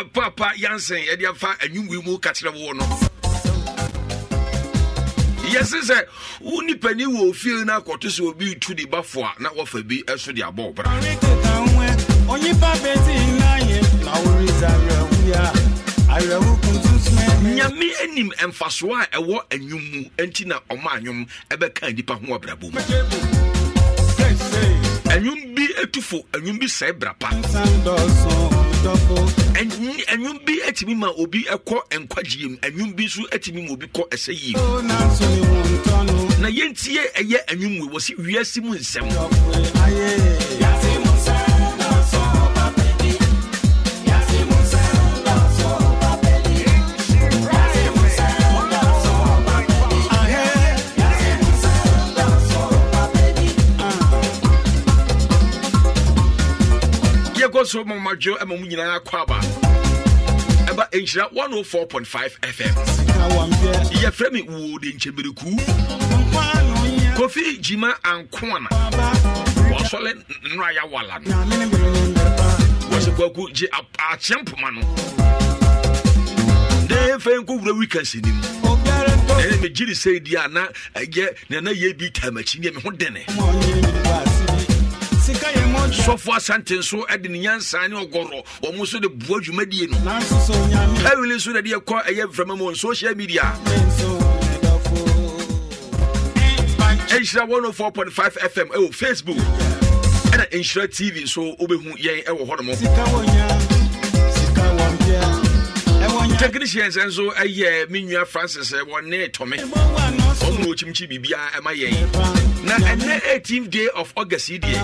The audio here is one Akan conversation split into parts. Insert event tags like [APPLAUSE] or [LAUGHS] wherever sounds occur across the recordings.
a papa yansen yɛde afa anwumwe mu ka kyerɛ wo no yɛse sɛ wo nipani wɔ ofie no akɔto sɛ obi tu de bafo a na wɔfa bi ɛso de abɔ bra nyame anim mfasoɔ a ɛwɔ anwum mu enti na ɔma anwom ɛbɛka nnipa ho abrabɔ mu anwum bi atufo anwum bi sɛe bra pa ɛnwom bi atumi ma obi ɛkɔ nkwagyeɛ mu ɛnwom bi nso atumi ma obi kɔ ɛsɛ yie oh, na yɛntie ɛyɛ ɛnwom wei wɔ se wiase mu nsɛm so mamadwo e ma mu nyinaa kɔ aba ɛba e nhyira 104.5 fm yɛfrɛ me wode nkyɛmmereku kofi gyima ankoana wɔsɔle nraya wala no wɔsɛ kwaku gye akyeɛ mpoma no ne fei nkɔwura wikase nim ɛne megyere sɛ di a na ɛyɛ nana yɛ bi tamakyi neɛ me ho dene sɔfo asante nso de ne nyansa ne ɔgɔrɔ ɔmo nso de boa dwumadie no awili nso dade ɛkɔ ɛyɛ mframa mu social media ɛnhyira 104.5 fm ɛwɔ facebook ɛna nhyira tv nso wobɛhu yɛn ɛwɔ hɔ no mo technicians nso ɛyɛ me nua francis wɔne tɔme ɔmu ɔkyimkyi biribiaa ɛma yɛn na ɛnɛ 18 day of august yi deɛ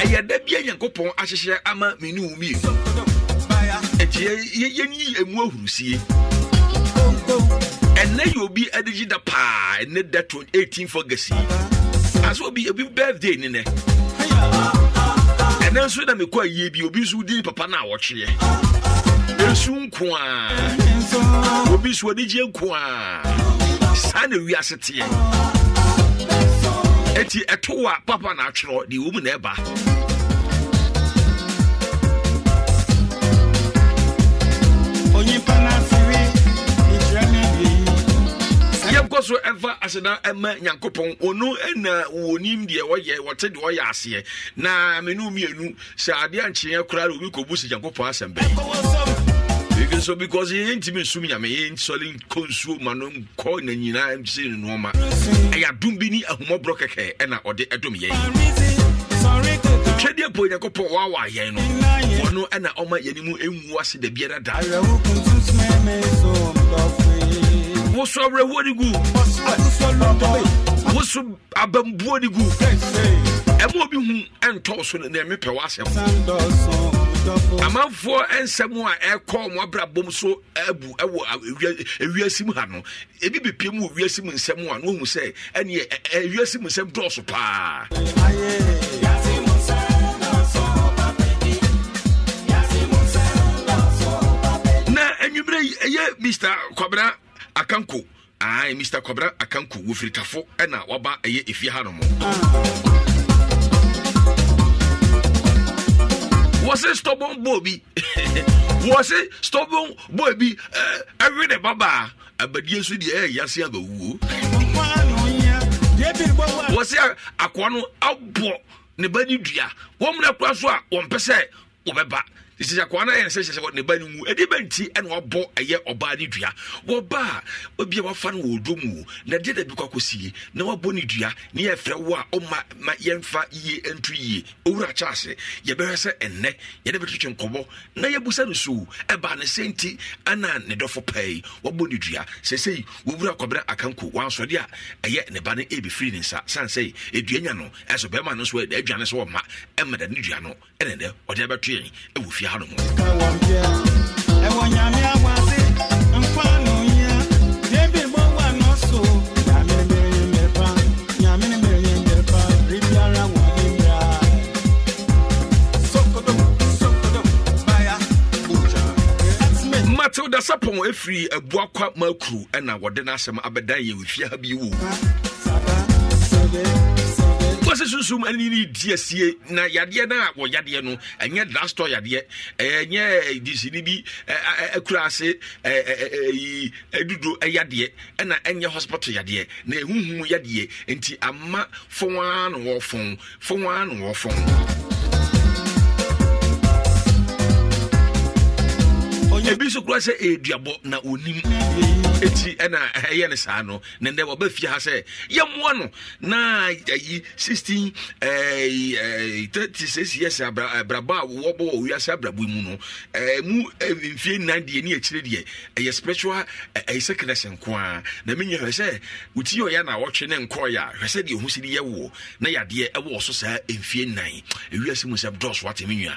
ɛyɛ da bia nyankopɔn ahyehyɛ ama mene wo mie ɛnti yɛnyi ɛmu ahurusie ɛnɛ yɛ obi ɛde gyi da paa ɛnɛ da 18 august yi asɛ obi obi birthday ne nɛ ɛnɛ nso na mekɔ ayie bi obi nso wodin papa no a wɔtweɛ nsu nko a obi so anigye nko a saa na wiase teɛ ɛti ɛto papa na atwerɛ deɛ wɔ mu na ɛba ɛkɔ so ɛfa aseda ɛma nyankopɔn ɔno ɛna wɔnim deɛ wɔyɛ wɔte deɛ ɔyɛ aseɛ na mene mmienu sɛ adeɛ ankyeeɛ koraa na obi kɔbu si nyankopɔn asɛm bɛyi so because yɛntimi nsum nyame yɛnsɔre nkɔ nsuo ma no nkɔ na nyinaa mse ne nnoɔma ɛyɛ adom bi ne ahumɔborɔ kɛkɛ ɛna ɔde ɛdom yɛn twɛdeɛ po onyankopɔn waawa yɛn no wɔno ɛna ɔma yɛne mu ɛnwu ase da biara da woso awerɛhoɔ ne gu woso abambuo ne gu ɛma obi hu ɛntɔw so no na ɛmepɛ w'asɛm amanfoɔ nsɛm a ɛkɔ ɔmo abrabom so abu ɛwɔ ewiasim ha no ebi bepie mu e, ewiasim nsɛm a n'ohun sɛ ɛneɛ ewiasim nsɛm dɔɔso paa. na enyimire yi mr kwabena akanko ah, mr kwabra akanko wɔfiri tafo ɛna waba ɛyɛ efie ha no mo wɔse stɔbɔn boɔ bi [LAUGHS] wɔse stɔbɔn boɔ bi eh, ɛwe ne babaa abadie so deɛ ɛyɛ yase abawuo wɔse akoa no abɔ ne ba ne dua wɔn mu na kura so a wɔn pɛ sɛ wɔbɛba sisi akwa na yɛn sɛ sɛ ne ba ne mu ɛde bɛ nti ɛna wabɔ ɛyɛ ɔbaa ne dua wɔba a obi a wafa no wɔ odom wo na deɛ da bi kɔ akɔsie na wabɔ ne dua ne yɛfrɛ wo a ɔma ma yɛmfa yie nto yie owura kyɛ ase yɛbɛhwɛ sɛ ɛnnɛ yɛde bɛtwetwe nkɔmmɔ na yɛbusa no so ɛbaa ne sɛ nti ɛna ne dɔfo pɛi wabɔ ne dua sɛsei wɔwura kɔbrɛ akanko wansɔde a ɛyɛ ne ba no ɛbɛfiri ne nsa sane sɛ ɛdua nya no ɛso bɛrima no nso aduane ne dua no ɛne nɛ hɔ nom matilda sapɔn efiri ebuakwa makuru ɛna wɔde n'asɛm abɛdan yɛ ofia bi wo nipa sɛ sunsum ani ne di na yadeɛ no a wɔ yadeɛ no ɛnyɛ drastɔ yadeɛ ɛnyɛ disini bi akura ase adudo yadeɛ ɛna ɛnyɛ hospital yadeɛ na ɛhuhum yadeɛ nti ama fɔn na wɔfɔn fɔn na wɔfɔn. ebi nso kura sɛ eduabɔ eh, na onim eti ɛna ɛyɛ ne saa no ne ndɛ wɔbɛ fie ha sɛ yɛmoa no na ayi sixteen ɛɛ eh, eh, thirty six years abrabɔ a wɔbɔ wɔ wiase abrabɔ mu no ɛɛ mu mfie nnan deɛ ne akyire deɛ ɛyɛ spiritual ɛyɛ sickness nkoa na mi nyɛ hwɛ sɛ wuti yɛ ɔyɛ na wɔtwe ne nkɔɔ yɛ a hwɛ sɛ deɛ ohun si ne yɛ wɔ na yadeɛ ɛwɔ so saa mfie nnan ewiase mu sɛ dɔɔso atɛmi nua.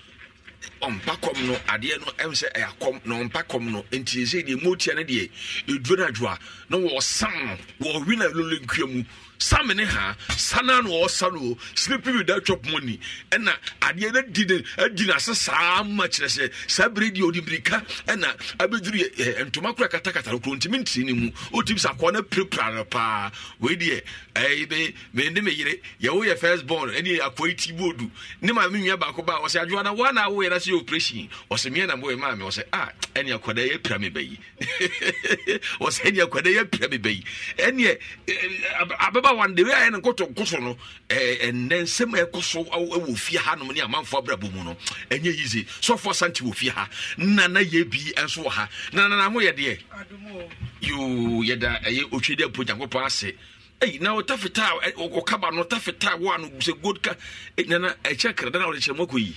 ɔmpa kɔm no adeɛ no ɛm sɛ ɛyɛ akɔm na ɔmpa kɔm no nti sɛ deɛ motia no deɛ ɛduro no adwo a na wɔsan no wɔwi no lolo nkua mu sami ne ha sana na ɔsa no o sleeping with that chop money ɛna adeɛ no di ne adi eh, na ase saa ma kyerɛ sɛ saa bere deɛ ɔde mirika ɛna abɛduru yɛ eh, ntoma kora katakata no kuro ntumi ntiri ne mu ɔtumi sɛ akɔɔ no pirapira no paa wei deɛ ɛyɛ eh, bɛ mɛ ne me yere yɛwo yɛ first born ɛne akɔɔ yi ti boodu ne maa mi nua baako ba ɔsɛ adwoa na wɔn a wɔyɛ na se yɛ operation ɔsɛ mia na mo yɛ maa mi ɔsɛ a ah, ɛne akɔda yɛ pira mi bɛyi ɔsɛ [LAUGHS] ɛne akɔda yɛ pira mi bɛyi ɛneɛ ababa a wandewe ayɛ ne nkotonkoso no ɛnɛ nsɛm eh, eh, oh, a ɛkɔ so wɔ fie ha nom ne amanfoɔ abrabɔ mu no ɛnyɛ yise sɔfoɔ sante wɔ fie ha nana yɛ bi nso wɔ ha nanana mo yɛ deɛ yoo yɛda ɛyɛ otwe dɛ po nyankopɔn ase ɛyi na ɔta fitaa ɔkaba no ɔta fitaa wɔ ano sɛ gold ka nana ɛkyɛ kra dana ɔde kyerɛ mu akɔ yi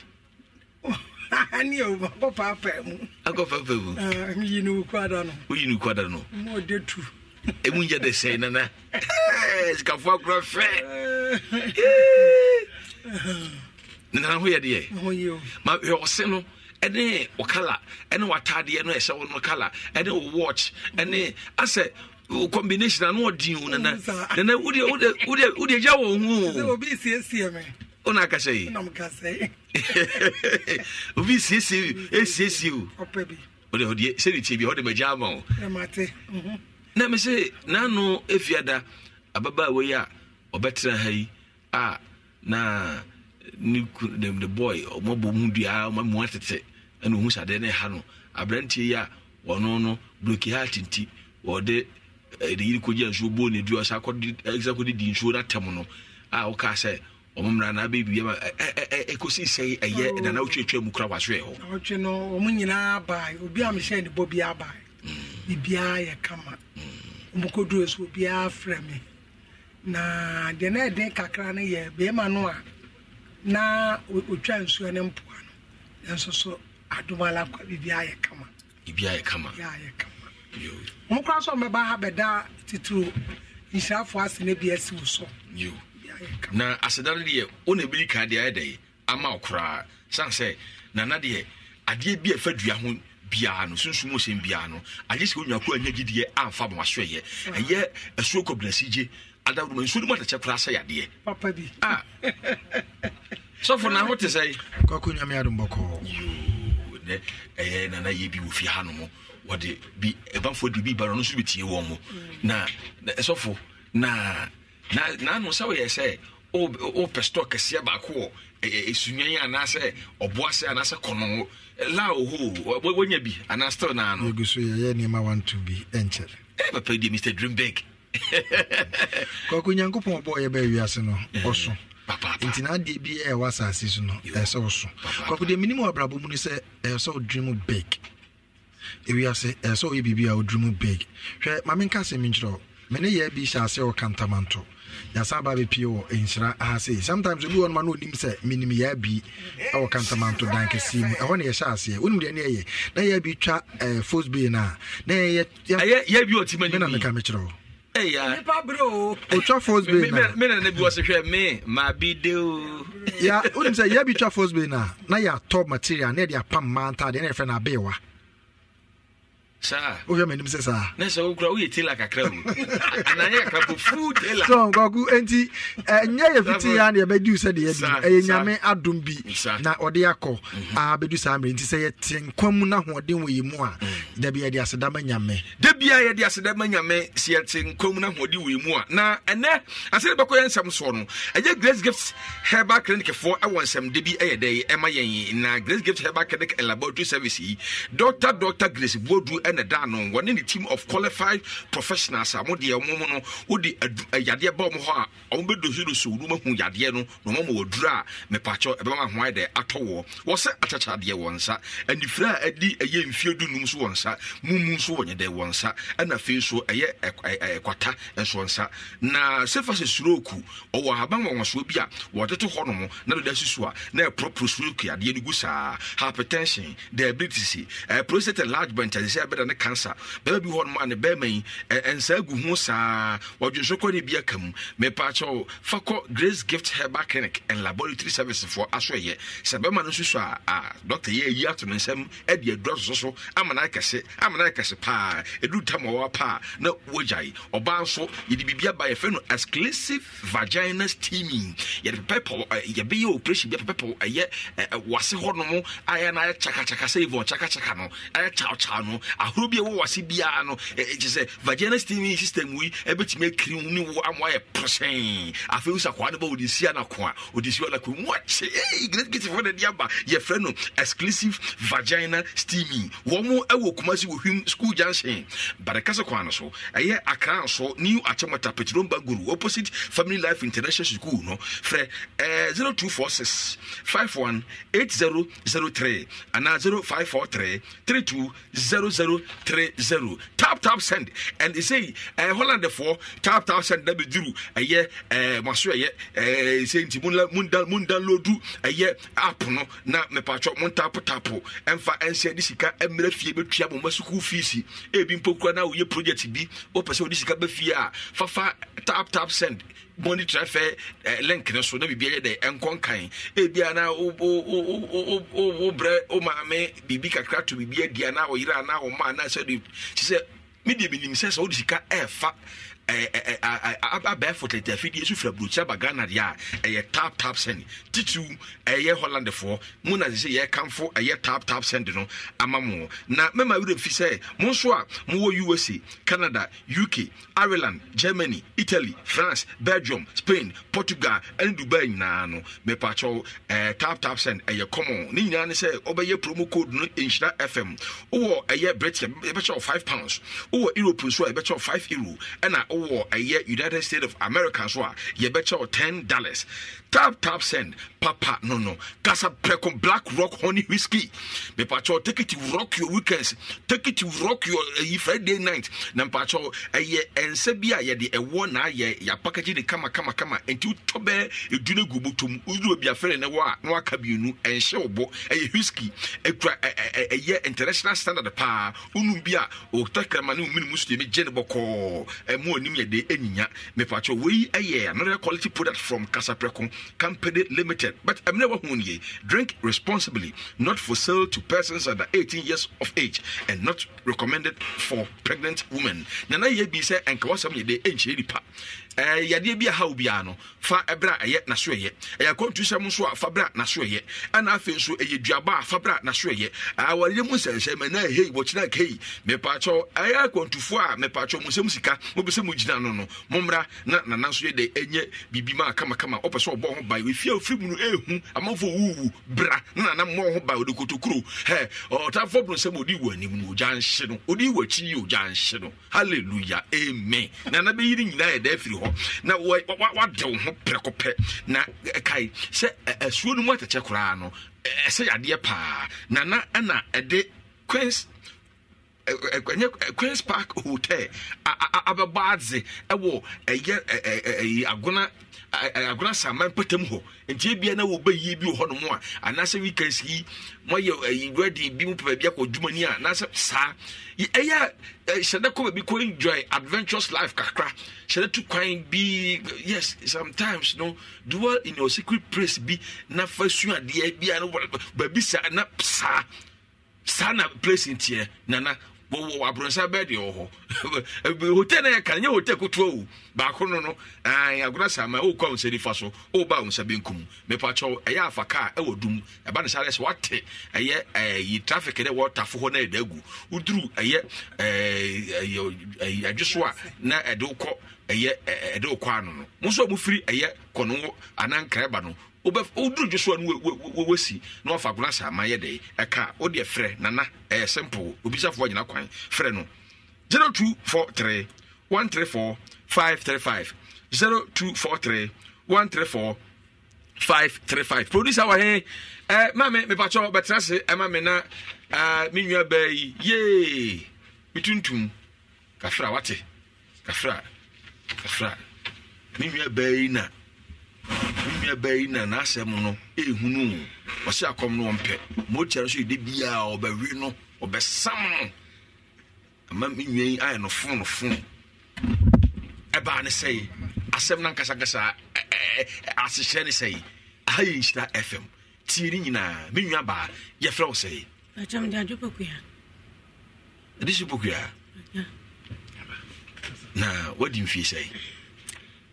ani o ma kɔ paapaa mu akɔ paapaa mu oyi ni ukwa da no oyi ni no mo de tu ɛmu nyɛ de sɛe nana sikafoɔ korɔ fɛ nana ho yɛ deɛ ma hwɛ ɔse no ɛne wo kala ɛne watadeɛ no ɛsɛ wo no kala ɛne wo watch ɛne asɛ combination ano ɔdin wo nana nana wode gya wɔ ho wona akasa yi obi siesie [LAUGHS] siesie wo e sɛde tie bi hɔde magya ama wo na me sɛ naano afiada ababaawa yi a ɔbɛtena ha yi a na ne ne boy ɔmabɔ mu dua ɔmamu atete ɛna ohu sadeɛ ne ha no aberanteɛ yi a ɔno no bloki heart nti ɔde ɛde yiri kogya nsuo bɔ ne dua ɔsa akɔde ɛsa akɔde di nsuo n'atam no a ɔka sɛ ɔmo mmerɛ na abɛbi yɛ ma ɛɛ ɛkɔsi sɛ ɛyɛ nana otwa etwa mu kura waso yɛ hɔ. ɔtwe no wɔn nyinaa baa obi a mehyɛn ne bɔ bi abaa. biribiara yɛ kama ɔmokɔduru so obiara frɛ me na deɛ na ɛden kakra no yɛ no a na ɔtwa nsuo ne mpoa no nanso so adomala ayekama. biribiara yɛ kama ayekama. yɛ ɔmɛba ha bɛda nhyirafoɔ ase bi asi wo so na aseda no deɛ ka deɛ ayɛ dɛ ama wo koraa sɛ nana deɛ adeɛ bi a dua ho biara no sunsun mu sɛm biara no agye sɛ onua koro anya gyidiɛ amfa ma waso ɛyɛ ɛyɛ ɛsuo kɔbinasi gye adawuruma nsuo no mu adakyɛ koraa sɛ yadeɛ papa bi a ah. [LAUGHS] sɔfo na ho te sɛ kɔkɔ nyame adom bɔkɔɔ nɛ ɛyɛ nana yɛ bi wɔ ha no wɔde bi ɛbanfoɔ de bi ba no nso bi tie wɔn mu na mm. ɛsɔfo na na naanu sɛ wɔyɛ sɛ o o pɛ store kɛseɛ baako esunwan anaasɛ ɔboase anaasɛ kɔnɔ la oho wonya bi anaa still naa yegu so yɛyɛ nneɛma one two bi ɛnkyɛ. ɛ papa di mr dreamberg. [LAUGHS] kɔkɔ nyankopɔn ɔbɔ yɛ bɛɛ wiase no ɔso nti n'adeɛ bi ɛwɔ asase so no ɛsɛ ɔso kɔkɔ deɛ minimu abrabɔ mu ni sɛ ɛsɛ ɔdream big ewiase ɛsɛ ɔyɛ biribi a ɔdream big hwɛ maame nka asɛm nkyerɛ mene yɛ bi hyɛ ase ɔka yɛasan ba bɛpie wɔ nhyira ahase sometimes obi wɔ noma na ɔnim sɛ menim yɛa bi ɛwɔ kantamanto dan kɛseɛ mu ɛhɔ ne yɛhyɛ aseɛ wonim deɛ ne ɛyɛ na yɛa bi twa eh, fosbay no a na ɛyɛmena meka mekyerɛ wo ɔtwa fosbaywonim sɛ yɛa bi twa fosbay no a na yɛatɔ material na yɛde apam ma ntadeɛ na yɛfrɛ no abeewa saa wohwɛ m'anim sɛ saa na sɛ wokora mm-hmm. woyɛ tela kakra o ananyɛ kakra pofu tela so nkɔko enti ɛnyɛ yɛ fiti ya na yɛbɛdiu sɛ deɛ adu ɛyɛ nyame adom bi na ɔde akɔ a bɛdu saa mmerɛ nti sɛ yɛte nkwa mu na hoɔden wɔ yɛ mu a mm. da bia yɛde aseda ma nyame da bia yɛde aseda ma nyame sɛ yɛte nkwa mu na hoɔden wɔ yɛ mu a na ɛnɛ asɛ ne bɛkɔ yɛ nsɛm soɔ no ɛyɛ grace gifts herbal clinic foɔ ɛwɔ nsɛm de bi ɛyɛ dɛ ɛma yɛn na grace gifts herbal clinic laboratory service yi dɔctor dɔctor grace bodu ɛn ɛna da ano wɔne ne team of qualified professionals a mo deɛ ɔmo no wode eh, yadeɛ ba ɔmo hɔ a ɔmo bɛ dosi do wɔn mu ahu yadeɛ no na ɔmo ma wɔduru a mepatwɛ ɛbɛma ahoa de atɔ wɔ wɔsɛ akyakya adeɛ wɔn nsa anifira a ɛdi ɛyɛ mfie du num nso wɔn nsa mumu nso wɔnyɛ dɛ wɔn nsa ɛna afei nso ɛyɛ ɛkwata nso nsa na sefa sɛ suroku ɔwɔ ahaban wɔn soɔ bi a wɔde to hɔnom na deda susu a na ɛpɔrɔpɔrɔ suroku adeɛ no gu saa hypertension diabetes ɛɛ eh, prostate enlargement ɛsɛ ɛbɛda cancer ne cancer bɛrɛ bi hɔ nom ane bɛrima yi nsa gu ho saa wɔdwenso kɔ ne bi aka mu mepaakyɛw fa kɔ grace gift herbal clinic and laboratory servicefoɔ aso ɛyɛ sɛ bɛrima no nsusu a a dɔkta yɛ ayi ato ne nsam ɛde adura soso so ama no ayɛkɛse ama no ayɛkɛse paa ɛduru tam ɔwɔ paa na wɔgyae ɔbaa nso yɛde biribi aba yɛfrɛ no exclusive vagina steaming yɛde pɛpɛ yɛbɛyɛ operation bi pɛpɛ ɛyɛ wase hɔ nom ayɛ no ayɛ kyakakyaka sɛ ivɔ kyakakyaka no ayɛ kyawkyaw no ahorow bi a ɛwɔ wase biara no ɛkyɛ sɛ vagina steaming system wei ɛbɛtumi akiri ho ne wo ama yɛ pɔsɛn afei wo sɛ akoa no ba wɔde si anako a wɔde si anako mu akye ei great gitifoɔ no de aba yɛfrɛ no exclusive vagina steaming wɔn mo ɛwɔ kuma si wɔ hwim school junction barakasa kwan no so ɛyɛ akra So, new atamata petrol baguru opposite family life international school no frɛ ɛɛ zero two four six five one eight zero zero three ana zero five four three three two zero zero. 030 tap tap send and they ɛsɛ uh, eh, hollanderfoɔ tap tap send na bɛduru ɛyɛ uh, maso ɛyɛ ɛsɛ nti mundanlodu ɛyɛ eh, app no na mepatwɔ montap tap ɛmfa ɛnsɛ de sika mmerɛ fie bɛtua mo ma sukuu fees ebi eh, mpo kura na uye project bi wopɛ sɛ wode sika bɛfie a ah. fafa tap tap send monitor fɛ link ne so na biribi yɛ dɛ nkɔ nkan ebi ana o o o o o brɛ o maame biribi kakra to biribi adi ana o yere ana o ma ana sɛ de sisɛ mi de bi nim sɛ sɛ o de sika ɛɛfa abɛɛfo tete afidie so fira burokyi aba ghana deɛ a ɛyɛ tap tap send titiw ɛyɛ eh, hollandfoɔ eh, mu na sɛ yɛkamfo ɛyɛ eh, tap tap send no ama mo na mɛma werɛ mfi sɛ mo nso a mowɔ usa canada uk ireland germany italy france belgium spain portugal ɛne dubai nyinaa no mepakyɛw ɛɛ tap tap send ɛyɛ common ne nyinaa ne sɛ ɔbɛyɛ promo code no nhyira fm wowɔ ɛyɛ britain yɛbɛkyɛw five pounds wowɔ oh, europe nso a yɛbɛkyɛw five euro ɛna wɔ ɛyɛ united states of america so a yɛbɛkyɛ wo ten dollars tap tap send papa no no kasa preko black rock honey whiskey Me mepakyɛw take it to rock your weekends take it to rock your uh, friday night na mepakyɛw ɛyɛ ɛnsɛ bi a yɛde ɛwɔ na ayɛ packaging ne kama kama kama nti wotɔ bɛɛ ɛdu no gubu bɔtɔ mu woduru bia fɛre ne wɔ a na waka mmienu ɛnhyɛ wo bɔ ɛyɛ whiskey ɛkura international standard paa wonum bi a ɔtakrama ne womenemu so deɛ megye ne bɔkɔɔ nim yɛde anyinya mepakyɛ wei ɛyɛ another quality product from kasaprɛko company limited but ɛmene wahu ye drink responsibly not for sale to persons under 18 years of age and not recommended for pregnant women nana yɛ bi sɛ ɛnka yɛde ɛnkyerɛ nipa Eh, yadeɛ bi aha biara no fa ɛbrɛ a ɛyɛ n'aso ɛyɛ ɛyɛ kɔntusɛm nso a fa brɛ a n'aso ɛyɛ ɛna afei nso ɛyɛ duaba a fa brɛ a n'aso ɛyɛ awareɛ mu nsɛnsɛm ɛna ɛhei wɔkyena kei mepaakyɛw ɛyɛ akɔntufoɔ a mepaakyɛw mu nsɛm sika mopɛ sɛ mogyina no no mommra na nana nso yɛ dɛ ɛnyɛ biribi ma kamakama ɔpɛ sɛ ɔbɔ ho ba ɛfie a ɔfiri mu no ɛhu amanfoɔ wuwu bra na nana mmɔ ho ba ɔde kotokuro hɛ ɔtamfoɔ bro nsɛm ɔdi wɔ yi ogya nhye no halleluya amen nana bɛyi no nyinaa yɛ dɛ afiri hɔ na wade wo ho prɛko pɛ na eh, kae sɛ eh, asuo eh, no mu atɛkyɛ koraa no ɛsɛ yadeɛ paa na na ɛna ɛde quens ɛnyɛ queens park hotel abɛbɔ adze ɛwɔ ɛyɛ agona agona saman patam hɔ nti ebia na wɔba yie bi wɔ hɔnom a anaasɛ weekends yi moayɛ ready eh, bi mu papa bi akɔ dwuma ni a anaasɛ saa ɛyɛ a eh, hyɛdɛ kɔ baabi kɔ enjoy adventurous life kakra hyɛdɛ tu kwan bi yes sometimes no dwell in your secret place bi na fa su adeɛ bi a no baabi saa na saa saa na place nteɛ nana wɔwɔ aborɔsa bɛɛ deɛ wɔ hɔ [LAUGHS] hotel no yɛka nyɛ hotel kutuo o baako no no agona sama wokɔ wo nsa nifa so woba wo nsa benkum mepakyɛw ɛyɛ afa kaa ɛwɔ dum ɛba ne sare sɛ woate ɛyɛ yi traffic ne wɔtafo hɔ na ɛda agu woduru ɛyɛ adweso a na ɛde wokɔ ɛyɛ ɛde wokɔ ano no mo nso a mofiri ɛyɛ kɔno anaa nkrɛba no woduru dwo soa no wɔsi na wafa glass ama yɛ dɛ ɛka wode frɛ nana ɛyɛ simple obisafoɔ nyina kwan frɛ no 0243 134 535 0243 134 535 producer wɔ he eh, mame mepakyɛ bɛtena se ɛma me na uh, me nua baa yi yee metuntum kafra wate kafra kafra me nua baa yi na nua bɛɛ yi na n'asɛm no ehunu wɔsi akɔm no wɔmpɛ motia no so yi de biara ɔbɛwi no ɔbɛsam no ama mi nua yi ayɛ no fon no fon ɛbaa ne sɛ yi asɛm na nkasakasa ɛɛ ahyehyɛ ne sɛ yi aha yɛ nhyira fm tie ne nyinaa mi nua baa yɛfrɛ wo sɛ yi. bàtàm de adwo pɔkuya. adisi pɔkuya. na wadi mfie sɛ yi.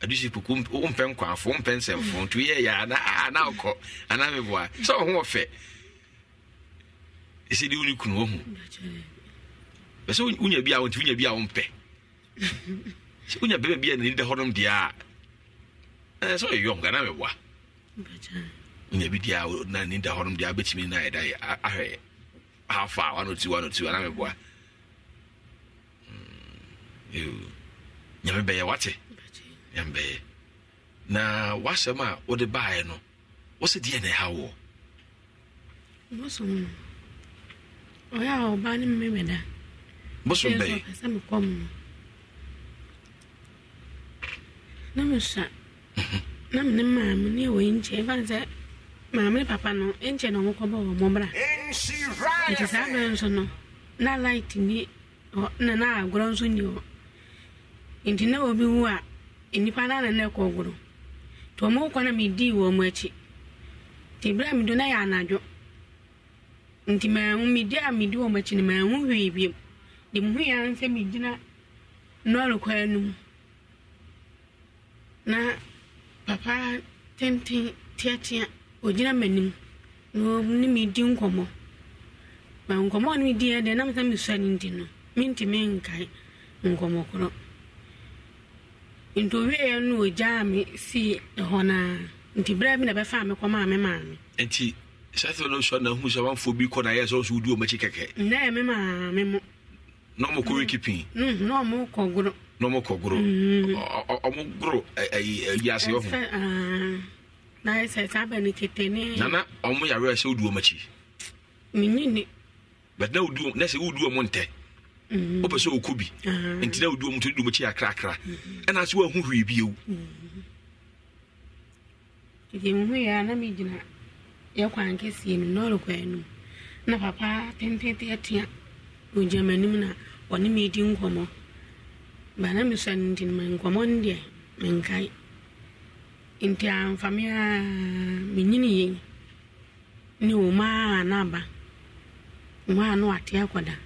adusi puku wompɛ um, nkwaafo wompɛ nsɛmfo nti woyɛyɛ ana ɔkɔ ana meboa sɛ ɔho ɔfɛ ɛsɛ de wo ne kunu ɔhu bɛ sɛ wonya bi a wonti wonya bi a wompɛ sɛ wonya bɛma bi a nani da hɔnom deɛ a eh, sɛ ɔyɛ yɔnka na meboa wonya bi deɛ a nani da hɔnom deɛ a wobɛtumi no ayɛda ahwɛ afa a wanoti wanoti ana meboa hmm, nyame bɛyɛ wate yɛmbɛyɛ na w'asɛm a wode baeɛ no wo sɛ deɛ na ɛha woɔ bosom no ɔyɛ a ɔbaa ne mmemɛ da bosom bɛyɛ sɛ mekɔ mu no na mesa mhm. na mene maame ne ɛwɔ nkyɛ ɛfane sɛ maame ne papa no nkyɛ na ɔmokɔbɔ wɔ mmɔbra nti saa berɛ nso no na light ni na na agorɔ nso ni hɔ nti na obi wu a nnipa no ana na ɛkɔ goro nti ɔmo wokɔ na medii wɔ ɔmo akyi nti berɛ a medo na yɛ anadwo nti maahu medi a medi wɔ ɔmo akyi no maahu hwee biam de mehu yɛ ara sɛ megyina nɔɔre kwaa no mu na papa tenten teatea ogyina m'anim na ɔne medi nkɔmmɔ ma nkɔmmɔ a no medi yɛ deɛ nam sɛ mesua no nti no mentumi nkae nkɔmmɔ korɔ nti owie no ogyaa me si hɔ naa nti berɛ bi na ɛbɛfa me kɔmaa me maa me nti sɛfɛ no sɛ na hu sɛ wamfoɔ bi kɔ na yɛ sɛ so wodi ɔmakyi kɛkɛ nnɛ me maa me mo na ɔmɔ kɔwe kipi mhm, na ɔmɔ kɔ goro na ɔmɔ kɔ goro mhm. ɔmɔ goro ayi ase wɔ ho na yɛ sɛ saa bɛ ne kete ne nana ɔmɔ yare sɛ wodi ɔmakyi menyini bɛt na wodi na sɛ wodi ɔmɔ ntɛ wopɛ sɛ ɔkɔ bi uh-huh. nti na woduo mutɔde dum kyi akrakra ɛna sɛ woahu hwee bio a na megyina yɛkwan kɛseɛ no lɔre na papa pempete atea ɔgya m'anim na ɔne medi nkɔmmɔ ba na mesua nti no nkɔmmɔ no deɛ menkae nti amfame a menyini yei ne ɔmaa na aba ɔmaa no wate akɔda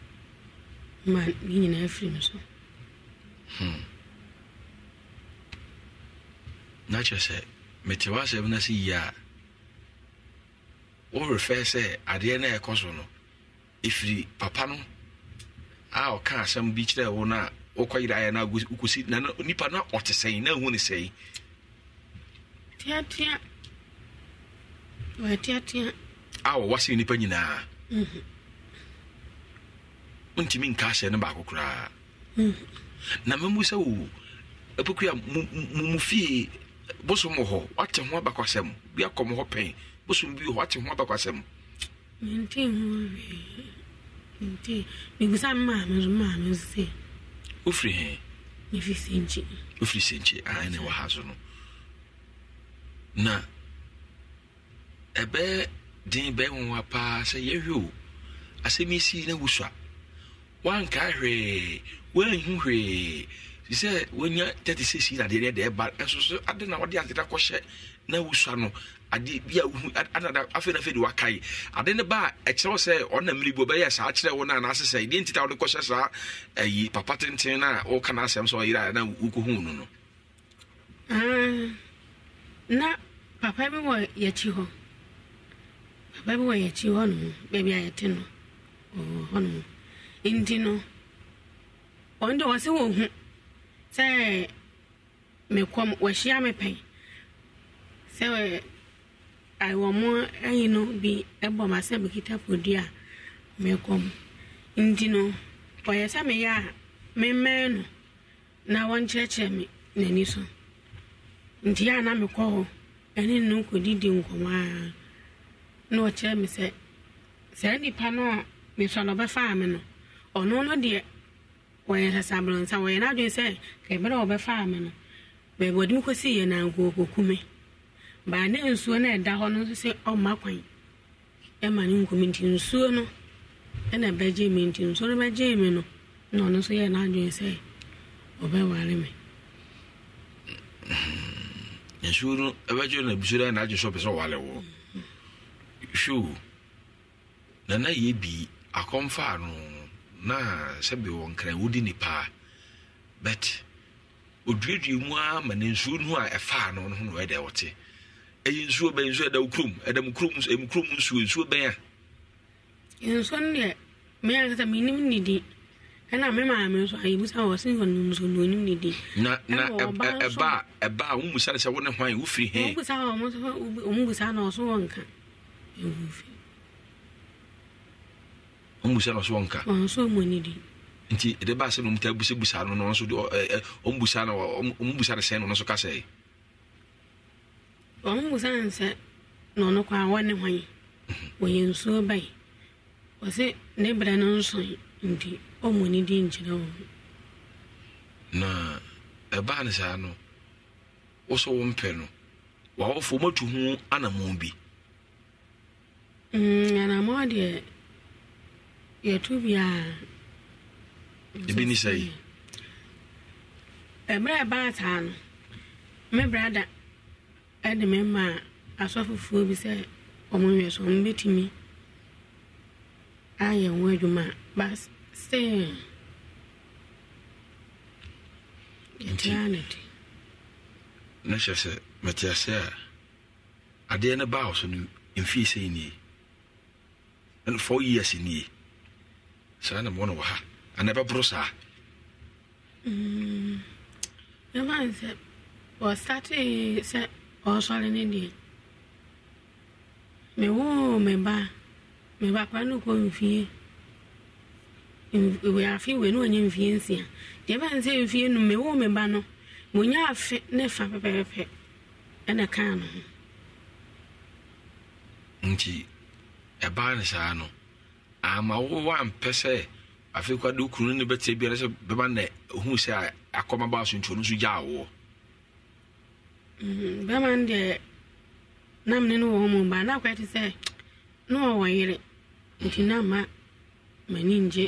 ma ne nyinaa firi me so na kyerɛ sɛ hmm. mete w'asɛm no ase yie a worefɛ sɛ adeɛ no a ɛkɔ so no ɛfiri papa no a ɔka asɛm bi kyerɛ wo no a wokɔ yerayɛ no wokɔsi na no ɔte sɛn na ahu ne sɛi teatea wɔyɛ teatea a wɔwɔ se nnipa nyinaa mhm. wontumi nka ahyɛ no baako koraa hmm. na mamu sɛ wo apakua mu fie bosom wɔ hɔ wate ho abakwasɛm bi akɔm hɔ pɛn bosom bi wɔ hɔ wate ho abakwasɛm wofiri he wofiri senkyi aane wɔ ha so no na ɛbɛɛ den bɛɛ nwonwa paa sɛ yɛhwɛ o asɛm yi sii na wosua wanka hwee wanhu hwee sɛ wanya 36 na deɛ deɛ ɛba nso so ade na wɔde adeda kɔhyɛ na wosua no ade bi a wohu anada afei na afei de wakae ade ne ba a ɛkyerɛ sɛ ɔna mmiri bo bɛyɛ saa kyerɛ wo no anaasɛ sɛ deɛ nti ta wode kɔhyɛ saa ayi papa tenten no a woka no asɛm sɛ ɔyere a na wokɔhu no no uh, na papa bi wɔ yɛkyi hɔ papa bi wɔ yɛkyi hɔ nom baabi a yɛte no ɔwɔ hɔ nom ndị no ɔno deɛ ɔsɛ wɔhu sɛ mekɔm wɔahyia me pɛn sị ɛwɔ mo ayi nọ bi ɛbɔ ma sɛ mekita podua a mekɔm nti no ɔyɛ sɛ meyɛ a memmɛn no na wɔnkyerɛkyerɛ me n'ani so nti a na hụ ndị ɛne no nkɔdidi nkɔmmɔ a na ɔkyerɛ me sɛ saa nnipa no a mesɔlɔ bɛfaa me no ɔno no deɛ wɔyɛ sasabrɔnsa wɔyɛ n'adwene sɛ kɛbɛrɛ a wɔbɛfaa me no baabi wɔde me kɔsi yɛ baa ne nsuo no ɛda hɔ no nso sɛ ɔmma kwan ɛma ne nkumi nti nsuo no ɛna nti nsuo no bɛgye no na ɔno nso yɛ n'adwene sɛ ɔbɛware me nsuo no ɛbɛgye no abusuro sɛ o nana yɛ bi na sɛbi wɔ nkran wodi ne paa but oduadua mu a ma ne nsuo no a ɛfa ano no ho na ɛda wɔte ɛyɛ nsuo bɛn nsuo ɛda wo kurom ɛda mu kurom ɛmu kurom nsuo nsuo bɛn a. nsuo no deɛ mmea kasa mi nim ne di ɛna me maame nso ayi busa wɔ sin wɔn nso no onim ne di. na na ɛba ɛba ɛba a wɔn musa sɛ wɔn ne hwan wofiri hɛn. wɔn busa wɔn nso wɔn musa na ɔso wɔn nka ɛwɔ fi. ɔmbusa na ɔso wɔnka nti ɛde baa sɛ no ɔmuta busabusa no na ɔnso ɔmbusa na ɔmbusa no sɛn na ɔno nso kasa yi ɔmbusa no sɛ na ɔno kɔ a wɔne hwan mhm. wɔyɛ nsuo bae wɔse ne berɛ no nsɔn nti ɔmmɔ di nkyerɛ wɔ na ɛbaa no saa no wo sɛ wo mpɛ no wɔawɔfoɔ matu ho anammɔ bi mm, anamɔ deɛ yɛto biaa ebi ne sɛ yi ɛberɛ a ɛbaa saa no me brada ɛde me ma asɔfofoɔ bi sɛ ɔmo nwɛ so ɔmo bɛtumi ayɛ ho adwuma a bas sɛ yɛtiraa ne di na hyɛ sɛ mete ase a adeɛ no baa wo so no mfii sɛ nie ɛno four years nie saa na mɔno wɔ ha anaa ɛbɛboro saa mɛma mm. n sɛ wɔstatee sɛ ɔsɔre ne deɛ mewoo me ba me ba kora ne kɔ mfie wɔ afe wei ne ɔnyɛ mfie nsia deɛ ɛbɛ sɛ mfie no mewoo me ba no monya afe ne fa pɛpɛpɛpɛ ɛna kaa no ho nti ɛbaa ne saa no ama wo ampɛ sɛ afei kwade wo kunu ne bɛtia biara sɛ bɛba na ɔhu sɛ akɔma baa so nti ɔno nso gyaa woɔ mhm, bɛma no deɛ na mene no wɔ mu ba na akɔɛ te sɛ na ɔwɔ yere nti mhm. na ma m'ani ngye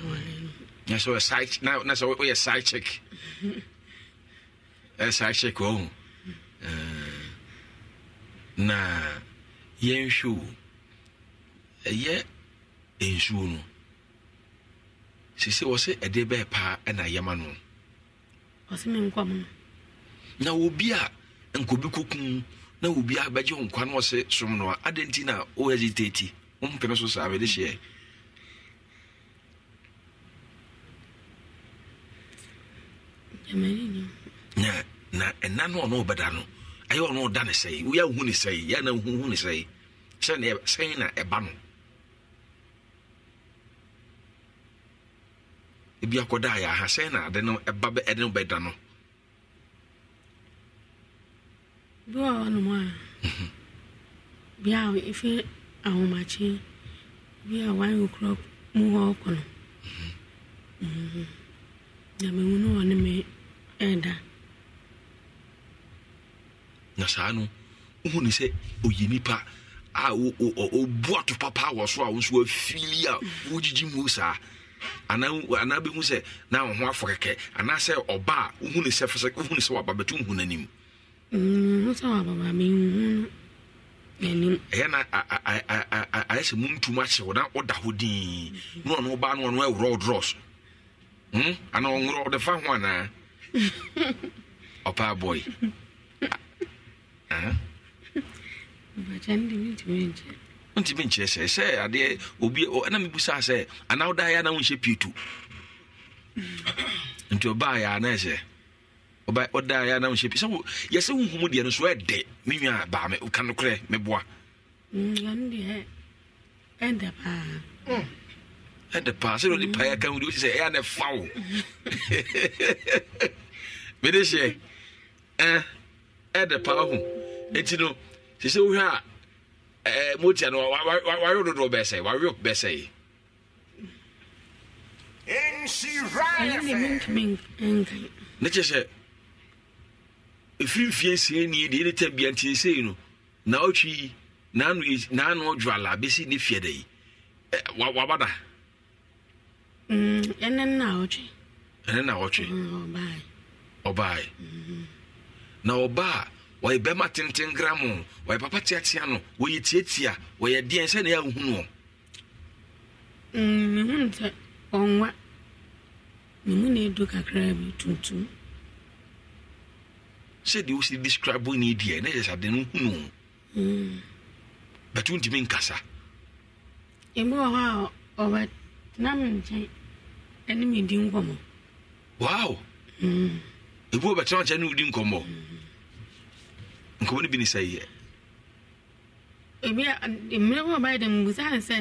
mm. na sɛ ɔyɛ side na na sɛ side check ɛyɛ [LAUGHS] side check ɔhu na yɛnhwɛ o ɛyɛ nsuo no sisi wɔ ɛde bɛɛ paa ɛna yɛma no na obi a nkobi na obi a bɛgye nkwa na som no a nti na wo hesitate wompene so saa mede hyeɛ na na ɛna no ɔno ɔbɛda no ɛyɛ ɔno ɔda ne ne yɛ na wohu ne na ɛba no ebi akɔda ayɛ aha sɛn na ade no ɛba bɛ ɛde no bɛda no. bi wɔ hɔnom a bi a efi ahomakye bi a wine okura mu hɔ ɔkɔ no na mehu no wɔ ne me ɛda. na saa no wohu ne sɛ ɔyɛ nipa a ɔbu ato papa wɔ so a wo nso a wogyigyi mu saa. Mm -hmm anaa bɛhu sɛ na wo ho afɔ kɛkɛ anaasɛ ɔba a wohu ne sɛ fsɛ wohu ne sɛ waba bɛto wohu no anim ɛyɛ na ayɛ sɛ montum akyɛ wo na woda hɔ dii mhm. na ɔno woba no ɔno ɛworɔ wo drɔ so hmm? anaa ɔworɔ wode fa ho anaa [LAUGHS] ɔpaa boy [LAUGHS] wontimi nkyerɛ sɛ sɛ adeɛ obi ɛna mebusaa sɛ anaa wodaeɛ na wonhyɛ pii tu [CLEARS THROAT] nti ɔbaayɛ ana sɛ ɔdaeɛ na wonhyɛ pii sɛ yɛsɛ wohumu deɛ no so ɛdɛ me nwa baa me woka nokorɛ meboa mm, ɛdɛ paa ɛdɛ paa sɛ ɔde paeɛ ka wo de wosi sɛ ɛyɛ ne fa wo [LAUGHS] mede hyɛ ɛdɛ paa ho ɛnti no sɛ sɛ wohwɛ a Eh, motia no wawe dodoɔ bɛɛ sɛe wawe bɛɛ sɛe ne kyɛ sɛ ɛfiri mfie nsia nie deɛ ne tam bia ntinsei no na ɔtwi yi naano dwala bɛsi ne fiɛ eh, da mm, mm, yi waba da ɛnɛ na ɔtwe ɛnɛ na ɔtwe ɔbae na ɔbaa wɔyɛ bɛrima tenten gram wɔyɛ papa teatea no wɔyɛ tiatia wɔyɛ deɛ sɛ na yɛahu no mehu sɛ ɔnwa ne mu na ɛdu kakra bi tuntum sɛdeɛ describe ne deɛ mm. na yɛ sade no hu no but wontumi nkasa ɛbi wɔ hɔ a ɔba wow ɛbi wɔ bɛtena nkyɛn ne wodi nkɔmmɔ nkɔmɔ no bi ne sɛ yɛ ebi a mmerɛ wɔ ɔbaa yɛ dɛm mbusa ne sɛ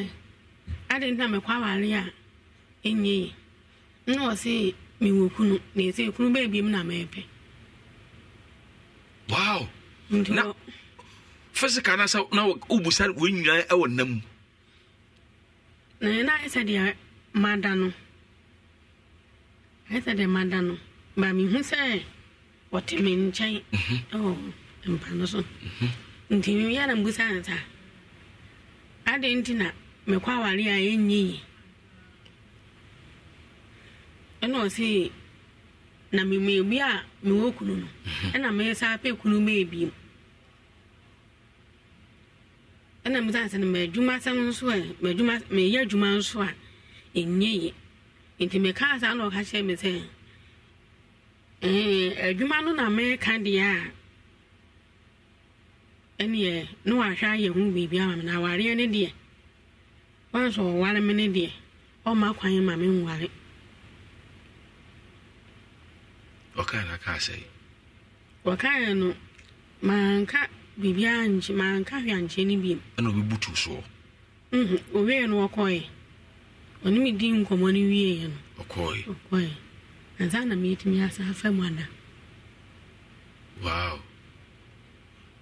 ade nta mɛkɔ aware a ɛnyɛ yi na ɔse mewɔ kunu na ɛsɛ kunu bɛɛ biem na mɛɛpɛ wow na physical na sɛ na wobusa wɔn nyinaa ɛwɔ nam na ɛna ayɛ sɛ deɛ mada no ayɛ sɛ deɛ mada no ba mehu sɛ wɔte me nkyɛn mhm. ɛwɔ hɔ mpa no so nti mmea na mbusa ne saa adị nti na mekwa awari a enyi yi ɛna ɔsi na mmemme bi a mewɔ kunu no ɛna mmea saa apɛ kunu mmea bi mu ɛna mbusa asɛ na mmadwuma asɛm nso a mmadwuma meyɛ adwuma nso a enyi yi nti meka asa na ɔka kyerɛ me sɛ ɛɛ adwuma na mmea ka deɛ a. ɛneɛ na wahwɛ ayɛ ho biribi ama me na awareɛ ne deɛ wanso ɔware me ne deɛ ɔma kwan ma me nware ɔkae na kaa sɛ wɔkaeɛ no manka biribiaa nkye manka hwɛ no biom ɛna ɔbɛbutu soɔ owieɛ mhm, no ɔkɔɛ ɔne me di nkɔmmɔ no no ɔkɔɛ ansa na asa afa mu ada.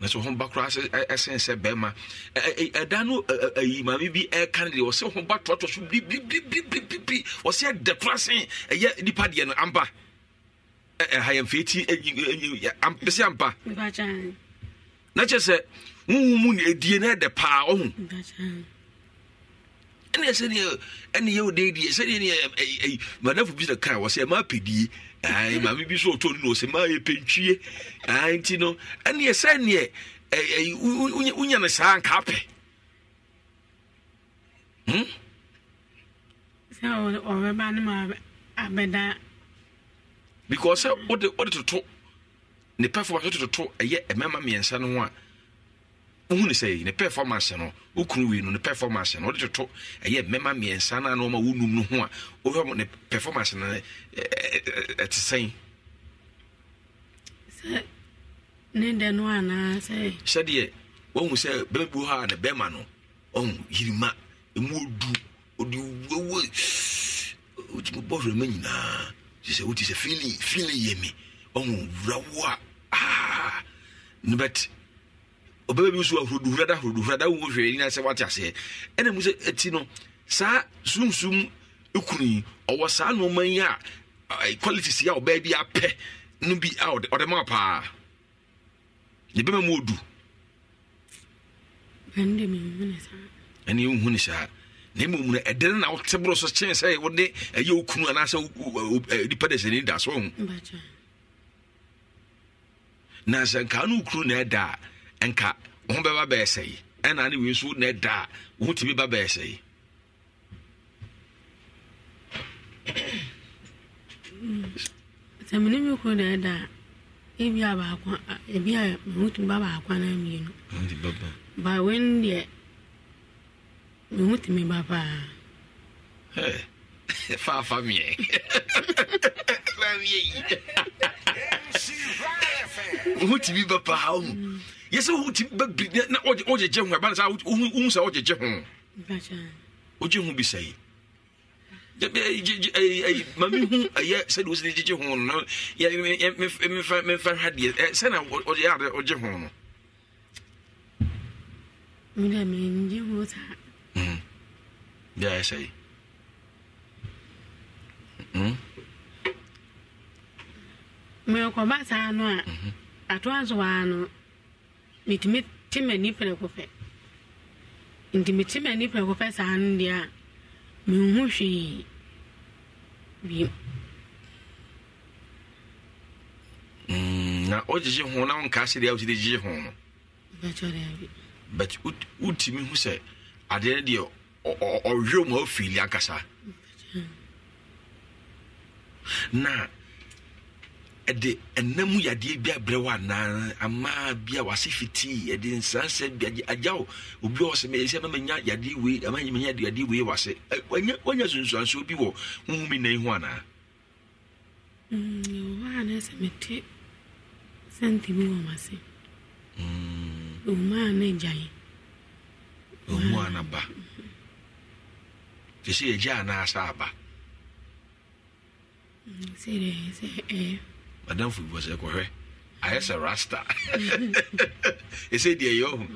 nso ho ba koraa ɛsen sɛ bɛrima ɛda no ayi maame bi ɛka no deɛ wɔsɛ ho ba toatoa so bibibibibibiri wɔsɛ ɛdɛ koraa sen ɛyɛ nipa deɛ no ampa ɛha yɛ mfeɛ ti ampese ampa na kyerɛ sɛ wohu mu ne ɛdie no ɛdɛ paa ɔho ɛne sɛdeɛ ɛne yɛwo deɛ die sɛdeɛ ne madafo bi sɛ kaa wɔ sɛ ɛma apɛdie maame bi so ɔtɔ no na ɔsɛ maa yɛ pɛntwie nti no ɛneɛ sɛ neɛ wonya no saa nka apɛ hmm? sɛ ɔbɛba no ma abɛda because sɛ wode toto ne performance wode toto ɛyɛ mmarima mmiɛnsa no ho a On ne sɛ ne performance no ne sait wei on ne performance no pas, toto ɛyɛ mmɛma mmiɛnsa no a na ɔma wonum no ho a ne performance no ɛte sɛn ne pas, on ne sɛdeɛ pas, sɛ bɛma a ne bɛma no ɔhu yirima ɛmu ɔdu ɔde on ne bɔhwerɛ ne ɔbɛba bi nso ahodohurada ahodohurada wo hwɛ nyina sɛ wate aseɛ ɛna mu sɛ ɛti no saa sumsum ekunu yi ɔwɔ saa nneɛma yi a quality si a ɔbaa bi apɛ no bi a ɔde ɔde maa paa ne bɛma mu odu ɛne yɛnhu ne saa na mmom no ɛdɛne na wote borɔ so kyɛn sɛ wode ɛyɛ wo kunu anaasɛ nipa dɛ sɛne da so ho na sɛ nkaa no wo kunu na ɛda a nka wo ho bɛba bɛyɛ sɛe ɛna ne wei nso na ɛda a wo ho tumi ba bɛyɛ sɛe sɛ mene me kuro na ɛda a ebi a baako ebi a mo tumi ba baako anaa mmienu ba wei deɛ me tumi ba paa faafa meɛ fa meɛ [LAUGHS] e yi wo ho tumi ba paa wo yɛsɛ wotim bɛbi na wogyegye ho ɛbane sɛ wohu sɛ wogyegye ho hmm. wogye ho bi sɛi ma mehu ɛyɛ sɛde wo sɛde gyegye ho no memfa ha deɛ eh, sɛna ɔyɛade ɔgye ho no biaɛ sɛi mekɔba saa no a hmm. atoa so waa no metumi te m'ani prɛko pɛ nti mete m'ani prɛko pɛ saa no deɛ a menhu hwee bio mm, na wogyegye ho na wonka sɛ deɛ wotide gyegye ho no but wotumi hu sɛ adeɛ no deɛ ɔwerɛ mu a ankasa na ɛde ɛnam yadeɛ bi abrɛ wo anaa amaa bi a wase fitii ɛde nsansɛ bi agye agya wo obi wɔ sɛ mɛyɛ sɛ mamanya yadeɛ wei amanya yadeɛ wei wase wanya sunsuansoɔ bi wɔ honhumi nan ho anaa mm, ɔmaa no sɛ mete sante bi wɔ mase ɔmaa mm. no agyae ɔmu ana ba te sɛ yɛgya anaa sɛ aba mm, sɛ sɛ ɛyɛ adamfo bi sɛ kɔhwɛ ayɛ sɛ rasta [LAUGHS] ɛsɛ deɛ yɛ ɔhu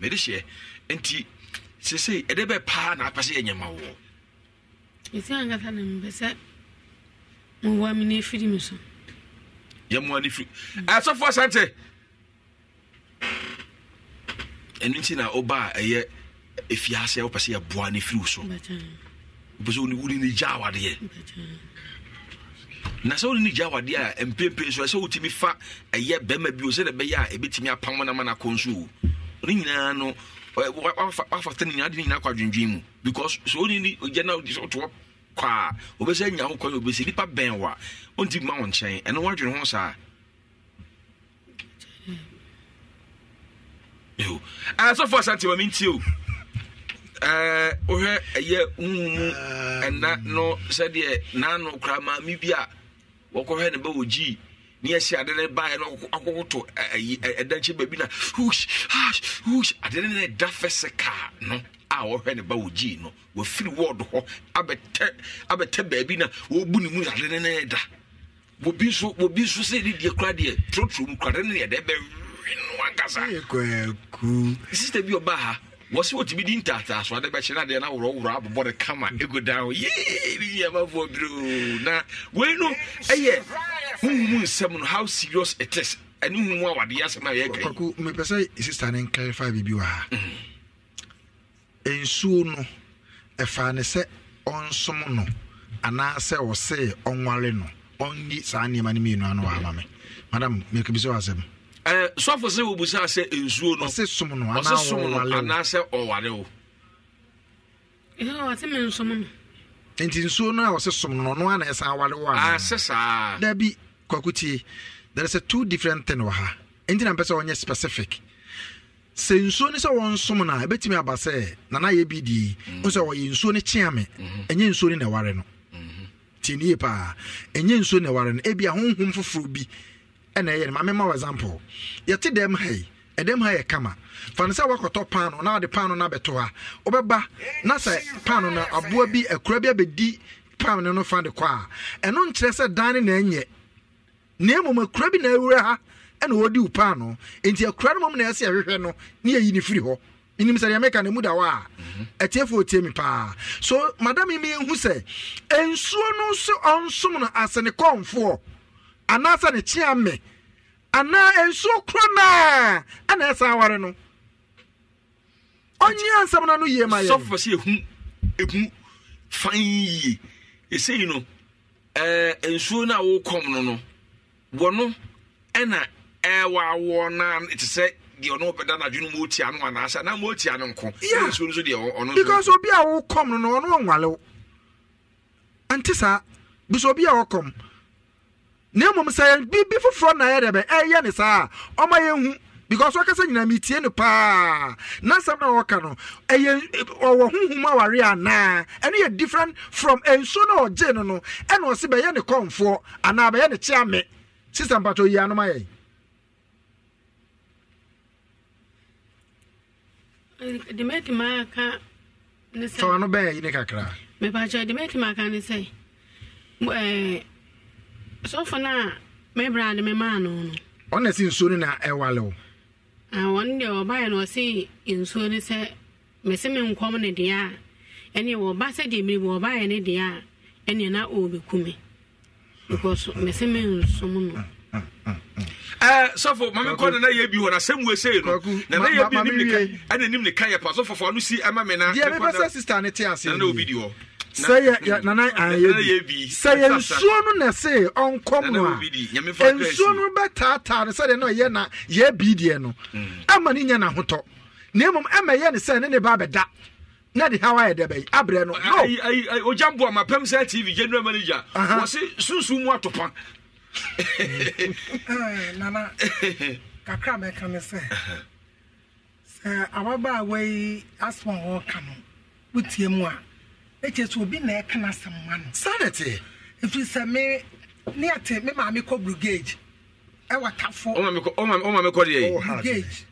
mede hyɛ nti sesei ɛdɛ bɛ paa na apɛ sɛ yɛnyɛ ma woɔ ɛsi ankasa na sɛ mowa me ne ɛfiri me so yɛmmoa ne firi asɔfoɔ asante ɛno nti na woba a ɛyɛ ɛfiase a wopɛ sɛ yɛboa ne firi wo so wopɛ sɛ wone ne gya awadeɛ na sɛ wone ne gya awadeɛ a mpempem so sɛ wotumi fa ɛyɛ bɛrima bio sɛde ɛbɛyɛ a ɛbɛtumi apam no ma no akɔ nso o ne nyinaa no wafa tɛ ne nyinaa de ne nyinaa kɔ adwendwen mu because sɛ wone ne gya no wode sɛ wotowɔ kɔ a wobɛsɛ anya wo kɔyɛ wobɛsɛ nnipa bɛn wo a ɔnti ma wo nkyɛn ɛno woadwene ho saa asɔfoɔ asantema mentie o Eh, wohwɛ ɛyɛ nwumu ah. ɛna no sɛdeɛ naano kora maame bi a wɔkɔhwɛ ne ba wɔ gyii ne yɛsi ade ne baeɛ no akɔkoto ɛdankye baabi na hush hush hush ade ne da fɛsɛ kaa no a wɔhwɛ ne ba wɔ gyii no wɔfiri wɔɔdo hɔ abɛtɛ abɛtɛ baabi na wɔbu ne mu ade ne ne da wobi nso obi nso sɛ ne deɛ kora deɛ trotro mu kora de ne yɛ dɛ bɛ no ankasa sista bi ɔbaa ha wɔsi wotumi di ntaata ade bɛkyerɛ adeɛ na worɔworɔ abobɔ ne kama egu dan yee bibi amafoɔ biro na wei no ɛyɛ huhu nsɛm no how serious it is ɛne huhu a wadeɛ asɛm a yɛka yi. kɔkɔ mepɛ sɛ sista ne nkarifaa biribi wɔ ha mhm. nsuo no ɛfaa ne sɛ ɔnsom no anaasɛ ɔsɛ ɔnwale no ɔnyi saa nneɛma no mmienu ano wɔ ama me madam mekɛ bi asɛm. Eh, sɔfo sɛ wɔbusa sɛ nsuo no ɔse som no anaasɛ ɔware wo nti nsuo no a ɔse som no ɔno ana ɛsan ware wo asɛ saa dabi kwakutie there is a two different thing wɔ ha nti na mpɛ sɛ ɔnyɛ specific sɛ nsuo no sɛ wɔnsom no a ɛbɛtumi aba sɛ nana yɛ bi die wo mhm. sɛ wɔyɛ nsuo no kyea me mhm. ɛnyɛ nsuo no na ɛware no mhm. tie nie paa ɛnyɛ nsuo na ɛware no ebia honhom foforɔ bi ɛna ɛyɛ no mamema wɔ example yɛte dɛm ha yi ɛdɛm ha yɛ kama fane sɛ woakɔtɔ paano na wode paano no abɛto ha wobɛba na sɛ paano no aboa bi akura bi abɛdi paano no fa de kɔ a ɛno nkyerɛ sɛ dan ne na ɛnyɛ na mmom akura bi na awura ha ɛna wɔdi wo paano enti akura no mom na ɛsɛ ɛhwehwɛ no ne yɛyi ne firi hɔ nim sɛ deɛ meka ne mu da hɔ a ɛtiefo ɔtie mi paa so madam yi meyɛhu sɛ nsuo no nso ɔnsom no asene kɔnfoɔ anaasa ne kyea mme anaa nsuo korɔ naa ɛna ɛsan aware no ɔnyea nsɛm no no yie ma yɛ sɔfo sɛ ehu ehu fan yie esei no ɛɛ nsuo no a wɔkɔm no no wɔno ɛna ɛwɔ awoɔ naa te sɛ deɛ ɔno bɛda n'adwene mu otia no anaasɛ mu otia no nko ɛna nsuo no deɛ ɔno because obi a no no ɔno na mmom sɛ yɛn biribi foforɔ na yɛ dɛbɛ ɛyɛ ne saa ɔma yɛn hu because ɔkasa nyinaa mi tie no paa na n'asɛm na ɔka no ɛyɛ ɔwɔ huhum awari anaa ɛno yɛ different from nsuo na ɔgye no no ɛna ɔsi bɛyɛ ne kɔnfoɔ anaa bɛyɛ ne kyeame sisan mpato yi anoma yɛ. dɛmɛtɛmɛ aka ne sɛ. tɔn no bɛyɛ yi ne kakra. mɛ bàtɛ dɛmɛtɛmɛ aka ne sɛ sọfọ na mebra de mema no no ọ na si nsuo na ɛwale ala. a deɛ ɔbaeɛ na ɔsi nsuo ni sɛ mesi mi nkɔm ya deɛ a ɛne wɔba sɛ deɛ mmiri wɔbaeɛ ne deɛ a na ɔɔbɛku mi because mesi mi nsom no sɔfo mame kɔ nana yɛ bi wɔ no yɛ bi nim ne ka yɛ pa no na deɛ sɛ sister ne te ase sɛ nsuo no na ɔnkɔm no a nsuo no bɛtaataa no sɛdeɛ na ɔyɛ na yɛ bi deɛ no ama mm. ne nya n'ahotɔ na mmom ɛma ɛyɛ ne sɛ ne ne ba na de hawa yɛ dɛ bɛyi no mboa ma pɛm general manager mu atopa. Eh, nana kakra sɛ ababaawa yi asoma ka no ɛkyɛ sɛ obi na ɛka no asɛm ma no sanity ɛfiri sɛ me ne ɛte me maame kɔ brugage ɛwɔ tafo ɔmame kɔ deɛ brugage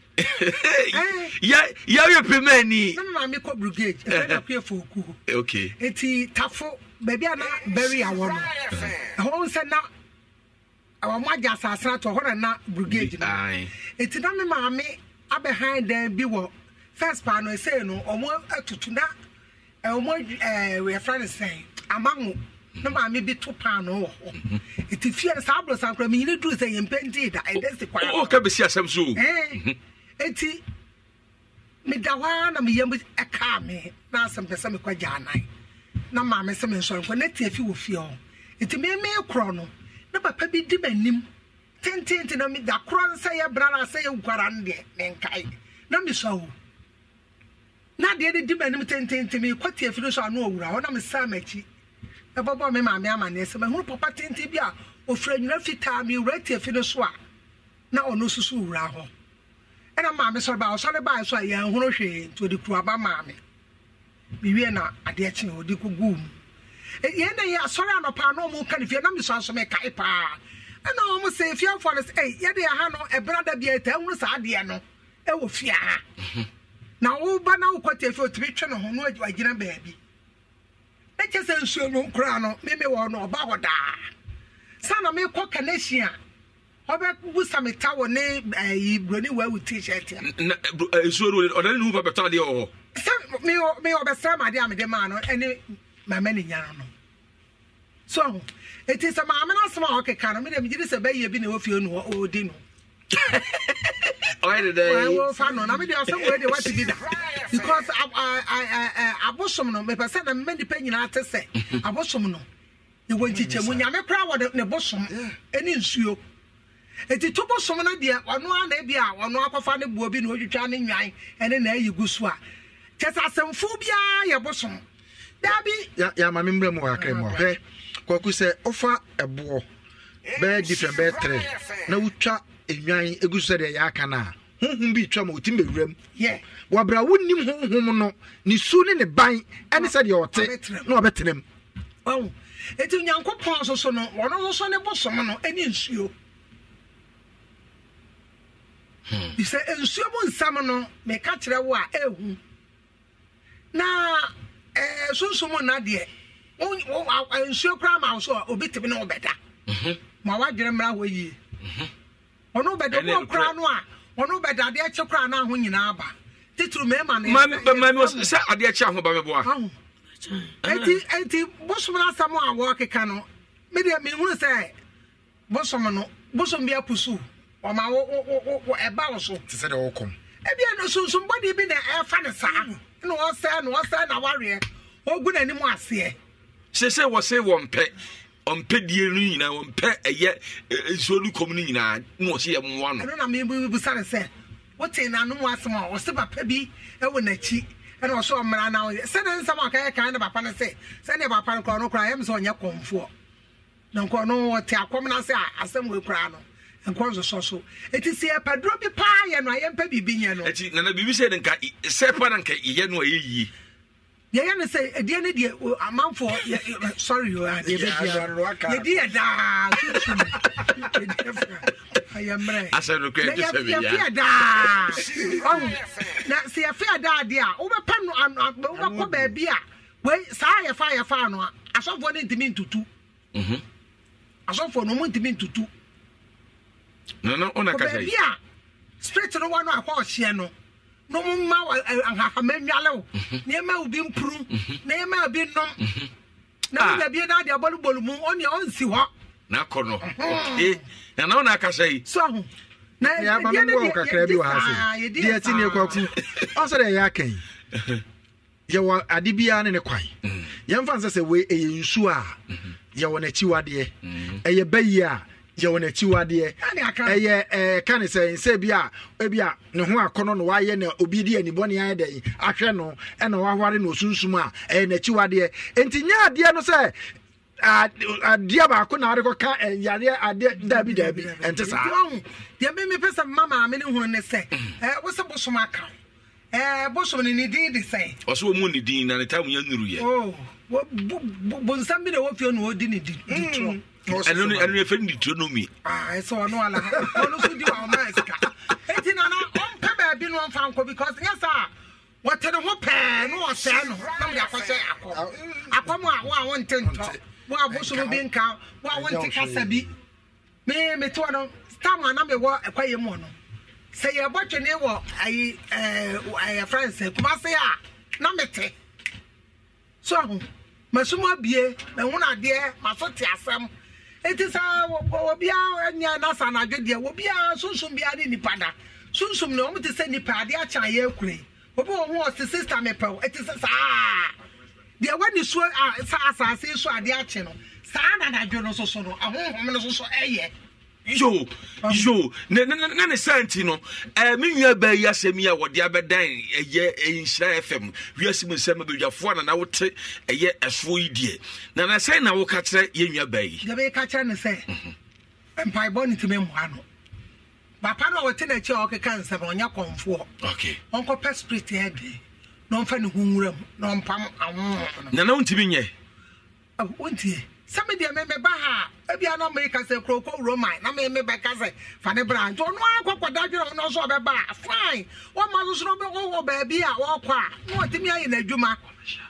yɛyɛ pema ani na me maame kɔ brugage ɛfɛ eh, eh. na kuyɛ fo okuo okay eti tafo baabi a na bɛri awɔ no ɛhɔ nsɛ na wɔn agye asase ato hɔ na na brigade no eti na me maame abɛhan dan bi wɔ first paano ese no wɔn atutu na ɛwɔ ɛɛ yɛfrɛ no sɛn amaho na maame bi to paano wɔ hɔ nti fie saa aburo sankora mi yiri duru sɛ yɛn mpɛnti da ɛdɛ si kwan. o ka bɛsi asɛm so. ɛɛ eh, eti mi da hɔ na mi yɛn bi ɛkaa mi na asɛm pɛ sɛ mi kɔ gya anan na maame sɛ mi nsɔre nkɔ na tie fi wɔ fie hɔ nti mi mi korɔ no na papa bi di m'anim tententen na mi da korɔ nsa yɛ bra na asɛ yɛ nkwara no deɛ mi nkae na mi sɔ o na deɛ de di m'anim tententen kɔte afiri so ano owura hɔ na me m'akyi ɛbɔbɔ me maame amanneɛ sɛ mahunu papa tenten bi a ofura nwura fitaa me wura te afiri so a na ɔno susu wura hɔ ɛna maame sɔrɔ baa ɔsɔre baa so a yɛn ho hwee nti ɔde kuru aba maame mewie na adeɛ kyen ɔde ko gu mu e, yɛn na yɛ asɔre anɔpa na ɔmo ka ne fie na mesɔ asɔ me kae paa ɛna ɔmo sɛ fiefoɔ no sɛ ɛy yɛde yɛ ha no ɛbɛrɛ da bi ɛtaa ehunu saa adeɛ no ɛwɔ fie ha. Mhm na woba na wokɔ tefe otumi twe ne ho na wagyina baabi na kyɛ sɛ nsuo no nkoraa no meme wɔ no ɔba hɔ daa sa na mekɔ kanahyi a ɔbɛbu sameta wɔ ne ayi eh, buroni waawu t-shirt a eh, eh, nsuo no ɔda ne ne wupa bɛtɔ adeɛ wɔ hɔ sɛ me ɔbɛsra ma adeɛ a mede maa no ɛne mama ne nya no no so ho ɛti sɛ maame no asɛm a ɔkeka no mede sɛ bɛyɛ bi na ɛwɔ fie ɔdi no [LAUGHS] Why fa no na mede asɛm wei deɛ woate bi da because abosom no mepɛ sɛ na mema nnipa nyinaa te sɛ abosom no ɛwɔ nkyikyɛmu nyame koraa wɔ ne bosom ne nsuo nti to bosom no deɛ ɔno a na bi a ɔno akɔfa ne boɔ bi na ɔtwitwa ne nwan ɛne na ayi gu so a kyɛ sɛ asɛmfo biara yɛ bosom daabi yɛama me mmerɛ mu wakra mu hwɛ kwaku sɛ wofa ɛboɔ bɛyɛ different bɛyɛ trɛ na wotwa enwan egu so deɛ yɛaka no a honhom bi twam ɔtumi bɛwuram nim wonnim mu no ne su ne ne ban ɛne sɛdeɛ ɔte na ɔbɛtenam ɛti onyankopɔn soso no ɔno soso ne bosom no ɛne nsuo hmm. sɛ nsuo mu nsam no meka kyerɛ wo a ɛhu na eh, sunsumu na deɛ nsuo koraa ma wo so a obi temi ne wobɛda mhm. ma woadwene mmara hɔ yie mhm. ɔno bɛda mu ɔkora no a ɔno bɛda adeɛ kye kora no aho nyinaa ba titiri mɛma no sɛ adeɛ kye aho ba mɛboa nti nti bosom no asɛm a wɔrekeka no medeɛ menhunu sɛ bosom no bosom bi apusu ɔma wo ɛba wo so te sɛ deɛ wɔkɔm ebia no sunsumbɔde bi na ɛfa ne saa mm. na ɔsɛe na ɔsɛe na wareɛ ɔgu n'anim aseɛ sɛ sɛ wɔsɛe wɔn pɛ ɔmpɛ die no nyinaa ɔmpɛ ɛyɛ nsuo no kɔm no nyinaa na ɔhyɛ yɛ mmoa no ɛno na mebusa sɛ wote nanom asɛm a ɔse papa bi ɛwɔ n'akyi ɛna ɔsɛ ɔmmara na sɛne nsɛm a ɔkaɛ kan ne papa no sɛ sɛne papa no korɔ no koraa ɛm sɛ ɔnyɛ kɔmfoɔ na nkɔ no akɔm no sɛ asɛm wei koraa no nkɔ nsosɔ so eti sɛ yɛpɛ bi paa yɛ no a yɛmpɛ biribi nyɛ no ɛti nana biribi sɛ de nka sɛ pa na nka yɛ no a yɛ yie yɛyɛ no sɛ ɛdeɛ no deɛ amanfoɔ sorry yɛbɛdiayɛdi yɛ daa yɛfiɛ daa na sɛ yɛfiɛ daa deɛ a wobɛpɛ no wobɛkɔ baabi a wei saa yɛfa yɛfa no a asɔfoɔ no ntumi ntutu mhm. asɔfoɔ no ɔmo ntumi ntutu baabi a spirit no wa no akɔ ɔhyeɛ no na ɔmo ma ahahama nwale wo mhm. na ɛma obi mpuru mhm. na ɛma obi nnɔm mhm. na ɔmo ah. bɛbi na adi abɔlibɔli mu ɔne ɔnsi hɔ. n'akɔ no ee na n'awo n'aka sɛ yi. so ahu na yaba mi bɔ kakra bi wɔ ha se diɛ ti ne kɔku ɔsɛ de ɛyɛ akɛn yɛwɔ ade biara ne ne kwan yɛmfa nsɛ sɛ wei ɛyɛ nsu a yɛwɔ n'akyiwadeɛ ɛyɛ bɛyi a yɛ wɔn akyiwadeɛ ɛyɛ ɛɛ ka eh, eh, ne sɛ nse bi a ebi eh, a ne ho akɔnɔ na wayɛ na obi di anibɔni ayɛ dɛ ahwɛ no ɛna waware na osunsum a ɛyɛ n'akyiwadeɛ nti nyɛ adeɛ no sɛ adeɛ baako na adekɔ ka yareɛ adeɛ dabi dabi ɛnte saa. deɛ mi mi pɛ sɛ mma maame ne hun ne sɛ ɛɛ wosi bosom aka ɛɛ bosom ne ne din de sɛn. ɔsɛ wɔn mu ne din na ne ta mu yɛ nuru yɛ. Oh, bonsam bi na wɔn fi ɔnu ne di di ɛno no ɛno yɛfɛ deuteronomy sɛ ɔno ala ɔno so di ɔma sika ɛnti nana ɔmpɛ baabi no ɔmfa nkɔ because nyɛ saa wɔte ne ho pɛɛ ne wɔsɛe no na mode akɔhyɛ akɔ akɔm a wo a wonte ntɔ wo a bosom bi nka wo a wonte kasa bi me mete wɔ no stam a na mewɔ ɛkwayɛ mu no sɛ yɛbɔ twene wɔ ayi ɛɛ france kumase a na mete so aho masum abie mahu no adeɛ maso te asɛm eti saa obiara nia nasa anadwo deɛ obiara sunsun biara ne nipa da sunsun na wɔn ti sɛ nipa adeɛ akyɛ ayɛ ekure obi wɔ ho ɔsi sista mepɛw eti sɛ saa deɛ wɔ ne suo a saa asaase so adeɛ akyɛ no saa na anadwo no soso no ahohom no soso ɛyɛ yo yo ne ne ne ne santi no eh me nua ba yi asɛm yi a wɔde abɛdan ɛyɛ eh, nhyira fm wiase mu nsɛm abadwafoɔ na na wote ɛyɛ ɛsoɔ yi deɛ na na sɛn na woka kyerɛ yɛ nua ba yi deɛ bɛka kyerɛ ne sɛ mhm. mpaebɔ ne tumi mmoa no papa no a na n'akyi a ɔkeka nsɛm no ɔnyɛ kɔmfoɔ okay ɔnkɔpɛ spirit ɛde na ɔmfa ne ho nwura mu na ɔmpam awo na na wontumi nyɛ wontie sɛmi deɛ mɛmɛba ha ebi anɔ mi kasɛ kuroko roma na mi mi bɛ kasɛ fani bra nti ɔno akɔkɔ dadwi na ɔno nso ɔbɛba fain wɔn ma soso bɛ wɔwɔ baabi a wɔkɔ uh, eh, eh, a na ɔtumi ayɛ n'adwuma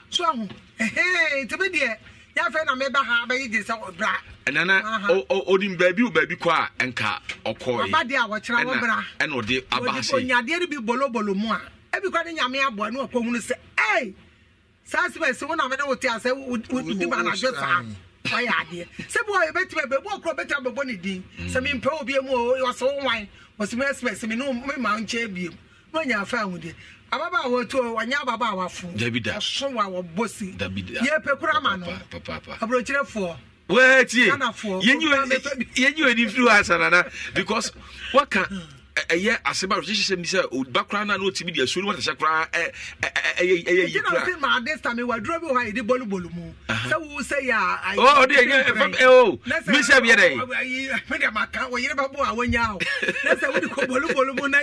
so ahu ɛhɛn tɛmɛ deɛ yafɛ na mi ba ha bɛyi de sɛ ɔbra. ɛnana onim baabi o baabi kɔ a nka ɔkɔ yi ɔba deɛ a wɔkyerɛ wɔ bra ɛna ɔde aba se onyadeɛ no bi bolobolo mu a ebi kɔ ne nyame aboa ne ɔkɔ hunu sɛ ɛɛ saa sibɛsi wɔn na mɛ ne wɔ ti asɛ wɔ di ma na adwe saa wayɛ adeɛ sɛ bi wɔyɛ bɛtumi bɛbɔ ɔkorɔ bɛtumi bɛbɔ ne din sɛ mpɛ obi mu o ɔsɛ wo wan mi ɛsɛ sɛ mi mi ma nkyɛn bi mu na ɔnyɛ afa ahodeɛ ababaawa tu o ɔnyɛ ababaawa fo ɔso wa wɔ bosi yɛ pɛkura ma no aburokyerefoɔ wɛɛtie yɛnyi wɔ ni firi asanana because waka ɛyɛ asɛm a ɔhyehyɛ mi sɛ ɔba koraa na na ɔtumi de asuo ne wɔtɛhyɛ koraa ɛyɛ ɛyɛ yi koraa. ɛgyina maa de sami wa duro bi wɔ ha yɛde bɔlubɔlu mu sɛ wo sɛ yɛ a. ɔ ɔde ɛyɛ ɛfɛ ɛwɔ mi sɛ bi yɛ dɛ. mi dɛ ma ka o yɛrɛ bɛ bɔ awɔ nya o ne sɛ o de ko bɔlubɔlu mu na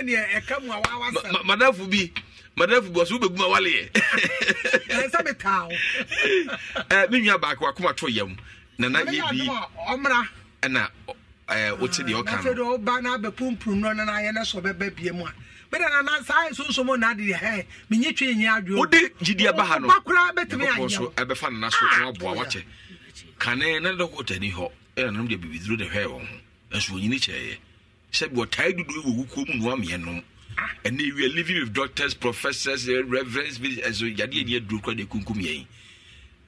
wale yɛ. ɛsɛ mi taa o. [LAUGHS] baako akoma to yam nana yɛ bi ɛna Eh, wote deɛ ɔka no afei woba na abɛpumpum no no nayɛ ne sɛ ɔbɛba mu a mede nana saa nsonsom na ade deɛ hɛ menye twe nyɛ adwo wode gyidiɛ ba ha no bakora bɛtumi ayɛ so ɛbɛfa nana so na ah, waboa wakyɛ kane na ne dɔkɔtani hɔ ɛna nom deɛ bibiduro de hwɛɛ wɔn ho nso onyini kyɛɛyɛ sɛ bi wɔtae dodoɔ wɔ wukuo mu na wameɛ nom and ah. we are living with doctors professors eh, reverends ɛso eh, yadeɛ ni aduro kora de kunkum yɛn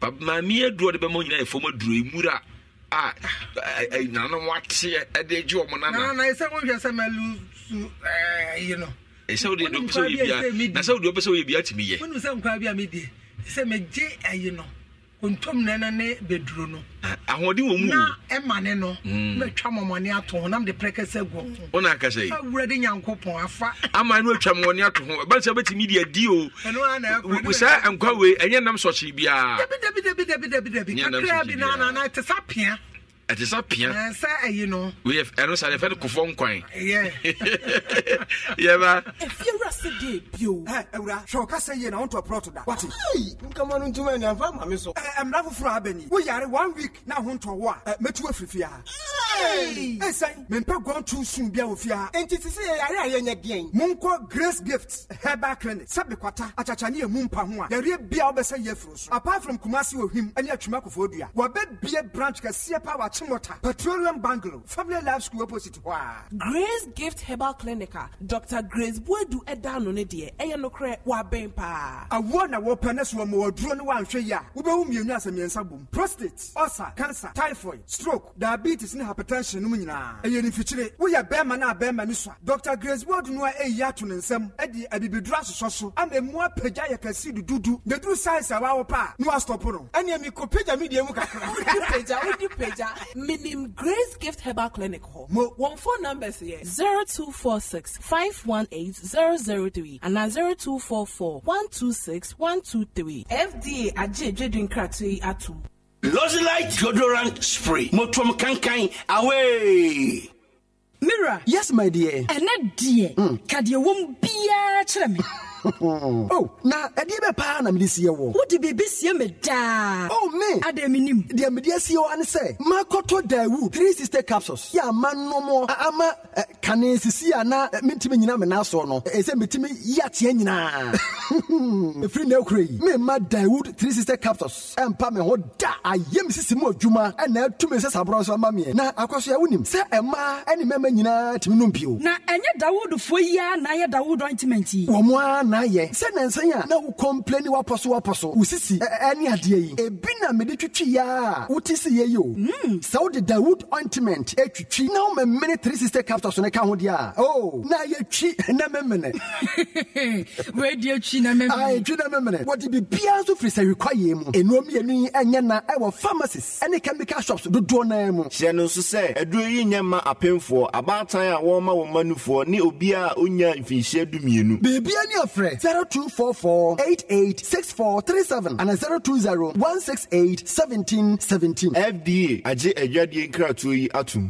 maame aduro de bɛma nyinaa yɛ fam aduro emura a nyanom wateɛ ɛde agye wɔn nana. nana ɛsɛ mo hwɛ sɛ mɛ lusu ɛɛ yi no. ɛsɛ wo de do pɛ sɛ wo yɛ bia na sɛ wo de sɛ wo bia tumi yɛ. wɔnum sɛ nkwa bi a mi sɛ mɛ gye no ntom nana ne beduro no. ahoɔden wɔ mu o. na ɛma ne no. mbɛtwa hmm. mɔmɔni ato ho nam de pɛrɛkɛsɛ gu. o na akasa yi. awura de nyanko pɔn afa. ama ne atwa mɔmɔni ato ho balisa bɛti mi di adi o. ɛnu ana ɛkɔ ne. saa nkwa wei ɛnyɛ nam sɔkye biara. dabi Debi debi debi debi debi kakra bi na na na te sa pia ɛte sa pia sa ɛyi no wei ɛno sa yɛfɛ no kofɔ nkwan yɛba ɛfie wura se de bio awura hwɛ ɔka sɛ yie na wonto prɔto da wate nkama no ntuma ani amfa ma me so eh, eh, mmara one week na ho ntɔ wo a eh, mɛtu afiri fie ha ɛsan mempɛ gɔnto sum bia wɔ fie grace gift herbal clinic sɛ a yareɛ bia wobɛsɛ yɛ afiri so apart from kumase wɔ hwim ne atwuma kofoɔ dua branch kɛseɛ pa Achimota, Petroleum Bungalow, Family Life School opposite hɔ Grace Gift Herbal Clinic Dr. Grace Boedu ɛda ano ne deɛ ɛyɛ nokorɛ wabɛn paa. Awoɔ A wɔpɛ ne so wɔn wɔ duro no wɔanhwɛ yi a wobɛwu mmienu asɛ mmiɛnsa bom. Prostate, ulcer, cancer, typhoid, stroke, diabetes ne hypertension no mu nyinaa. Ɛyɛ ne mfikyire. Woyɛ bɛrima na bɛrima ne Doctor a. Dr. Grace Boedu no a ɛyi ato ne nsam ɛde abibiduro asosɔ so ama emu apagya yɛ kɛse dududu. Dedu size a wɔawɔ pa a, ne wɔastɔpo no. Ɛne ɛmi kɔ pagya mi deɛ mu kakra. Wodi pagya, wodi minim grace gift herbal clinic hɔ mo one phone number yɛ zero two four six five one eight zero zero three ana zero two four four one two six one two three. fda ajé ìjẹ́dùn nkrató yìí atum. lozilite deodorant spray mo tún kankan away. Mira. Yes, my dear. And not dear. Mm. Kadia won't be a [LAUGHS] oh, na ɛdeɛ bɛ paa na mede siɛ wɔ wode biribi sie me daa oh me adɛ menim deɛ mede asie wɔ ane sɛ makɔtɔ dawu 360 capsules yɛ ama nom ama kane sisi a na mentimi nyina me nasoɔ no ɛsɛ metumi yateɛ nyinaa [LAUGHS] ɛfiri na akura yi memma dawood 360 capsules pa me ho da ayɛ me sisi mu adwuma ɛna atumi sɛ saborɔ so ama meɛ na akɔ so yɛwonim sɛ ɛmaa ɛne mɛma nyinaa tumi nom bio na ɛnyɛ dawoodfoɔ yi na ɛyɛ dawood ointment yi wɔ mo anaa yɛ sɛ nansan a na wo kɔmplɛni wapɔ so wapɔ so wo sisi ɛne adeɛ yi ebi na mede twitwi yɛ a wote sɛ yɛ yi o hmm. sɛ wode dawood ointment atwitwi na womemmene 360 capsules ne ka ho deɛ a o na yɛtwi na memene [LAUGHS] wɛdeɛtwi na memene na memene wɔde biribiaa nso firi sɛ hwekɔyɛ mu ɛnuom yɛno yi ɛnyɛ na ɛwɔ pharmacies ne chemical shops dodoɔ naa mu hyerɛ no nso sɛ aduro yi nyɛ ma apemfoɔ abaatan a wɔma wɔ ma nufoɔ ne obiaa a ɔnya mfinhyia dumienu biribia ne afrɛ hundred zero two four four eight eight six four three seven and zero two zero one six eight seventeen seventeen. FDA agye adwadie nkratoɔ yi atum.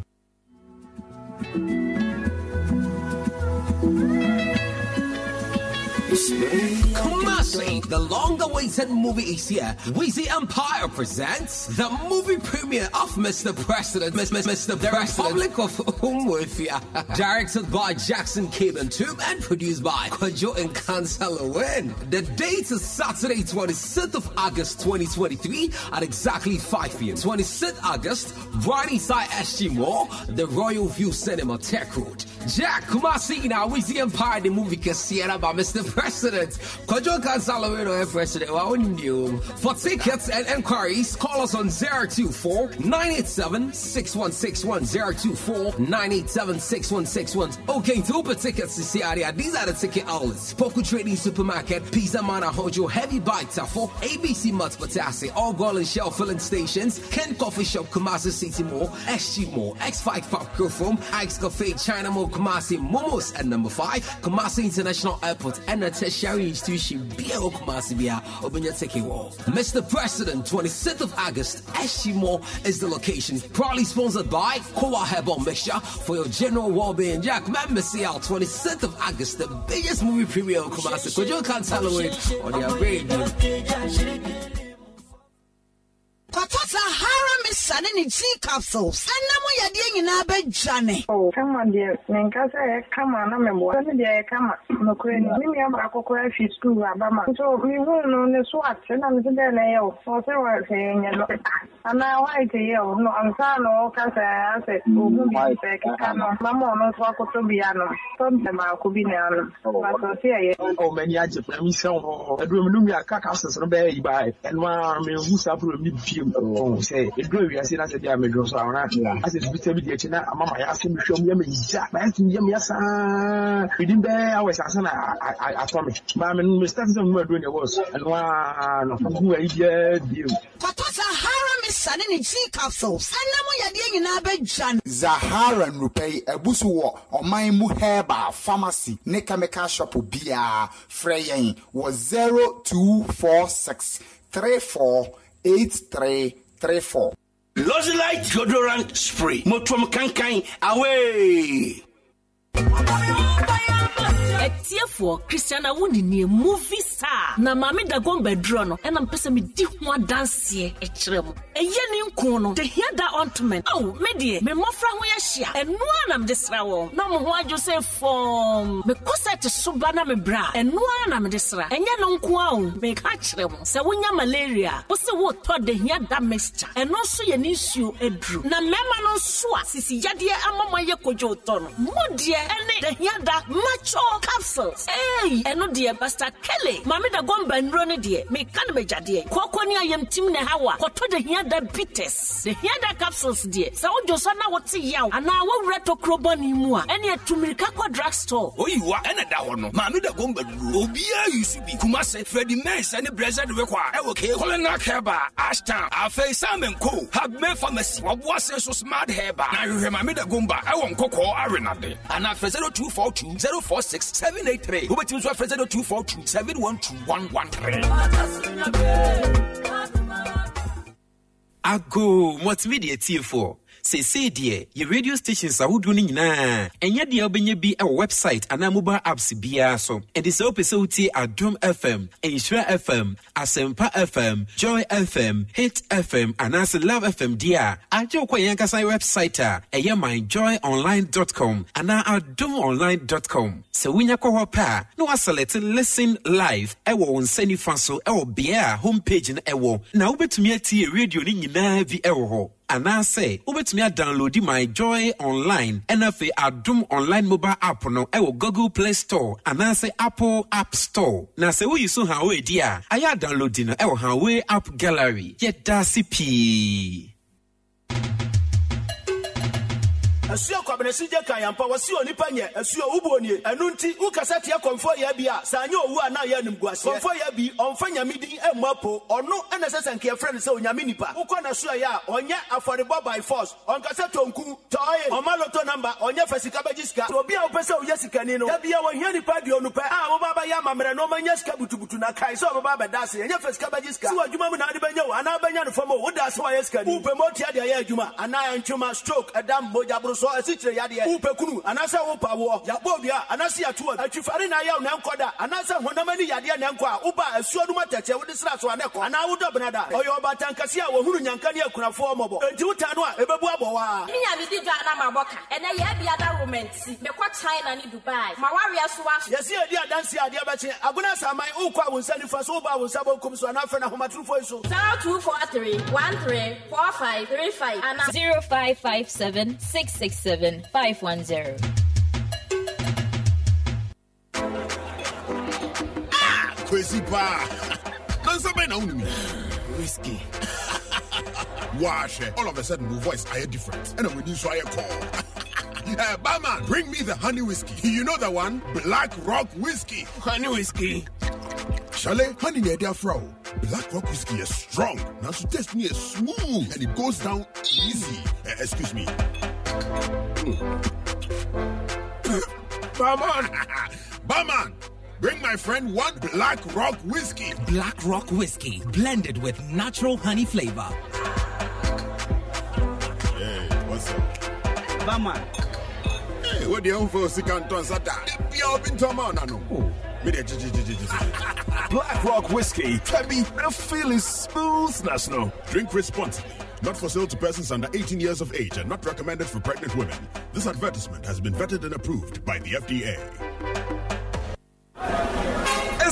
Kumasi, the long-awaited movie is here. Weezy Empire presents the movie premiere of Mr. President, Mr. Mr. The Republic of Umwifia. Directed by Jackson Kibin, 2 and produced by Kojo and Kansalo Wen. The date is Saturday, 26th of August 2023 at exactly 5 p.m. 26th August, right SG Mall, the Royal View Cinema Tech Road. Jack Kumasi na the empire the movie kɛseɛ na about Mr President Kojo Kansalawero yɛ president wa onim deɛ for tickets and inquiries, call us on 024 987 6161 024 987 6161 okay to open tickets to see area these are the ticket outlets Poku Trading Supermarket Pizza Mana Hojo Heavy Bite Tafo ABC Mutts Potassi All Goal and Shell Filling Stations Ken Coffee Shop Kumasi City Mall SG Mall X5 Pop Girl Ike's Cafe China Mall Kumasi Momos at number five, Kumasi International Airport and a tertiary institution Biro Kumasi Bia Obenya Wall. Mr. President, 26th of August, Eshimo is the location, proudly sponsored by Kowa Herbal Mixture for your general well-being. Jack, man, see 26th of August, the biggest movie premiere of Kumasi. Could you can't celebrate on your radio? kɔtɔ sahara misa ne ne tea capsules ɛna mo yadeɛ nyinaa bɛgya ne. o kama deɛ menkasa yɛ kama na mɛboa sɛne deɛ yɛ kama nokorɛ ni me nua baako koraa fi sukuu aba ma nso mehu no ne so ate na mese dɛ na ɛyɛ wo ɔsɛ wɔsɛ yɛnyɛ no anaa white yɛ wo no ansa na ɔkasa asɛ ɔhu bi sɛ keka no mama ɔno nso akotɔ bi ano sɛ baako bi ne ano but ɔse ɛyɛ ɔmani agye pa mesɛ wo ɛdurɛ mu no nua kaka sesere bɛyɛ yi baa ɛno a mehu saa problem no bio ɔn sɛ eduro wiase na sɛ deɛ amedwo zahara nnurupɛ yi ɛbu so wɔ ɔman mu herbal pharmacy ne chemical shop biara frɛ yɛn wɔ 0246 34 8334. Lozilite deodorant spray. Motum kankai away atiefoɔ christiana wo nenie movie star na maame dagon bɛdurɔ no ɛna mpɛ sɛ medi ho adanseɛ ɛkyerɛ mu ɛyɛ ne nko no the hia da ointment ao me deɛ ho yɛhyia ɛno a na mede sra wɔn na mo ho adwo sɛ fɔm mekɔ sɛ te so ba na mebrɛ a ɛno a na mede sra ɛnyɛ no nko a o meka kyerɛ mo sɛ wonya malaria wo sɛ wotɔ de hia da mixture ɛno nso yɛ ne nsuo aduru na mmarima no nso a sisi yadeɛ ama mo ayɛ kodwo tɔ no mo ɛne de hia da macho ka capsules ey ɛno deɛ pastor kelly Mami da gɔmba and no deɛ meka no magya deɛ kɔkɔ ne ayamtim ne hawa kɔtɔ da hia da bites da hia da capsules deɛ sɛ wodwo so na wote yaw anaa wowura tokuro bɔne mu a ɛne atumirika kɔ drug store oyiwa ɛna da hɔ no maame da gɔmba nnuro obiaa yi so bi kuma sɛ fredi mens ne brɛsɛ de wekɔ a ɛwɔ kee colonel herba ashton afei simon co habme pharmacy wɔboa sɛ so smart herba na hwehwɛ maame da gomba ɛwɔ nkɔkɔɔ arenade anaa frɛ 0242 046 783 wobɛtumi nso afrɛ sɛ 0242 712113 ago multimedia for? seesei deɛ yɛ radio stations ahodoɔ no nyinaa ɛnyɛ deɛ wobɛnya bi wɔ website anaa mobile apps biara so ɛde sɛ wopɛ sɛ wotie adom fm nhyira fm asɛmpa fm joy fm hit fm anaasɛ love fm deɛ a agye wo kɔ yɛn ankasa website a ɛyɛ myjoyonline.com anaa adomonline.com sɛ wonya kɔ hɔ pɛ a na waselɛte listen live ɛwɔ wo nsa nifa so ɛwɔ beae a home page no ɛwɔ na wobɛtumi atie radio no nyinaa bi ɛwɔ hɔ anaasɛ wobɛtumi adownloadi my joy online ɛna afei adom online mobile app no ɛwɔ google play store anaasɛ apple app store na sɛ woyi so hawei di a ayɛ adownloadi no ɛwɔ hawei app gallery yɛda ase pii ɛsuo kwabenesi gye kan yampa wɔsi onipa nyɛ ɛsuo wubu onie ɛnu nti wukasa tia kɔnfɔ yɛ bi a saa nye owu a n'ayɛ nimguaseɛ kɔnfɔ yɛ bi ɔnfɛ nyame din ɛmu apo ɔno ɛna sɛ sɛnkeɛ frɛ ne sɛ onyame nipa wukɔ na so yɛ a ɔnyɛ afɔrebɔ by force ɔnkasa tonku tɔɔye ɔma loto namba ɔnyɛ fɛ sika bɛgye sika obi a wopɛ sɛ woyɛ sikani no dabia wɔhia nipa di onupɛ a wobaba yɛ amammerɛ na ɔmanya sika butubutu na kae sɛ ɔbɛba bɛda ase ɛnyɛ fɛ sika bɛgye sika si wɔ adwuma mu na wode bɛnya wo anaa bɛnya no fam o woda ase wɔayɛ sikani wopɛ ma otia deɛ ɛyɛ adwuma anaa ɛntwoma stroke ɛda mmogya boro nso asikyire yadeɛ wopɛkunu anaasɛ wopa woɔ yɛabɔ wia anaasɛ yɛatoa atwifare na ayɛw nankɔ da anaasɛ honam ani yadeɛ nankɔ a woba asuo nom atɛkyɛ wode sra so anɛkɔ anaa wodɔ benada ɔyɛ ɔbatankɛse a wahunu nyanka ne akunafoɔ mmɔbɔ enti wota no a ɛbɛbu abɔ waa menya medi dwa na mabɔ ka ɛnɛ bia da romanti mekɔ china ne dubai ma wareɛ so wa yɛsi yɛdi adanse adeɛ bɛkye agona saman wokɔ wo nsa nifa so woba wo nsa bɔnkum so anaa fɛ no ahomatorofo yi so 0243 0557 567 510. Ah, crazy pa. Nansabay na me? Whiskey. Wash. All of a sudden, my voice I hear different. And I'm with you, so I call. [LAUGHS] Uh, barman, bring me the honey whiskey. You know the one? Black Rock Whiskey. Honey whiskey. Chalet, honey near their fro. Black Rock Whiskey is strong. Now, so taste me is smooth and it goes down easy. Uh, excuse me. Barman! [LAUGHS] Barman! Bring my friend one Black Rock whiskey. Black Rock whiskey, blended with natural honey flavor. Hey, what's up? Barman. Hey, what the hell for Sikanton Sata? Pure I know. Oh. Black Rock whiskey can be a feeling smooth national. Drink responsibly. Not for sale to persons under 18 years of age and not recommended for pregnant women. This advertisement has been vetted and approved by the FDA.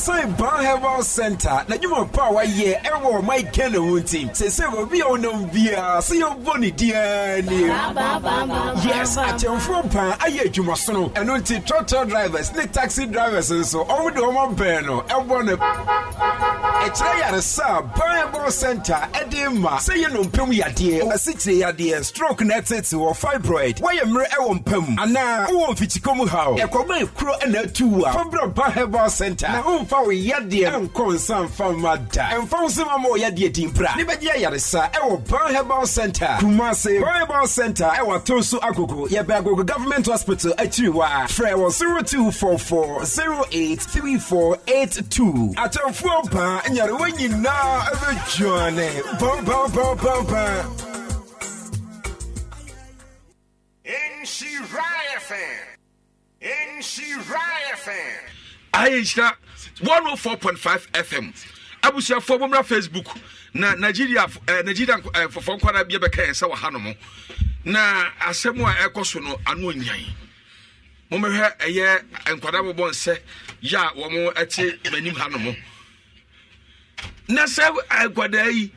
ɛsiane ban herbal center na n'adwuma pa a wayɛ ɛwɔ ɔman ghana ho nti sɛsɛ obi a ɔnam biara sɛ yɛbɔ ne diaa nie yes akyɛmfoɔ paa ayɛ adwumasono ɛno nti trɔtɔ drivers ne taxi drivers nso ɔmo de ɔmo bɛn no ɛbɔ no ɛkyerɛ yaresa a ban herbal center ɛde ma sɛ yɛ nompem yadeɛ asikyire yadeɛ stroke na ɛtete wɔ fibroid wayɛ mmerɛ ɛwɔ mpam anaa wowɔ mfikyikɔ mu haw ɛkɔma ekuro ɛna atu a fabra ban herbal center ɛmfa yadeɛ nkɔ nsa mfa mma da ɛmfa sɛ ma ma ɔyadeɛ din pra ne bɛgye ayaresa ɛwɔ center kumase brown herbal center ɛwɔ ato so agogo yɛbɛ agogo government hospital akyiri hɔ a frɛ wɔ nyarewa nyinaa ɛbɛdwane Fan! NC Fan! ayɛnhyira 104.5 fm abusuafoɔ bɔmmra facebook na nigeria eh, nigeria eh, fɔfɔ nkwara bia bɛka yɛn sɛ wɔha no mo na asɛm a ɛkɔ so no ano nyan mommɛhwɛ ɛyɛ nkwadaa bɔbɔ nsɛ yɛ a wɔn te m'anim ha no mo na sɛ eh, nkwadaa yi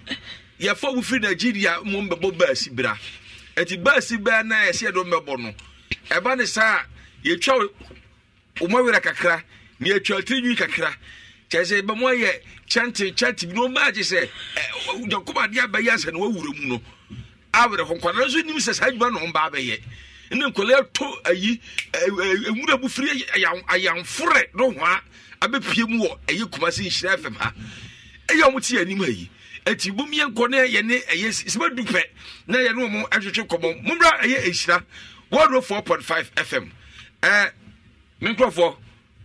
yɛfɔ wo firi nigeria mu mbɛbɔ baasi bra ɛti baasi bɛɛ na yɛsɛ yɛdɔ mbɛbɔ no ɛba ne saa yɛtwa wɔn awerɛ kakra ne atwa tirinwi kakra kyɛ sɛ bɛmɔ yɛ kyɛnte kyɛnte bi na ɔmaa gye sɛ nyankopɔn adeɛ abɛyɛ asɛ na wawura mu no awerɛ hɔ nkwadaa nso nim sɛ saa adwuma na ɔmbaa bɛyɛ ne nkwadaa ato ayi ewura bu firi ayanforɛ no ho a abɛpie mu wɔ ɛyɛ kumasi nhyira fm ha ɛyɛ ɔmo te anim ayi eti bom yɛ nkɔ ne yɛ ne ɛyɛ sima du na yɛ ne ɔmo atwitwe kɔmɔ mumra ɛyɛ nhyira wɔduro four point five fm ɛɛ me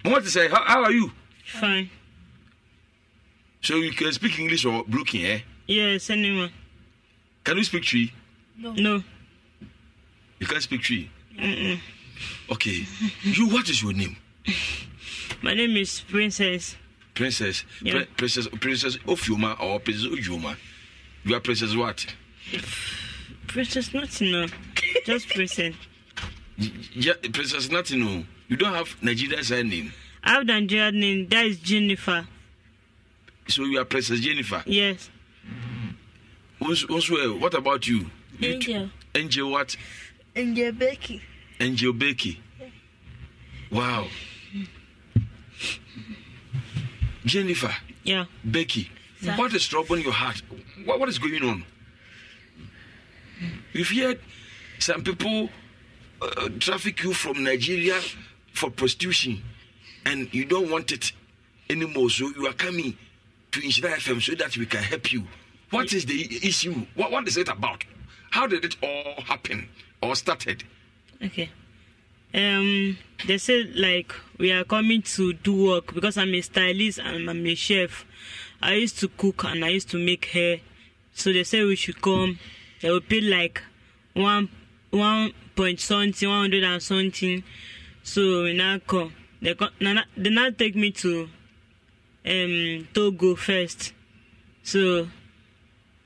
What is to say, how, how are you? Fine. So you can speak English or broken, eh? Yes, anyone. Can you speak tree? No. No. You can't speak tree? Mm-mm. Okay. you, what is your name? My name is Princess. Princess? Yeah. Pre- princess Princess Ofioma or Princess Ujoma? You are Princess what? Princess nothing, no. Just Princess. Yeah, Princess nothing, no. You don't have Nigeria's surname. I have Nigerian name. That is Jennifer. So you are Princess Jennifer? Yes. What's, what about you? Angel. Angel what? Angel Becky. Angel Becky. Wow. Jennifer. Yeah. Becky. Sir. What is troubling your heart? What, what is going on? you have heard some people uh, traffic you from Nigeria for prostitution and you don't want it anymore. So you are coming to Inshira FM so that we can help you. What is the issue? What, what is it about? How did it all happen or started? Okay. Um, they said like we are coming to do work because I'm a stylist and I'm a chef. I used to cook and I used to make hair. So they said we should come. They will pay like one one point something, one hundred and something. So when I call, they they now take me to um Togo first. So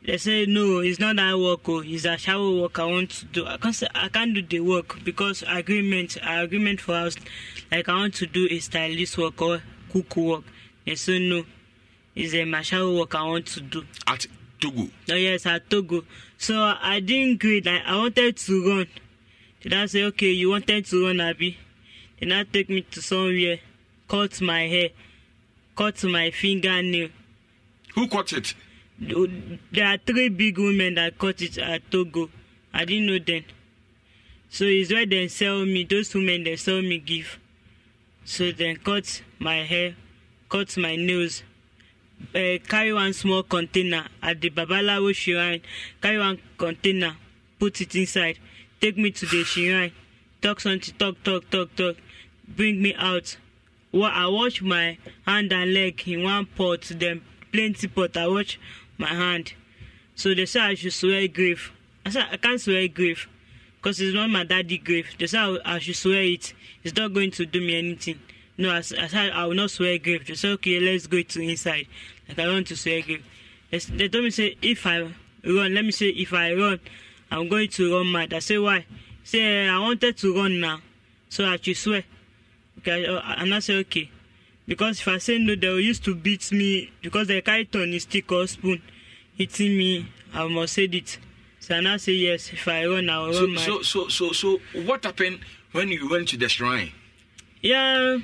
they say no, it's not that work. Oh, it's a shower work I want to do. I can't say, I can't do the work because agreement agreement for us like I want to do a stylist work or cook work. They say no, it's um, a shower work I want to do. At Togo. Oh yes, at Togo. So I didn't agree. Like, I wanted to run. Did I say okay? You wanted to run, Abby? And now take me to somewhere, cut my hair, cut my fingernail. Who cut it? There are three big women that cut it at Togo. I didn't know then. So it's where they sell me, those women they sell me gift. So then cut my hair, cut my nails, uh, carry one small container at the Babalawo shrine, carry one container, put it inside, take me to the shrine, talk something, talk, talk, talk, talk. bring me out well, i wash my hand and leg in one pot then plenty pot i wash my hand so they say i should swear grave i said i can't swear grave because it's not my daddy grave they say i, I should swear it it's not going to do me anything no i, I said i will not swear grave they said okay let's go to inside like i want to swear grave they told me say if i run let me say if i run i'm going to run mad i say why say i wanted to run now so i should swear okay, and I say okay. Because if I say no, they used to beat me because they carry Tony stick or spoon hitting me. I must say it. So I now say yes. If I run, I will so, run my. So so so so what happened when you went to the shrine? Yeah,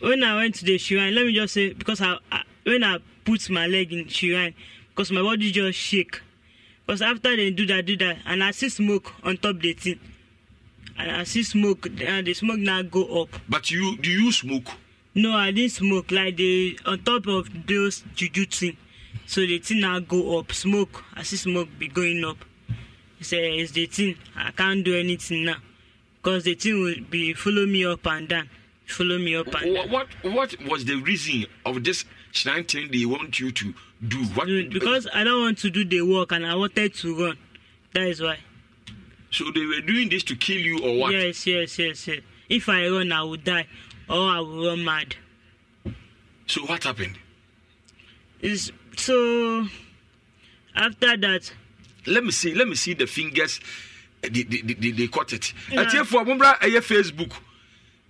when I went to the shrine, let me just say because I, I when I put my leg in shrine, because my body just shake. Because after they do that, do that, and I see smoke on top the thing. I see smoke, and the smoke now go up. But you do you smoke? No, I didn't smoke. Like the on top of those juju thing, so the thing now go up. Smoke, I see smoke be going up. It's, uh, it's the thing. I can't do anything now, cause the thing will be follow me up and down, follow me up and down. What what was the reason of this shrine thing they want you to do? What? Because I don't want to do the work, and I wanted to run. That is why. So they were doing this to kill you or what? Yes, yes, yes, yes. If I run, I will die or I will run mad. So what happened? Is so after that. Let me see. Let me see the fingers. Eh, they, they, they, they caught it. Yeah. Ati efu amumbra ɛyɛ Facebook.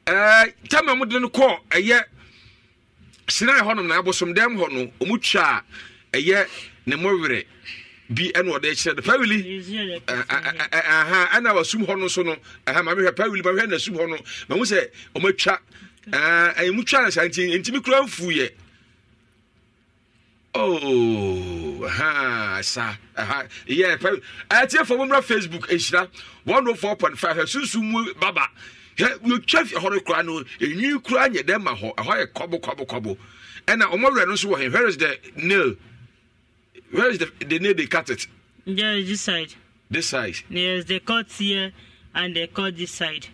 Ɛɛ tell me ɔmo de no kɔ ɛyɛ sinai hɔ nom na abosom dɛm hɔ no ɔmo twa ɛyɛ ne mo werɛ bi ɛna ɔde kyerɛ no pawili ɛna wasum hɔ no so no mamehwɛ pawili mamehwɛ na sum hɔ no mahu sɛ ɔmatwa ɛmu twa no kura nti ntimi kora mfuyɛ oh, sa ɛtiɛ fa mɔmmra facebook One ɛhyira 104.5 hɛ sunsum mu baba yɛtwa fi hɔ no koraa no ɛnwi kura nyɛ dɛ ma hɔ ɛhɔ yɛ kɔbo kɔbo kɔbo ɛna ɔmɔwerɛ no nso wɔ hɛ where is the nail Where is the, the nail they cut it? Yeah, this side. This side? Yes, they cut here and they cut this side.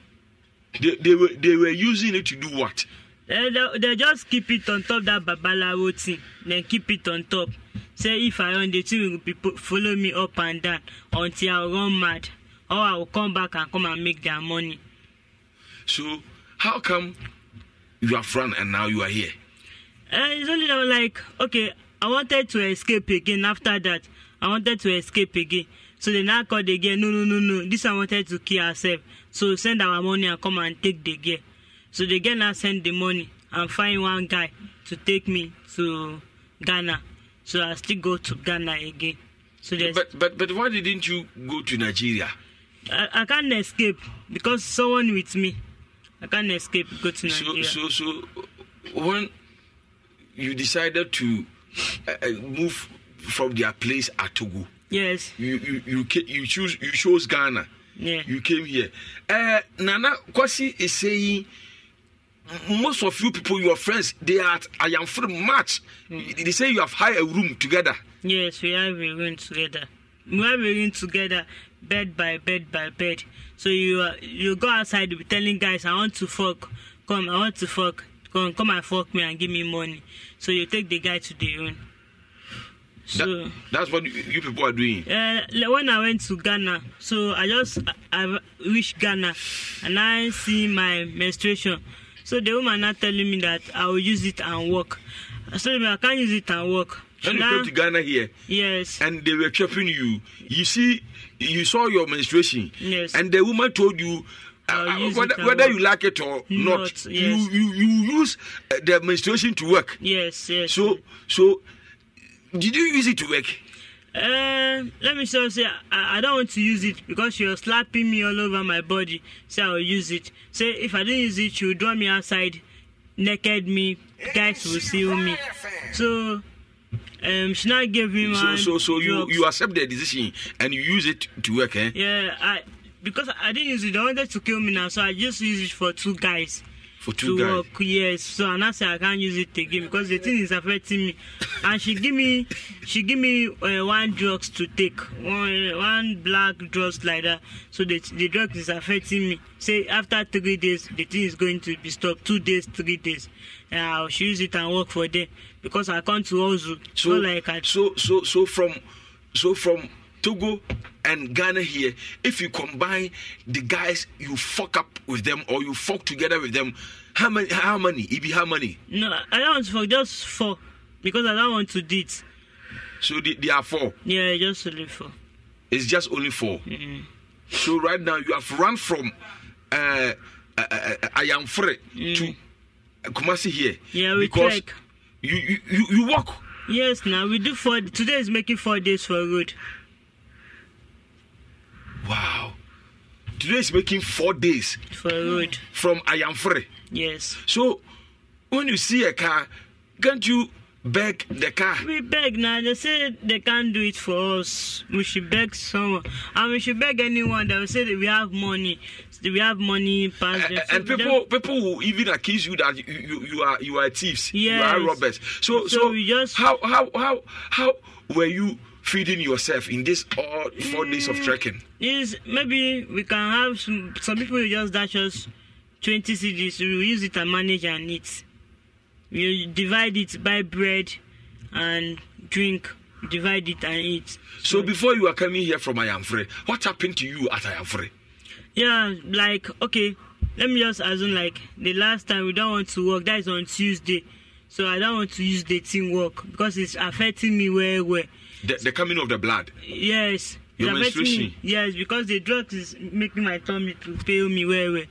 They, they, were, they were using it to do what? Eh, they, they, just keep it on top that babalawo thing. Then keep it on top. Say if I run the thing, people follow me up and down until I run mad. Or I will come back and come and make their money. So, how come you have run and now you are here? Uh, it's only now, like, okay, I wanted to escape again after that. I wanted to escape again. So then I called again. No, no, no, no. This I wanted to kill herself. So send our money and come and take the girl. So the girl now send the money and find one guy to take me to Ghana. So I still go to Ghana again. So yeah, but but but why didn't you go to Nigeria? I, I can't escape because someone with me. I can't escape go to Nigeria. So so so when you decided to uh, uh, move from their place at Togo. Yes. You you you, you choose you chose Ghana. Yeah. You came here. Uh, Nana Kwasi is saying most of you people, your friends, they are at Ayamfri match. Mm. They say you have hired a room together. Yes, we have a room together. We have a room together, bed by bed by bed. So you uh, you go outside, you be telling guys, I want to fuck. Come, I want to fuck. Come, come and fuck me and give me money. So you take the guy to the own. So that, that's what you people are doing. Uh, when I went to Ghana, so I just I, I reached Ghana, and I see my menstruation. So the woman now telling me that I will use it and work. So I can't use it and work. When you came to Ghana here, yes, and they were trapping you. You see, you saw your menstruation, yes, and the woman told you Uh, uh, uh, whether, whether you like it or not, not yes. you, you you use the menstruation to work. Yes, yes. So so, did you use it to work? Uh, let me just say I, I don't want to use it because she was slapping me all over my body. So will use it. Say if I didn't use it, she would draw me outside, naked me. Guys will see me. Eh? So um, she now gave me my. So so so you you accept the decision and you use it to work, eh? Yeah, I because I didn't use it. They wanted to kill me now, so I just used it for two guys. For two to guys. Work, uh, yes. So and I said I can't use it again because the thing is affecting me. And she give me, she give me uh, one drugs to take, one one black drugs like that. So the the drug is affecting me. Say after three days, the thing is going to be stopped. Two days, three days. And I'll use it and work for them because I come to also. so like I, so so so from so from Togo and Ghana here, if you combine the guys you fuck up with them or you fuck together with them, how many? How many? It be how many? No, I don't want to fuck. Just four, because I don't want to date. So they, they are four. Yeah, just only four. It's just only 4 mm-hmm. So right now you have run from uh, uh, uh, I am free mm. to Kumasi here. Yeah, we because trek. You, you you walk. Yes, now we do four. Today is making four days for good. Wow. Today is making four days. For a road. From Ayamfre. Yes. So when you see a car, can't you beg the car? We beg now. They say they can't do it for us. We should beg someone. And we should beg anyone that will say that we have money. We have money And, people, people will even accuse you that you, you, you are you are thieves. Yes. You are robbers. So so, so just, how how how how were you feeding yourself in this all four mm, days of trekking? is maybe we can have some, some people who just dash us 20 CDs. We use it and manage and eat. We divide it by bread and drink. Divide it and eat. So, so before you are coming here from Ayamfre, what happened to you at Ayamfre? Yeah, like, okay, let me just assume, like, the last time we don't want to work, that is on Tuesday. So I don't want to use the team work because it's affecting me well, well. The, the coming of the blood. Yes. Your menstruation. Me. Yes, because the drug is making my tummy to fail me well, well.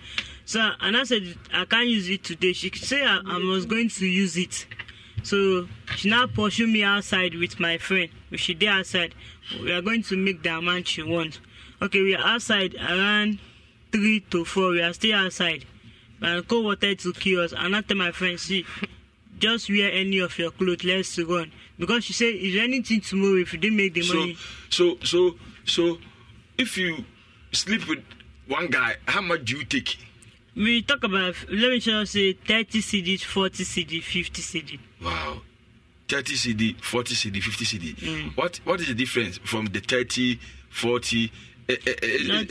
So and I said I can't use it today. She said I, I was going to use it. So she now pursued me outside with my friend. We should did outside. We are going to make the amount she wants. Okay, we are outside around three to four. We are still outside. My co water to kill us. And tell my friend, see, just wear any of your clothes. Let's run because she say, "Is there anything to move if you didn't make the so, money?" So, so, so, if you sleep with one guy, how much do you take? We talk about let me just say thirty CD, forty CD, fifty CD. Wow, thirty CD, forty CD, fifty CD. Mm. What what is the difference from the thirty, forty? Eh, eh,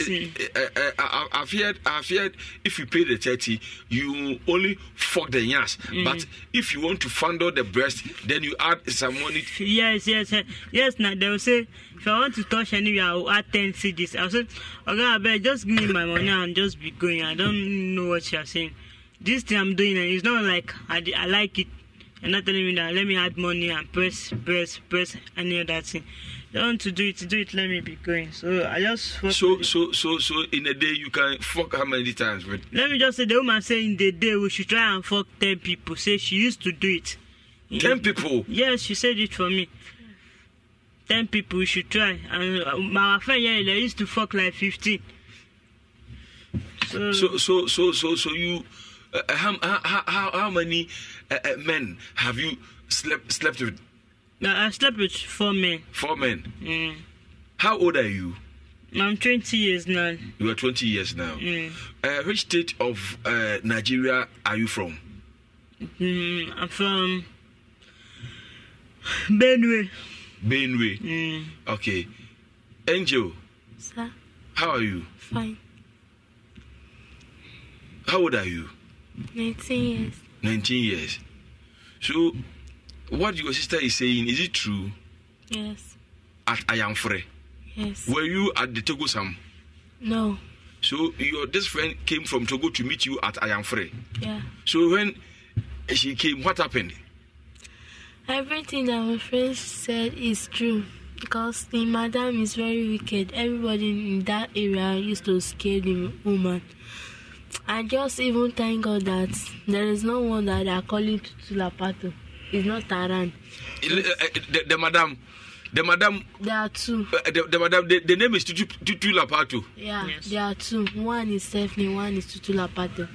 eh, I've heard, I've heard if you pay the 30, you only fuck the yas. Mm. But if you want to fondle the breast, then you add some money. T- yes, yes, yes. now they will say, if I want to touch anywhere, I will add 10 CDs. I'll say, okay, I bet just give me my money and just be going. I don't know what you're saying. This thing I'm doing, it's not like I, I like it. You're not telling me that let me add money and press, press, press, any other thing. don't to do it, do it, let me be going. So I just fuck So so so so in a day you can fuck how many times But Let me just say the woman saying in the day we should try and fuck ten people. Say she used to do it. Ten people? Yes, she said it for me. Ten people we should try. And uh, my friend yeah, they used to fuck like fifteen. So so so so so, so you uh, uh how, how how how many uh, uh, men have you slept slept with? I slept with four men. Four men? Mm. How old are you? I'm 20 years now. You are 20 years now. Mm. Uh, which state of uh, Nigeria are you from? Mm, I'm from Benue. Benue. Mm. Okay. Angel. Sir. How are you? Fine. How old are you? 19 years. 19 years. So, what your sister is saying is it true? Yes. At Ayamfre. Yes. Were you at the Togo Sam? No. So your this friend came from Togo to meet you at Ayamfre. Yeah. So when she came, what happened? Everything that my friend said is true because the madam is very wicked. Everybody in that area used to scare the woman. I just even thank God that there is no one that are calling Tutulapato. It's not Taran. Eh, eh, the, the madam. The madam. There are two. Eh, the, the madam. The, the name is Tutu, Tutu Lapato. Yeah, yes. there are two. One is Stephanie. One is Tutu Lapato.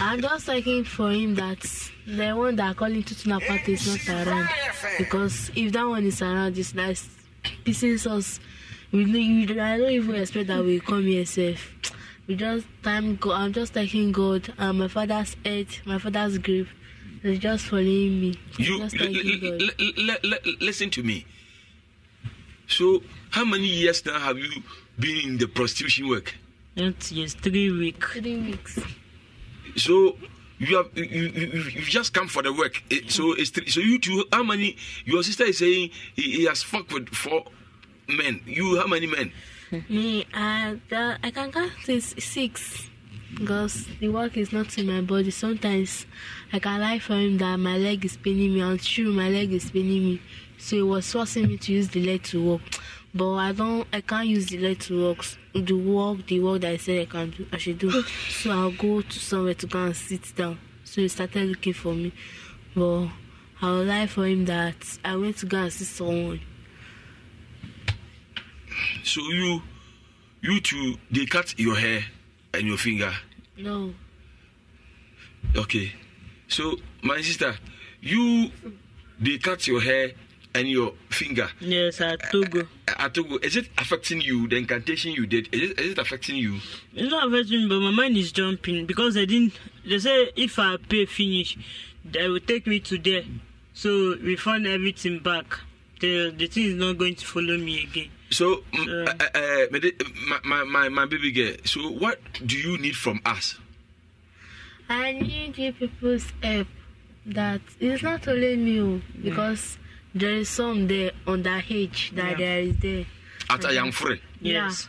[LAUGHS] I'm just checking for him that the one that calling Tutu Lapato is not around because if that one is around, it's nice pissing us. We I don't even expect that we come here safe. We just time go. I'm just thanking God and my father's age, my father's grief. It's just following me. you just l- l- l- l- l- listen to me. So, how many years now have you been in the prostitution work? Not years, three weeks. Three weeks. So you have you, you, you just come for the work. It, eh, so it's three, so you two. How many? Your sister is saying he, he has fucked with four men. You how many men? Me, uh, the, I can count this six because the work is not in my body. Sometimes I can lie for him that my leg is paining me, and true, my leg is paining me. So he was forcing me to use the leg to walk. But I don't, I can't use the leg to walk, the work, the work that I said I can do, I should do. So I'll go to somewhere to go and sit down. So he started looking for me, but I'll lie for him that I went to go and see someone. So you, you two, they cut your hair and your finger? No. Okay. So, my sister, you they cut your hair and your finger. Yes, at Togo. At Togo. Is it affecting you, the incantation you did? Is it, is it affecting you? It's not affecting me, but my mind is jumping because I didn't. They say if I pay finish, they will take me to there. So, refund everything back. The, the thing is not going to follow me again. So, yeah. uh, uh, my, my, my baby girl, so what do you need from us? I need you people's help. That it's not only me, oh, because yeah. there is some there underage that yeah. there is there. At a young free. Yes.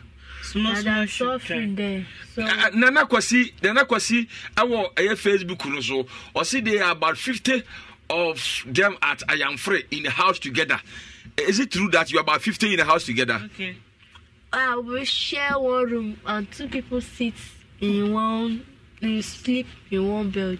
Yeah. Small, suffering there. So, uh, Nana Kwasi, Nana Kwasi, our Facebook, also, or see there are about fifty of them at Ayamfre in the house together. is it true that you are about 15 in a house together? Okay. Uh, we share one room and two people sit in one, and sleep in one bed.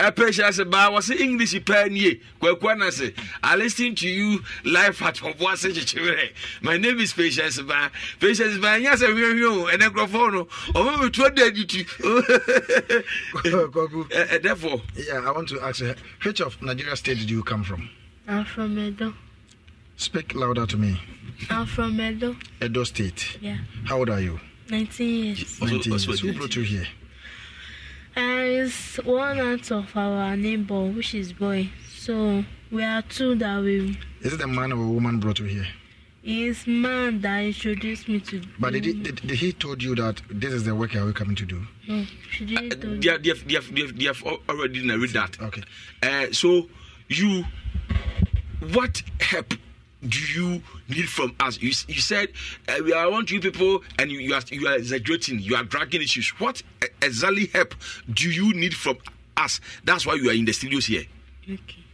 A patient said, but I was in English penny. Kwekwana say, I listen to you live at Hobwasa Chichure. My name is Patience Ba. Patience Ba, yes, I'm here, you and a microphone. Oh, we told you. Eh, eh, therefore, yeah, I want to ask, eh, which of Nigeria state do you come from? I'm from Edo. Speak louder to me. I'm from Edo. Edo State. Yeah. How old are you? 19 years. 19 years. Who brought you here? Uh, it's one out of our neighbor, which is boy. So we are two that we. Is it a man or a woman brought you here? It's man that introduced me to. But did he, did, did he told you that this is the work you are coming to do? No, she didn't. Uh, they, have, they, have, they, have, they, have, already narrated that. Okay. Uh, so you, what happened? do you need from us? You, you said uh, we are want you people, and you, you, are you are exaggerating. You are dragging issues. What e, exactly help do you need from us? That's why you are in the studios here. Okay.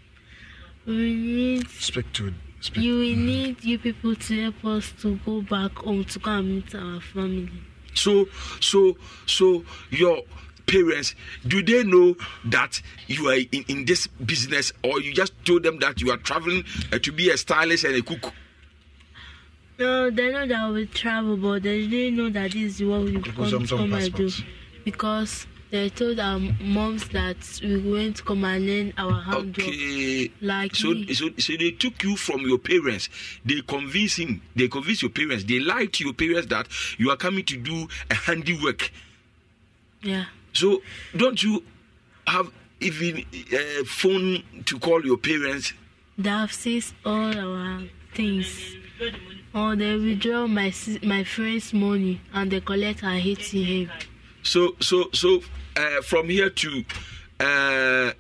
We need. Speak to. Speak. You will need you people to help us to go back home to come meet our family. So, so, so your parents do they know that you are in, in this business or you just told them that you are traveling uh, to be a stylist and a cook no they know that we travel but they didn't know that this is what we come, come and do because they told our moms that we are going to come and learn our handwork. Okay. Like so, me. so, so they took you from your parents. They convinced him. They convinced your parents. They lied to your parents that you are coming to do a handiwork. Yeah. So don't you have even a uh, eh, phone to call your parents? That seized all our things. Oh, they withdraw my my friend's money and they collect and hit him. So so so uh, from here to uh,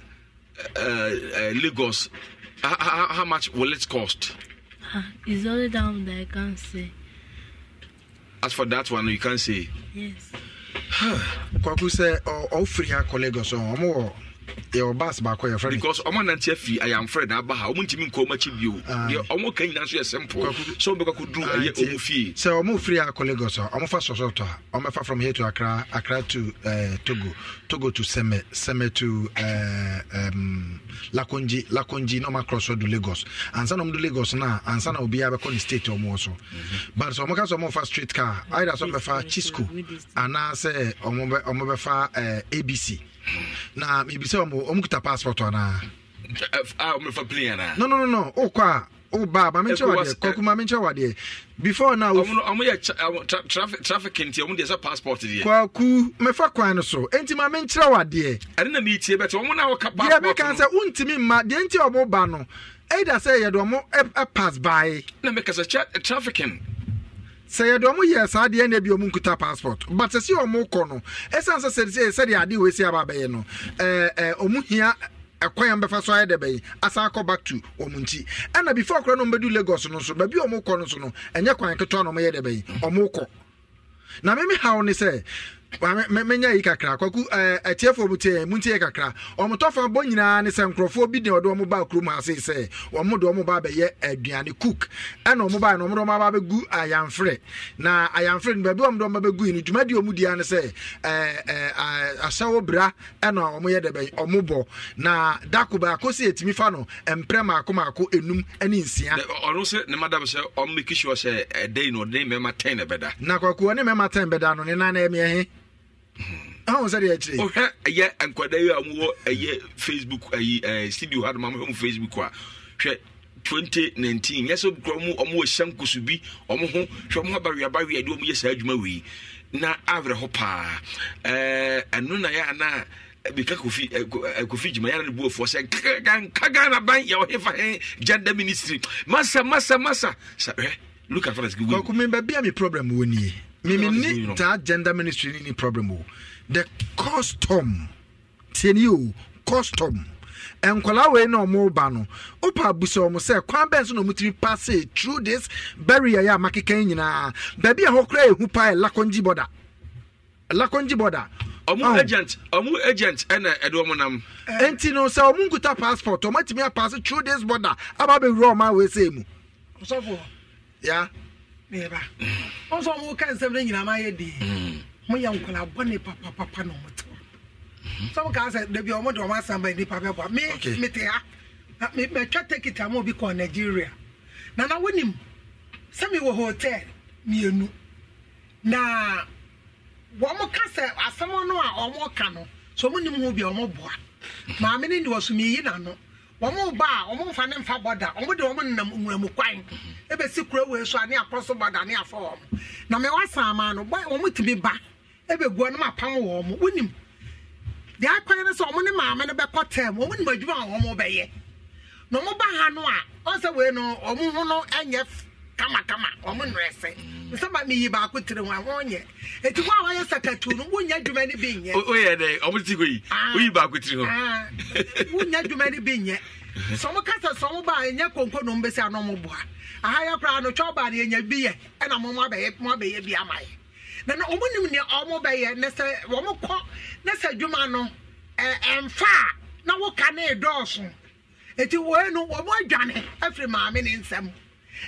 Lagos, how, how, how, much will it cost? Ah, it's only down that I can't say. As for that one, you can't say. Yes. Qual que ɔfiri ha colleagues ɔmo wɔ yɛwɔ bus baakɔ yɛfrɛ because ɔmo nante afi ayamfrɛ na aba ha ɔmo ntumi nkɔ ɔmo akyi bio ah. deɛ ɔmo ka nyinaa nso yɛ simple sɛ ɔmo ɛyɛ ah, ɔmo fie sɛ ɔmo firi lagos a ɔmo sɔsɔtɔ a ɔmo from here to accra accra to uh, togo togo to seme seme to uh, um, lakonji lakonji na ɔmo across do lagos ansa na ɔmo do lagos na ansa na obiara bɛkɔ ne state ɔmo wɔ so mhm. but sɛ ɔmo ka sɛ ɔmo fa straight car either sɛ ɔmo bɛfa uh, chisco anaasɛ ɔmo abc eh, mhm. na mebisɛ ɔmo ɔmokita passport anaa mefa plane anaa no no no no wokɔ a woba ma menkyɛ wadeɛ kɔkoma menkyɛ before na ɔmoyɛ traffic nti ɔmo deɛ sɛ passport deɛ kwaku mefa kwan no so enti ma menkyerɛ wadeɛ sɛ wontumi mma deɛ nti ɔmo no ɛda sɛ yɛde ɔmo eh, eh, pass by na meka sɛ eh, trafficking sɛ yɛde ɔmo yɛ saa deɛ na ebi ɔmo nkuta passport but sɛ si ɔmo kɔ no ɛsan sɛ sɛ sɛdeɛ adeɛ wɔ esi aba abɛyɛ no ɛɛ ɛɛ ɔmo hia ɛkwan yɛn bɛfa so ayɛ dɛ bɛyi asan akɔ back to wɔn nti ɛna before akora no wɔn bɛdu lagos no so baabi wɔn kɔ no so no ɛnyɛ kwan ketewa na wɔn yɛ dɛ bɛyi wɔn kɔ na mɛmi ha wɔn sɛ mɛnya yi kakra kwaku atiefoɔ mu tie mu tie kakra ɔmotɔfa nyinaa ne sɛ bi ɔde ɔmo kurom ase sɛ ɔmo de ɔmo bɛyɛ aduane cook ɛna ɔmo na ɔmo de ɔmo baa ayamfrɛ na ayamfrɛ no baabi ɔmo de ɔmo bɛgu yi no dwuma di ɔmo dia sɛ na dako baako si etimi sɛ ne ma sɛ ɔmo na ɔde mɛma ahụ sɛ deɛ akyire wohwɛ ɛyɛ nkwadaa yi a mowɔ ɛyɛ facebook ayi studio ha no mamhwɛ mu facebook a twenty nineteen. nyɛ sɛ kura mu ɔmo ɛhyɛ nkoso bi ɔmo ho hwɛ ɔmo abaweabawe de ɔmo yɛ saa adwuma wei na awerɛ hɔ paa ɛno na yɛ anaa bika kofi kofi juma yàrá ni bu ofu ọsẹ nka ghana ban yà ọhẹ fa hẹn gender ministry masa masa masa sa ẹ look at for us. kọkùnmi bẹẹ bí i àmì problem wo ni yìí mímí taa gender ministry ni ni problem o the custom tiẹni o custom nkwadaa wei na ɔmo ba no opa abusa ɔmo sɛ kwan bɛn so na ɔmo tiri paase through this barrier yɛ a makeka nyinaa baabi a hɔ kura ehu paa e, lakonji border. ɛlakɔngyi bɔda ɔmo oh. agent ɔmo agent ɛna ɛde ɔmo nam. nti no sɛ ɔmo nkuta passport ɔmo atumi apaase through this border aba abɛwura ɔmo awo ese mu. ɔsɔfo. ya. Yeah meba nso mo ka nsɛm no nyinaa mayɛ de moyɛ nkɔla bɔne papapapa na ɔmotewa sɛ mo kaa sɛ da bia ɔmode ɔma asam ba nnipa bɛboa me mete ha matwa takita ma obi kɔɔ nigeria nana wonim sɛ mewɔ hotel mmienu na wɔmo ka sɛ asɛm no a ɔmɔka no so monim ho bia ɔmɔboa maame no ne wɔ so meyi nano ọmụ ba a wɔn mfa ne mfa bọda wɔn de wɔn nam nwuram kwan ebesi kura wei so a so na mɛ wasa ama no ọmụ wɔn ti ba ebegu wɔn apam wɔn akwan ne maame nim adwuma na ba ha no a no ho no kamakama ɔmo nrɛsɛ nsɛmba mi yi baako tiri ho a wɔnyɛ eti wo wɔyɛ sakatu no wonya dwuma ne bi nyɛ. o yɛ dɛ ɔmo ti ko yi ah. o yi baako tiri ho. Ah. wonya dwuma ne bi nyɛ [LAUGHS] sɔmo kasa sɔmo ba ɛnyɛ konko na ɔmo bɛ se bua ahaya koraa no twɛ ɔbaa no bi yɛ ɛna mo mo abɛyɛ mo abɛyɛ bi ama yɛ na na ɔmo nim nea ɔmo bɛyɛ ne sɛ wɔmo kɔ ne sɛ dwuma no ɛɛ ɛnfa na woka ne dɔɔso eti wɔyɛ no wɔmo adwane afiri maame ne nsɛm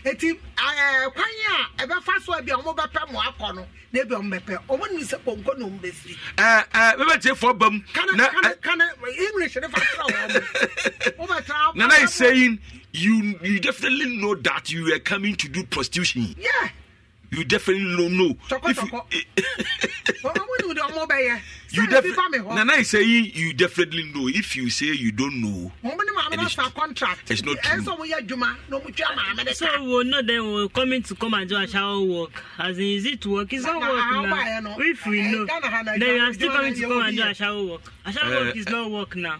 eti e, kwan a ɛbɛfa so ebi a wɔn bɛpɛ mo akɔ no na wɔn bɛpɛ wɔn nim sɛ pɔnkɔ na wɔn bɛsi. ɛɛ ɛɛ bɛbɛ tie fɔ bam. kana kana e kana english ne fa wɔn mo [LAUGHS] nana is saying you you definitely know that you are coming to do prostitution. yeah. you definitely know know. tɔkɔtɔkɔ wɔn mo ni wɔn bɛ yɛ you definitely nana is saying you definitely know if you say you don't know. wọn bẹ ní contract it's not true sọ wọn yẹ juma na wọn tún yà maa mi so we know then we coming to come and do our shower work as in is it work Is not work na if we know then we are still coming to come and do our shower work our shower work is not work now.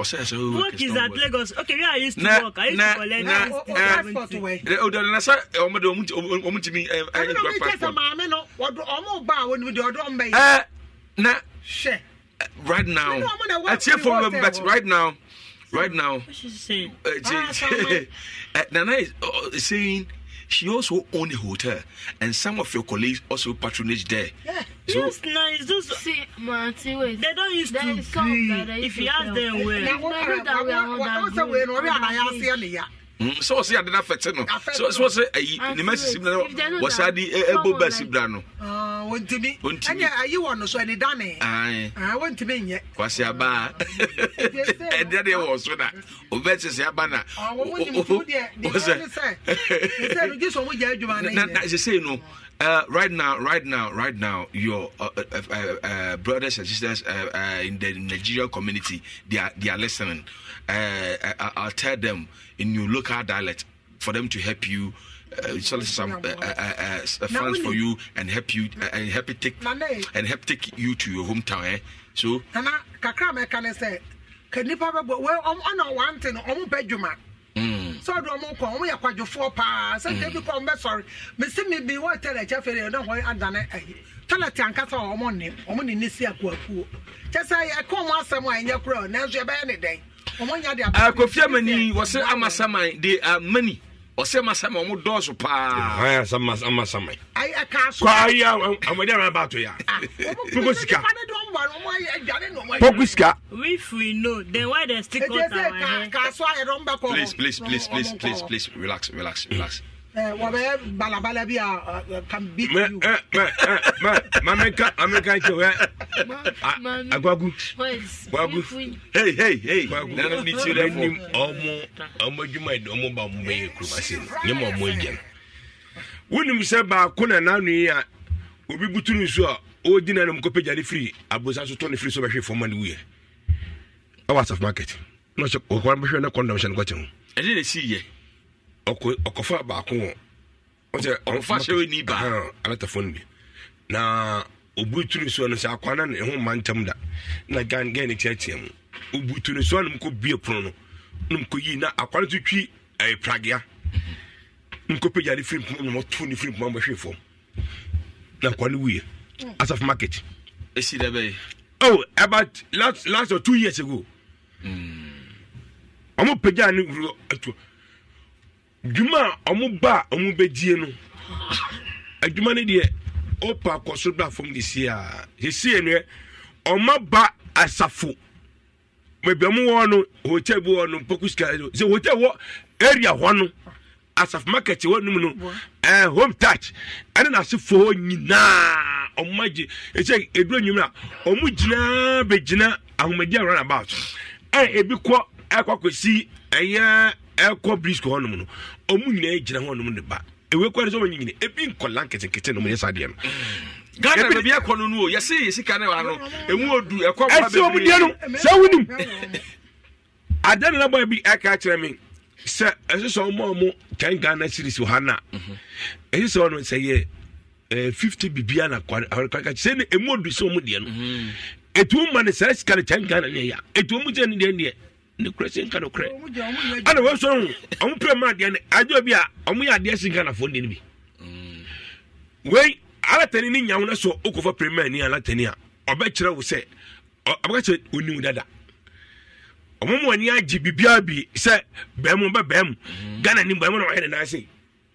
ọsẹ ẹsẹ o work is at lagos okay where are used to work i used to collect na na ọdọ nana sẹ ọmọdé ọmọ tìmí ẹ ẹ ẹ gba passport. ọmọ mi kẹsàn-án maame náà ọmọ ọba àwọn onímọ̀ ọdọ ọmọ bẹ yìí na hwɛ right now atie fom bɛ but right now right now uh, [LAUGHS] nana is uh, uh saying she also own a hotel and some of your colleagues also patronage there. Yeah. So, yes, na. it's just see, Marty, wait. They don't used there to. Is some that if you ask them where. Hmm, sɛ ɔsɛ ade no afɛte no sɛ ɔsɛ ayi ne ma sisim no wɔsa de ɛbɔ basi bra no ɔntimi ɛnyɛ ayi wɔ no so ɛne dane wɔntimi nyɛ kwase abaa ɛdeɛ deɛ wɔ so na ɔbɛte sɛ aba na sɛsei ah, no Uh, right now, right now, right now, your uh, uh, uh, uh, uh brothers and sisters in the Nigerian community, they are they are listening. Eh, I'll tell them in your local dialect for them to help you uh, solicit some uh, uh, uh, uh funds for you and help you uh, and help it take eh? and help take you to your hometown. Eh? So. Nana kakra me kan say ke nipa bɛ bɔ wɔn ɔmo ɔna ɔwan te no ɔmo bɛ dwuma. Hmm. sọọdụ ọmụ nkọ ọmụ yɛ kwadwofoɔ paa sɛ nta hmm. bi kɔ ɔmụ bɛ sɔre mesi mi bi wɔn tɛlɛ kyɛ fere ɛdɔn hɔ adane ɛyi tɛlɛt ankasa ɔmụ ne ɔmụ eh. eh, ne ne si akuakuo kyɛ sɛ ɛkɔn mu asɛm a ɛnyɛ korɔ nanso ɛbɛyɛ ne dɛn. akɔfia ah, ah, mani wɔ amasaman de mani ɔsɛ masama ɔmo dɔɔso paapoko sika poko sika if we know then why they still cut our hair please please please please please please relax relax relax Eh, wɔbɛyɛ balabala bi a can beat you. mɛ mɛ mɛ maame ka maame ka kyɛ wɛ agwagu agwagu hey hey hey nana ni ti rɛ nim ɔmo ɔmo adwuma yi ɔmo ba ɔmo bɛyɛ kurumase ne ma ɔmo egyɛn wonim sɛ baako na nanu yi a obi butu ne nsu a ɔredi na ne mu kɔpɛgya ne firi abosa so tɔ ne firi so bɛhwɛ fɔm ne wuyɛ ɛwɔ asafo market na ɔkyɛ ɔkɔrɔ bɛhwɛ ne kɔndɔm hyɛ ne kɔtɛ ho ɔkɔfa baako wɔ ɔkyɛ ɔmfa ni ba alata no bi na obu turu soɔ no sɛ akwana no ɛho ma da na gan gan ne tiatia mu obu turu soɔ no mu kɔ bie pono no no mu kɔ yi na akwana to twi ɛyɛ pragea mu kɔ ne firi mpoma mu ɔto ne firi mpoma ɛhwɛ fam na akwana wuiɛ asaf market. esi dɛ bɛyi. oh about last last two years ago. Hmm. ɔmo pagya ne wuro ato dwuma a ɔmo ba a ɔmo bɛgyie no adwuma no deɛ ɔpa akɔ soro bra fam de sie a sesie noɛ ɔma ba asafo baabi ɔmo wɔ no hotel bi wɔ no poku sika sɛ hotel wɔ area hɔ no asafo market wɔ num no ɛɛ home touch ɛne n'asefo hɔ nyinaa ɔmo agye ɛsɛ eduro nyim a ɔmo gyinaa bɛgyina ahomadi awura na baas ɛɛ ebi kɔ ɛkɔ akɔsi ɛyɛ ɛkɔ brisco hɔnom no ɔmu nyinaa gyina hɔnom ne ba ɛwɛ kɔre sɛ ɔmanyɛ nyina ɛbi nkɔla nketenkete no muyɛ saa deɛ no ghana baabi ɛkɔ no no o yɛse yɛ sika ne wa no ɛmu ɔdu ɛkɔ ɛsɛ ɔmu deɛ no sɛ wonim ada ne nabɔ bi ɛka kyerɛ me sɛ ɛsɛ sɛ ɔma ɔmo kyɛn ghana wɔ ha no a ɛsɛ sɛ ɔno sɛ yɛ fifty bibia na kwarekwarekwa sɛ ne ɛmu ɔdu sɛ ɔmu deɛ no ɛtu mhm. ma ne sɛ sika ne kyɛn ghana ne ɛyɛ ɛtu ɔmu kyɛn ne deɛ neɛ nokorɛ sɛ nka nokorɛ ana wɔn sɔrɔ ho ɔmo pere mu adeɛ no adeɛ bi a ɔmo yɛ adeɛ si ghanafoɔ deɛ no bi mm. wei alatani ne nyawo no sɔ okɔfa premier ni alatani a ɔbɛkyerɛ wo sɛ ɔbɛka kyerɛ onim dada ɔmo mu ani agye biribiara bi sɛ bɛɛmu bɛ bɛɛmu mm. ghana ni bɛɛmu na ɔyɛ ne nan ase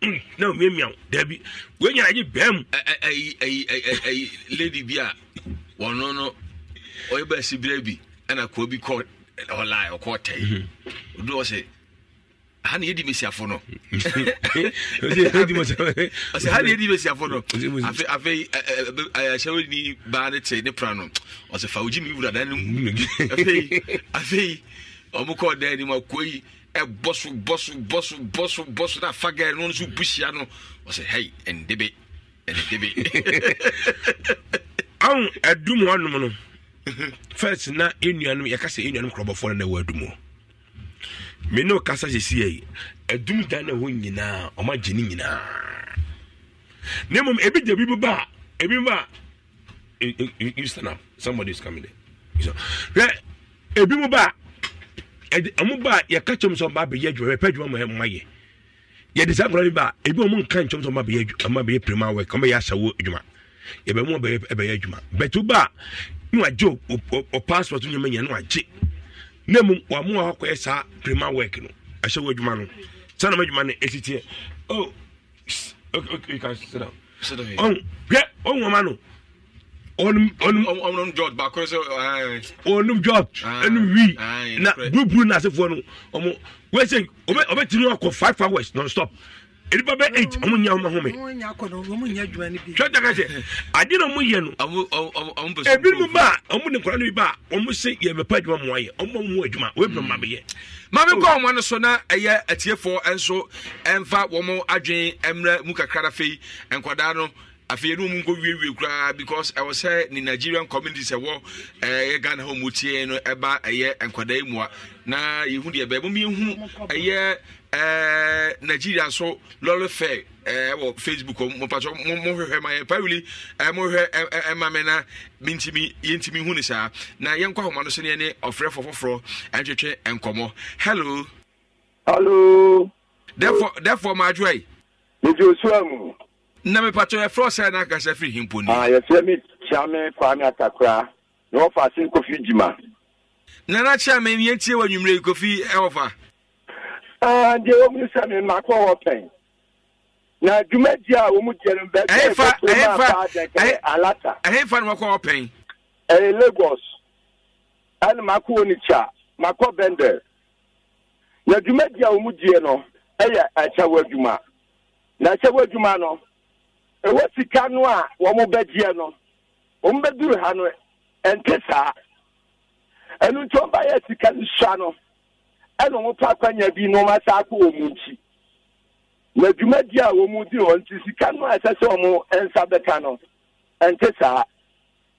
mm, na omi emiaw dabi wei nyɛ agye bɛɛmu. ayi ayi ayi ayi lady bi a wɔn no ɔyɛ bɛɛ sibire bi ɛna kuro bi kɔɔ ɔla ɔkɔ tɛyi odu ɔsɛ ha ni yedi mesiafo no ɔsɛ ha ni yedi mesiafo no afei afei ahyɛwo ni baa ne te ne pra no ɔsɛ fa ogyi mi wura dan ne mu mm-hmm. [LAUGHS] afei afei ɔmo kɔɔ dan ne mu akoyi ɛbɔ so bɔ so bɔ so bɔ so bɔ so na afa gaa no nso busia no ɔsɛ hei ɛndebe ɛndebe. ahun [LAUGHS] ɛdum hɔnom no first na enuanom yɛka sɛ enuanom korɔbɔfoɔ no na ɛwɔ adumu me ne kasa sɛ sie yi adum dan na ɛwɔ nyinaa ɔma gye ne nyinaa na mmom ebi gye ebi ba a ebi ba a you stand up somebody is coming there hwɛ ebi mu ba a ɛdi ɔmo ba a yɛka kyɛm sɛ ɔmo abɛyɛ adwuma yɛpɛ adwuma mo mo ayɛ yɛde saa nkɔla bi ba a ebi ɔmo nka nkyɛm sɛ ɔmo abɛyɛ adwuma ɔmo abɛyɛ prima work ɔmo abɛyɛ asawo adwuma yɛbɛ mu abɛyɛ adwuma bɛtu ba a na wagye o passport nyɛma nyɛ na wagye na mu wamu a wakɔyɛ saa prima work no ahyɛ wo adwuma no sɛ nam adwuma no ɛsi teɛ oh okay, okay, you can sit down sit down ɔn hwɛ ɔn wɔn ma no ɔnum ɔnum ɔnum jɔt baako sɛ ɛɛ oh, ah, ɔnum jɔt ah, ɛnum wi ah, na buruburu na asefoɔ no ɔmo wɛsɛ ɔbɛ ɔbɛ tiri akɔ five hours non stop nipa bɛ eight ɔmu nya ɔmu ahome twɛ daka sɛ ade na ɔmu yɛ no ebi mu ba ɔmu ne nkɔla no bi ba ɔmu se yɛ bɛpa adwuma mu ayɛ ɔmu ɔmu adwuma oye bi ɔmu hmm. maame kɔ ɔmo no so na ɛyɛ atiefoɔ nso ɛnfa wɔn adwene mmerɛ mu kakra afei nkwadaa no afei ɛnu mu nkɔ wiewie koraa because ɛwɔ sɛ ne nigerian community sɛ wɔ ɛyɛ ghana hɔ mu tie no ɛba ɛyɛ nkwadaa yi mua na yehu deɛ bɛɛ Eh, nigeria so lɔre fɛ wɔ facebook mopatɔ mohwehwɛ ma yɛ pawili eh, mohwɛ eh, ma na mentimi yɛntimi hu na yɛnkɔ ahoma no so ne ɔfrɛfo foforɔ hello hello therefore therefore maadwoe mejo sua mu na mepatɔ yɛfrɛ sɛ na akasa firi himponi ah, yɛfrɛ me kyame kwame atakora na wɔfa ase nkofi jima nana kyame yɛntie wɔ anwummerɛ yi kɔfi Ah, deɛ wɔmu sɛ me mmakɔ hɔ pɛn na dwumadi a wɔmu eh, eh, deɛ eh, ah, no bɛtɛ alata ɛhefa no wɔkɔ hɔ pɛn ɛyɛ lagos ɛne makɔ onitsa bɛndɛ na dwumadi a wɔmu deɛ no ɛyɛ ɛkyɛwo adwuma na ɛkyɛwo adwuma no ɛwɔ sika no a wɔmu bɛgyeɛ no wɔmu bɛduru ha no ɛnte e saa ɛnu nti ba yɛ sika no. ɛna wɔn fa akwanya bi na wɔn asa akɔ wɔn nkyi na dwumadi a wɔn di wɔn ti sika no a ɛsɛ sɛ wɔn nsa bɛka no ɛnte saa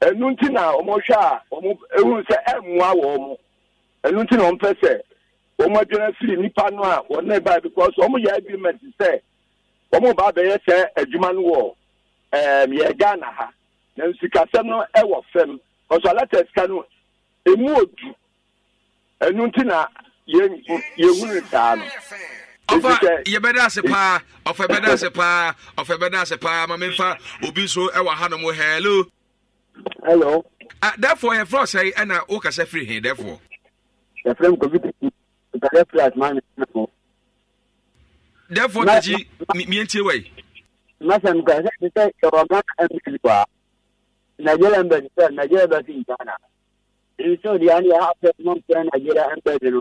ɛnu nti na wɔn hwɛ a wɔn ehun sɛ ɛmmoa wɔn ɛnu nti na wɔn pɛ sɛ wɔn adwene firi nipa no a wɔn na because wɔn yɛ agreement sɛ wɔn ba abɛyɛ sɛ adwuma no wɔ ɛɛm yɛ ghana ha na nsikasɛm no ɛwɔ fam ɔsɔ alata sika no emu odu ɛnu nti na yɛhunu saa no ɔfa yɛbɛda ase paa ɔfa yɛbɛda ase paa ɔfa yɛbɛda ase paa ma memfa obi nso ɛwɔ ha nom hello hello uh, therefore yɛfrɛ sɛe ɛna wokasa firi he therefore yɛfrɛ m covid mekasa firi asmane therefore tagyi miɛntie wai masa mekasa te sɛ yɛwɔ ghana mbili kwa nigeria mbɛdi sɛ nigeria bɛfi ghana nso deɛ ne yɛhapɛ mɔmpɛ nigeria mbɛdi no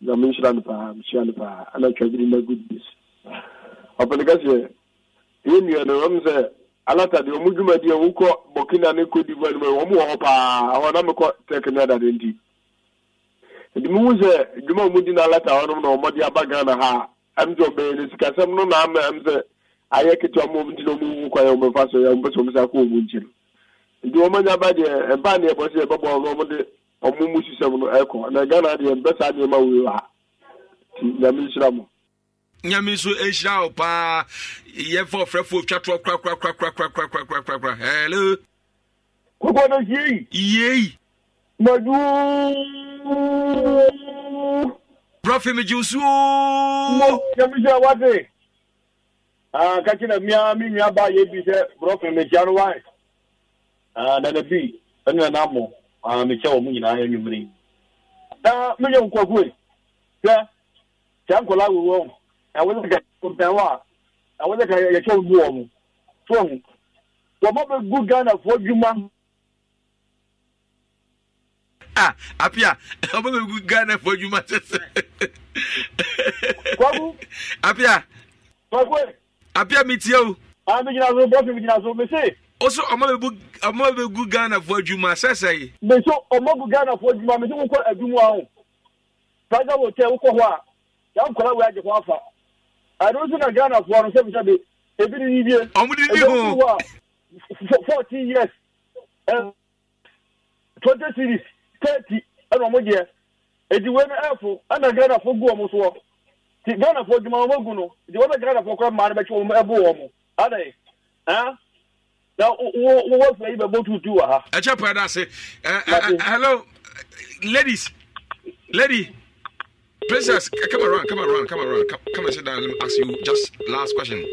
na menhyira mehyia no paa ana na good news ɔpene kɛseɛ yɛ nnua no ɔm sɛ alata deɛ ɔmo dwumadiɛ wokɔ burkina ne cote divoire no ɔmo wɔ hɔ paa na mekɔ tek adade nti sɛ dwuma di na alata na aba ghana ha ɛm sɛ ɔbɛyɛ no na ama ɛm sɛ ayɛ ketewa na ɔmo wu kɔyɛ so yɛ sɛ ba e e e deɛ ɔmo mu sisɛm no ɛkɔ na ghana deɛ bɛsa nneɛma wei ha nyame nhyira mo nyame nso nhyira wo paa yɛmfa ɔfrɛfoɔ twa toɔ korakorakorakorakorakorakorakora hello kɔkɔ no yei yei madu brɔfe megye wo suo nyame nhyira wade ah, ka kyerɛ mia me nua ba yɛ bi sɛ brɔfe mekyia no wae ah, nana bi ɛne nana mo mekyɛ wɔ mo nyinaa anwummere yi na menyɛ nkwakue sɛ saa nkɔla wowɔ m ɛwosɛ ka mpɛnwa a ɛwosɛ ka yɛkyɛ wo wɔ mo so ho wɔma bɛgu ghanafoɔ dwuma a apia ɔma bɛgu ghanafoɔ dwuma sɛsɛ kwaku apia kwakue apia metie o a megyina so bɔfe megyina so mese also ọmọ bẹ gu ghana fún adwuma sẹsẹ yìí. mbese ọmọ gu ghana fún adwuma mbese wọn kọ adwuma ahụ praga hotel wọkọ hɔ a yà nkɔla wọ agye hɔ afa àdó so na oh. ghana fún ọrùn sẹbi sẹbi ebi ni yibie. ọmọ di bi hù. fourteen years um, twenty series thirty ɛna ɔmo deɛ edi wei no ɛfo ɛna ghana fún gu ɔmo soɔ ti ghana fún adwuma ɔmo gu no edi wɔn ghana fún ɔkọ mmaa no bɛ twɛ ɔmo ɛbu wɔn mo adayi ɛn. Now, what are you about to do? Acha Prada say, hello, ladies, lady, princess, come around, come around, come around, come, come and sit down. Let me ask you just last question.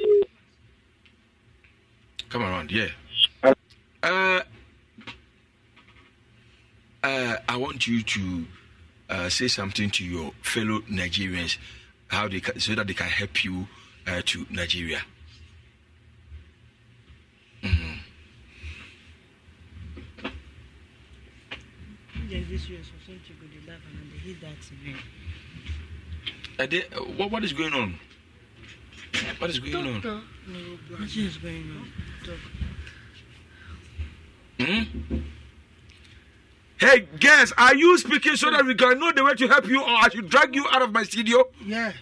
Come around, yeah. Uh, uh, I want you to uh, say something to your fellow Nigerians, how they ca- so that they can help you to Nigeria. just they uh, what, what is going on? What is going talk, on? Talk. No, nothing going on. Talk. Hmm? Hey, guys, are you speaking so that we can know the way to help you or I should drag you out of my studio? Yeah.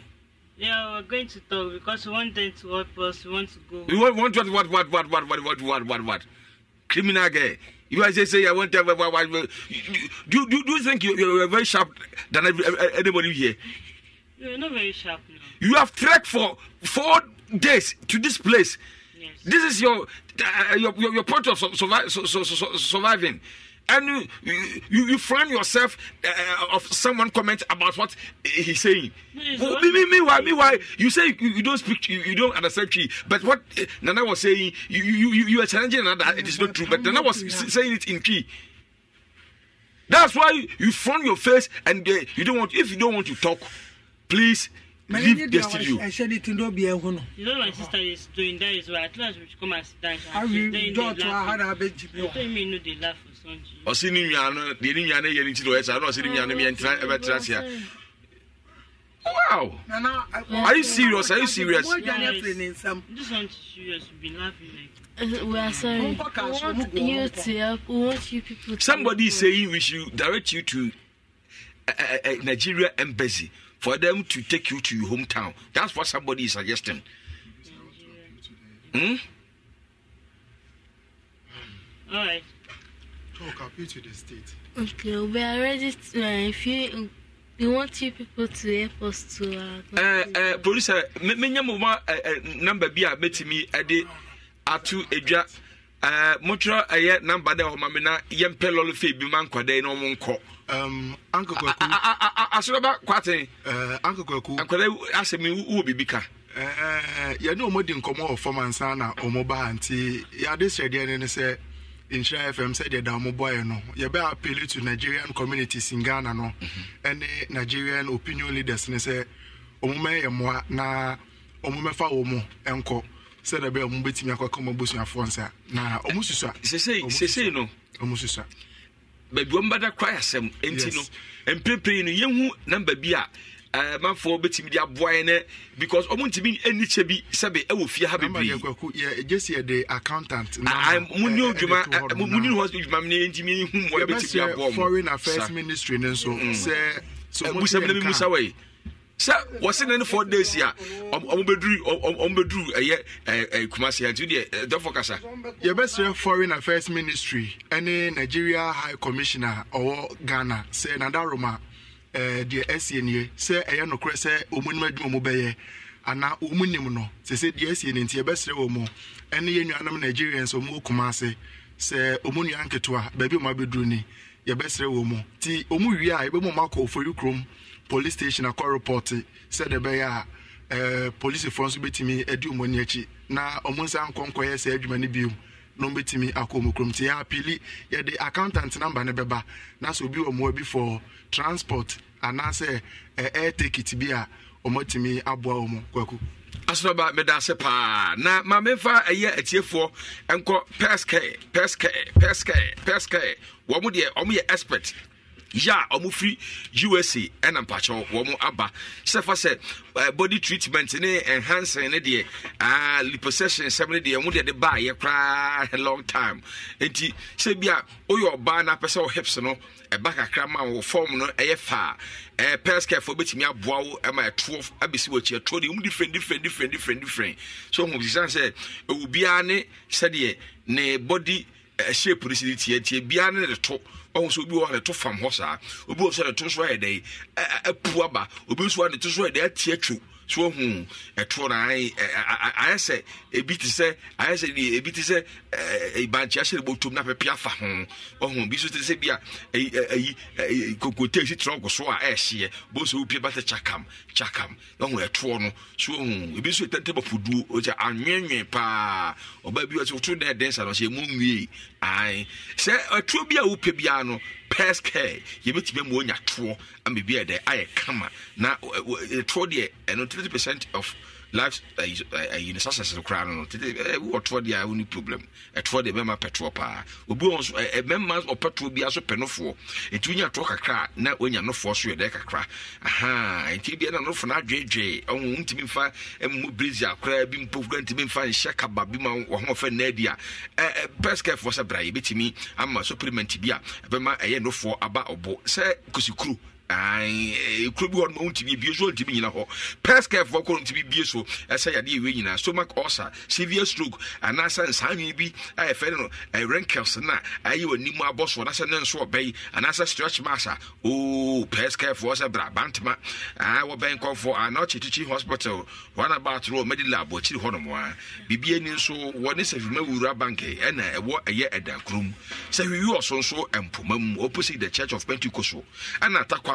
Yeah, we're going to talk because we want them to help us. We want to go. We want, want what, what, what, what, what, what, what, what, what? Criminal guy. You guys say, say I want to. Do, do, do you think you, you are very sharp than anybody here? You're not very sharp. No. You have trekked for four days to this place. Yes. This is your, uh, your, your your point of survi- surviving. and you, you, you frown yourself uh, uh, of someone comment about what he's saying. Well, me, me, me, why, You say you, you don't speak, you, you don't understand tree. But what uh, Nana was saying, you, you, you, you are challenging another. It is not true. But Nana was saying it in tree. That's why you front your face and uh, you don't want. If you don't want to talk, please leave the studio. I said it in no the You know, my sister is doing that as well. At last, we come and sit down. I will draw to her hand. I you. Tell me, no, they laugh for something. Ọsìn ni nìyà no deɛ ni nìyà no yɛ ni ti do ɛsɛ ano ɔsìn ni nìyà no yɛ ntina ɛbɛ tira se a. Wow! Are you serious? Are you serious? This one serious be laughing like. Uh, we are mm. sorry. We want you to help. We want you people to. Somebody is saying we should direct you to uh, uh, uh, Nigeria embassy for them to take you to your hometown. That's what somebody is suggesting. Hmm? All right. Talk up to the state. Okay, we are ready. To, uh, if you we want you people to help us to. Uh, uh, eh, uh, eh, producer, eh, me me nyamu number bi a betimi ade atu edwa. Uh, motra ɛyɛ number dɛ hɔ ma me na yɛmpɛ lɔlɔfɛ bi ma nkɔdɛ Um, Uncle Kwaku. Asoroba Kwate. Uh, Uncle ka. Eh, eh, eh na omodi nkɔmɔ wɔ fam ansa na ɔmo nti yade sɛdeɛ ne ne sɛ nhyira fm sɛdeɛ da ɔmo bɔɛ no yɛbɛ apele to nigerian communities in ghana no mhm. nigerian opinion leaders ne sɛ ɔmo yɛ na wɔ nkɔ sɛdeɛ bɛyɛ bɛtumi nsa na susua. baabi wɔn bɛda kora asɛm nti no mprepre no yɛhu namba bi a eh, manfoɔ bɛtumi de aboa yɛ because ɔmo ntumi ani kyɛ bi sɛbe ɛwɔ fie ha bebreemuni hɔ dwuma m ne ntumi hu bɛtumi aboa mu na memusa wɔi sɛ wɔse na ne four days a ɔmobɛduru ɛyɛ ɛɛ kumasi ɛnti dɔfo kasa. yɛbɛsrɛ foreign affairs ministry ɛne nigeria high commissioner ɔwɔ ghana sɛ nadaroma ɛɛ deɛ ɛsie nie sɛ ɛyɛ nokorɛ sɛ adwuma bɛyɛ ana ɔmo no sɛsɛ deɛ ɛsie ne nti yɛbɛsrɛ wɔn mo ɛne yɛn nuanom nigerians ɔmo kumasi sɛ nketewa baabi ni yɛbɛsrɛ police station akɔ report sɛdeɛ ɛbɛyɛ a ɛɛ eh, polisifoɔ nso bɛtumi adi wɔn ani akyi na wɔn nsa nkɔnkɔyɛ sɛ adwuma no bio na wɔbɛtumi akɔ wɔn kurom te yɛ apili yɛde accountant number no bɛba na sɛ obi wɔ mmoa bi for transport anaasɛ ɛɛ eh, air ticket bi a wɔatumi aboa wɔn kwaku. asọba medase paa na maame fa ɛyɛ atiefoɔ nkɔ pɛskɛ pɛskɛ pɛskɛ pɛskɛ wɔn deɛ wɔn yɛ expert yɛ a ɔmofiri usa ɛna mpakyɛw wɔ mo aba sɛ fa eh, body treatment ne enhancing ne deɛ uh, ah, liposuction sɛm ne deɛ mo deɛ de baayɛ koraa long time nti sɛ bi a woyɛ ɔbaa no apɛ sɛ wo hips no ɛba e kakra ma wo fam no ɛyɛ e faa ɛɛ eh, pɛskɛfo bɛtumi aboa wo ɛma e ɛtoɔ abɛsi wɔ akyi ɛtoɔ deɛ mu different different different different different so ho sisan sɛ ɛwɔ biara ne sɛdeɛ ne body ɛhyɛ polisi ne tiatia biara ne de to ɔhu oh, sɛ obi wɔ de to fam hɔ saa obi wɔ sɛ de to so ayɛ dɛ apu aba obi nso wɔ de to so ayɛ dɛ atia twu so wohu ɛtoɔ no ayɛ sɛ ebi te sɛ ayɛ sɛ deɛ ebi te sɛ bankye ahyɛ de bɔtom na pɛpɛ afa ho ɔhu bi so te sɛ bi a ayi kokote esi trɔnko so a ɛɛhyeɛ bɔsɛ wopie ba sɛ kyakam kyakam ɔhu oh, ɛtoɔ hmm, no so wohu hmm, ebi so tɛntɛ bɔfudu ɔkyɛ anwɛnwɛn paa ɔbaa bi ɔsɛ wotu dɛ dɛnsa na ɔsɛ emu nwie ayi sɛ ɛtoɔ bi a oh, wopɛ biara no pes care yɛbɛtumi ama wɔnya toɔ ama bi a dɛ ayɛ kama na eh, eh, toɔ deɛ ɛno 30 percent of life ayi ne sasa sɛ koraa no no tete ebi wɔ toɔ deɛ a wɔn ni problem ɛtoɔ deɛ bɛma pɛtoɔ paa obi wɔn so ɛ mɛma ɔpɛtoɔ bi aso pɛ nofoɔ etu nya toɔ kakra na onya nofoɔ so yɛ dɛ kakra ahan nti bi na nofoɔ na adwedwe ɔmo oh, ntumi nfa ɛmu eh, birizi akora bi mpo kura ntumi nfa nhyɛ kaba bi ma wɔn fɛ nɛɛdi a ɛ ɛ pɛsikɛfoɔ sɛ bra yɛ betumi ama supplement bi a ɛbɛma eh, ɛyɛ eh, nofoɔ aba ɔbo sɛ kosikuro Eh, kuro bi hɔ noma wontumi bie so ntumi nyina hɔ pescarefoɔ kɔ ntumi bie so ɛsɛ yadeɛ ɛwei nyinaa stomach ulcer severe stroke anaasɛ nsaa nwene bi a yɛfɛ no no eh, wrinkles no a ɛyɛ w'anim abɔ so anaasɛ ne nso ɔbɛyi anaasɛ stretch marks a oo oh, pescarefoɔ sɛ bra bantema wɔbɛn kɔmfoɔ ana ɔkye tikyi hospital runabout ro medilab akyiri hɔ nom a biribia ni nso wɔne sɛfima wura bank ɛna ɛwɔ ɛyɛ ɛda kurom sɛ hwiwi ɔso nso mpoma mu opposite the church of pentecost ɛna atakɔ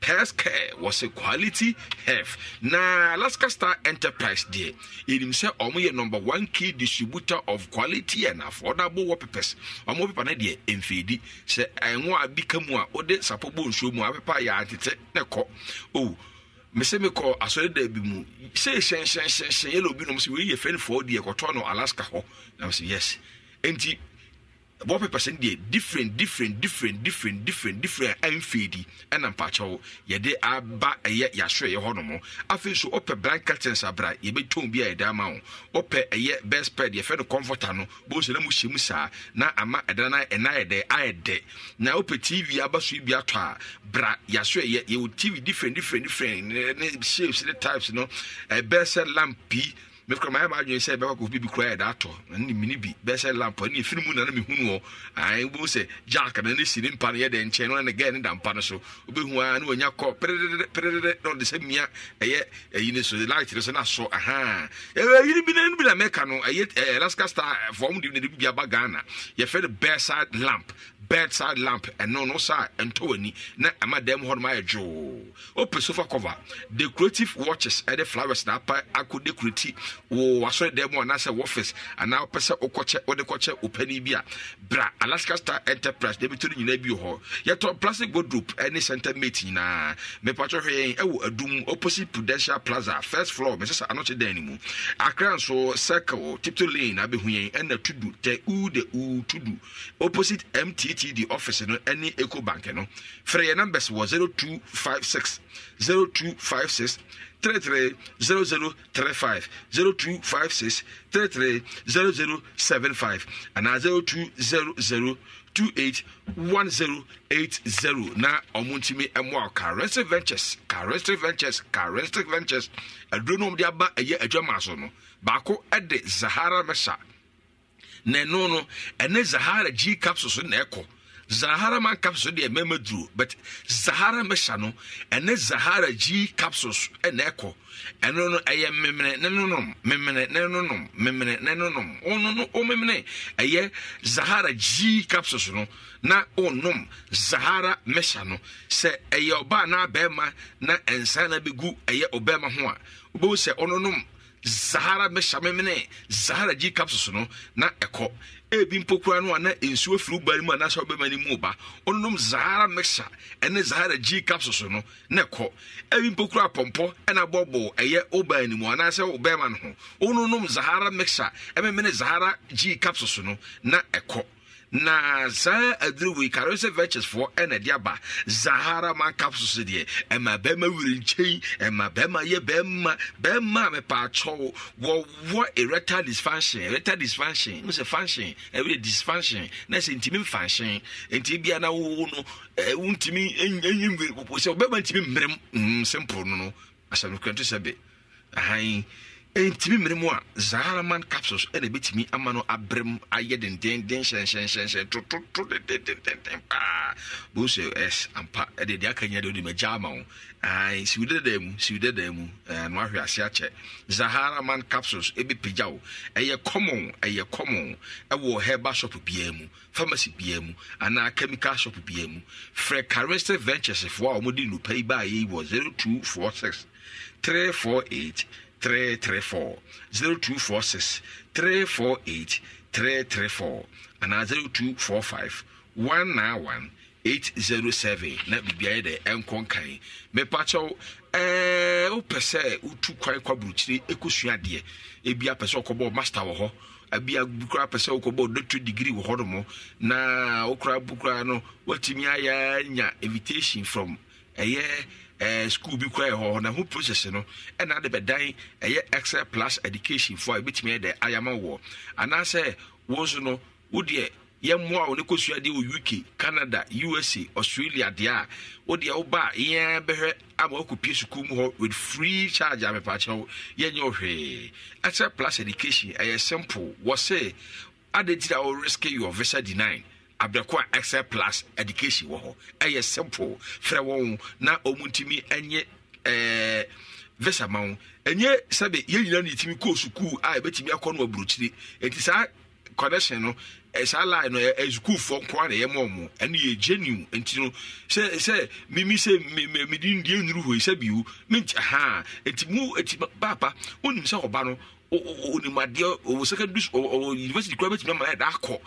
Pest care wɔse quality health na alaska star enterprise deɛ yɛnim sɛ ɔmo yɛ number one key distributor of quality and affordable wallpapers ɔmo pepa no deɛ mfeedi sɛ ɛnwo a bi ka mu a wode sapɔ bɔ nsuo mu a pepa yɛ atete ne kɔ o mese mekɔ asɔre da bi mu sɛ hyɛnhyɛnhyɛnhyɛn yɛlɛ obi nom sɛ wei yɛ fɛnifoɔ deɛ kɔtɔ no alaska hɔ na sɛ yes enti wallpapers no deɛ different different different different different different a ɛmfeedi ɛna mpakyɛw yɛde aba ɛyɛ yɛasoɛyɛ hɔ nom afei nso wopɛ blind curtains abra yɛbɛtɔn bi a yɛde ama wo wopɛ ɛyɛ best pad yɛfɛ no comforter no bɛhu sɛ na mu hyɛ mu saa na ama ɛda no ɛna ayɛ dɛ ayɛ dɛ na wopɛ tv aba so bi atɔ a bra yɛasoɛyɛ yɛwɔ tv different different different ne eh, eh, shapes ne eh, types no ɛbɛɛ sɛ lamp pii mekura maa yɛ maa adwene sɛ bɛkɔ kɔ bibi kura yɛ da atɔ ɛne mini bi bɛsɛ lamp ɛne efiri mu nana mi hu no ayi wo sɛ jack na ne si ne mpa no yɛ dɛ nkyɛn na ne gɛɛ ne da mpa no so obehu a ne wɔnya kɔ pɛrɛdɛdɛ pɛrɛdɛdɛ na ɔde sɛ mia ɛyɛ ɛyi ne so light ne so na so ahan ɛɛ yiri bi na ne bi na mɛka no ɛyɛ ɛɛ alaska star fɔm de ne de bi aba ghana yɛfɛ de bɛɛsa lamp bedside lamp ɛno no saa ɛntɔ w'ani na ɛma dan mu hɔ nom ayɛ dwoo wopɛ sofa cover decorative watches ɛde flowers na apa akɔ decorate wo wasɔre dan mu anaasɛ wɔfis anaa wopɛ sɛ wokɔkyɛ wode kɔkyɛ opani bi a bra alaska star enterprise deɛ bɛtɔ no nyinaa bi hɔ yɛtɔ plastic wardrobe ɛne center mate nyinaa mepatwɛ hwɛ yɛn ɛwɔ adum opposite prudential plaza first floor mesɛ sɛ anɔkye dan no mu akra nso circle tipto lane abɛhu yɛn ɛna tudu tɛ u de u tudu opposite mtt atd office no ne eco bank no frɛ yɛ numbers wɔ zero two zero zero two eight one zero eight zero. na ɔmo ntumi mmoa carestic ventures carestic ventures carestic ventures aduro no ɔmo de aba ɛyɛ adwama no baako de zahara mesa na ɛno no ɛne zahara g capsule so na ɛkɔ zahara man capsule deɛ mɛma duro but zahara mɛhyɛ no ɛne zahara g capsules ɛna ɛkɔ ɛno no ɛyɛ mmemene ne nonom mmemene ne nonom mmemene ne nonom ɔno no ɔmmemene ɛyɛ zahara g capsules no na ɔnom zahara mɛhyɛ no sɛ ɛyɛ ɔbaa na abɛɛma na nsa na bɛgu ɛyɛ ɔbɛɛma ho a wobɛwu sɛ ɔnonom zahara mɛhyɛ memene zahara gyi capsules no na ɛkɔ ebi mpo kura no a na nsuo firi ba mu a na sɛ ɔbɛma no mu ba ɔnonom zahara mɛhyɛ ɛne zahara gyi capsules no na ɛkɔ ebi mpo kura pɔmpɔ ɛna bɔbɔ ɛyɛ ɔbaa anim anaasɛ ɔbɛma no ho ɔnonom zahara mɛhyɛ ɛmɛmene zahara gyi capsules no na ɛkɔ na saa aduruwei carose vetches foɔ ɛna ɛde aba zahara man capsules deɛ ɛma bɛrima wiri nkyɛn ɛma bɛrima yɛ bɛrima bɛrima a mɛpaakyɛw wɔwɔ erectile dysfunction erectile dysfunction n sɛ function ɛwɛ dysfunction na sɛ ntumi mfanhyɛn nti bia na wowo no ɛwo ntumi enyi nwiri sɛ bɛrima ntumi mmerɛm mm simple no no asɛnukɛnto sɛ be ahan ɛntumi mmere mu a zaharaman capsules ɛna ɛbɛtumi ama no abrɛm ayɛ dendenden hyɛnhyɛnhyɛnhyɛn tototo dendendenden paa bonsɛ ɛs ampa ɛde deɛ aka nyina deɛ wode magya ama wo siw dadaa mu siw dadaa mu no ahwe ase akyɛ zaharaman capsules ɛbɛpagya wo ɛyɛ common ɛyɛ common ɛwɔ herba shop biaa mu pharmacy biaa mu anaa chemical shop biaa mu frɛ carester ventures foɔ a wɔmode nnopa yi baayɛ yi wɔ 0246 348 334 0246 348 334 anaa 0245 191 807 na biribiara dɛ ɛnkɔ nkan mepakyɛw ɛɛ wopɛ sɛ wotu kwan kɔ aburukyire ɛkɔsua adeɛ ebi apɛ sɛ ɔkɔbɔɔ master wɔ hɔ ebi abukura apɛ sɛ ɔkɔbɔɔ doctor degree wɔ hɔnom na wokura bukura no watumi ayɛ nya invitation from ɛyɛ. Eh, eh, school bi kɔ ɛhɔ na ho process no ɛna de bɛdan ɛyɛ excel plus education fo a ebitumi ɛdɛ ayama wɔ anaasɛ wɔn nso no wodeɛ yɛmmoa wo ne kɔsua deɛ wɔ uk canada usa australia deɛ a wodeɛ woba a yɛn bɛhwɛ ama wakɔpie sukuu mu hɔ with free charge a mepaakyɛ wo yɛnyɛ wo hwee excel plus education ɛyɛ simple wɔ se adɛ nti da wo risk your visa denying abrɛko excel plus education wɔ hɔ ɛyɛ simple frɛ wɔn na wɔn ntumi nye ɛɛ visa ma wɔn ɛnyɛ sɛbi yɛn nyinaa na yɛtumi kɔɔ sukuu a yɛbɛtumi akɔ no aburokyire eti saa connection no saa line no sukuufoɔ nko ara na yɛma ɔmo ɛne yɛ genuine nti no sɛ sɛ mimi sɛ mede ndiɛ nnuru hɔ yi sɛ biwu ment ha ɛti mu ɛti baapa wonim sɛ ɔba no onim adeɛ ɔwɔ secondary ɔwɔ university koraa bɛtumi ama yɛ da akɔ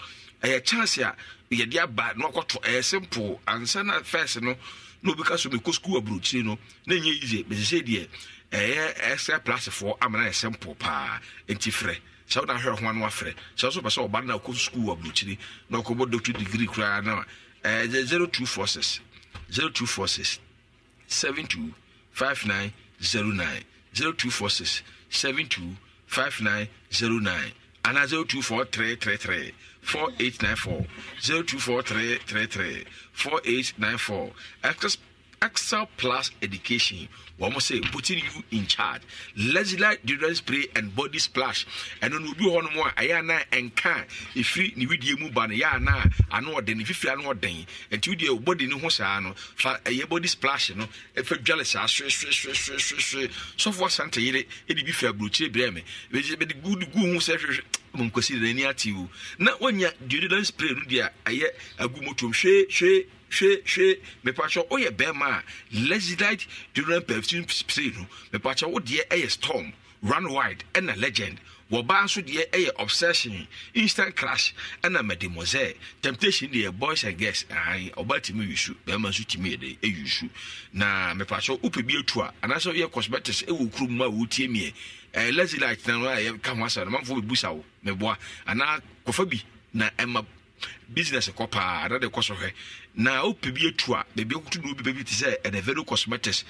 ɛyɛ chance a yɛde aba na wakɔtɔ ɛyɛ simple ansa na first no na obi ka so mekɔ sukuu aburokyire no na ɛnyɛ yie mesese deɛ ɛyɛ ɛsɛ plasefoɔ ama na yɛ simple paa nti frɛ sɛ wona hwɛ ho ano afrɛ sɛ wo so pɛ sɛ ɔba no na wokɔ sukuu aburokyire na ɔkɔbɔ doctor degree koraa na ɛyɛ 0246 0246 72 5909 0246 72 5909 anaa 024 333 4894 0243 333 4894. Excel Plus Education. One more say, putting you in charge. Legisla children Spray and Body Splash. And on Ubu Honoma, Ayana and Kan, if you need you move on, Yana, I know what then, if you are not then, and you dear body no Hosano, for a body splash, no, if [TSK] a jealous, I stress, stress, stress, stress, stress, stress, so for Santa Yere, it be fair, blue chip, breme, which is the good goon who says, Munkosi, the near to you. Not when you're Deodorant Spray, Rudia, I get a good motum, shake, shake hwehwɛ mepakyɛ woyɛ bɛrima a lesidite duran pɛftin sei no mepakyɛ wo deɛ ɛyɛ storm run wide ɛna legend wɔbaa nso deɛ ɛyɛ obsession instant crash ɛna mademosel temptation deɛ boys and girls ahan ɔbaa tumi yusu bɛrima nso tumi yɛ de ɛyusu e na mepakyɛ wopɛ bi atu a anaasɛ woyɛ cosmetics ɛwɔ e kurom mu a wotie miɛ ɛɛ eh, lesilite na no a yɛka ho asa no mamfo bɛbusa wo meboa anaa kɔfa bi na ɛma e business kɔ paa na de kɔ so hwɛ na wopɛ bi atu a baabi akoto no wobɛbɛ bi te sɛ ɛdɛ vero cosmetics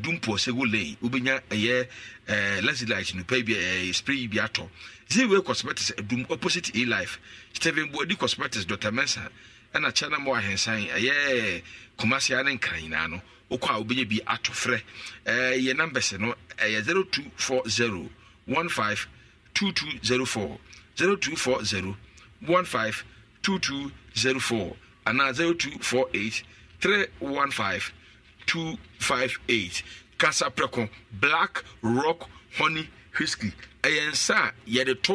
dumpo sɛ wo lei wobɛnya ɛyɛ lasilite nopa bi spray bi atɔ zewe cosmetics adum opposite a life steven boadi cosmetics dr mensa ɛna china mo ahensan ɛyɛ kumasia ne nkra nyinaa no wokɔ a wobɛnya bi ato frɛ yɛ numbers no ɛyɛ 0240 15 2204 0240 15 2204 anaa 0248 315 258 kasaprɛko black rock honey whisky ɛyɛ nsa a yɛde to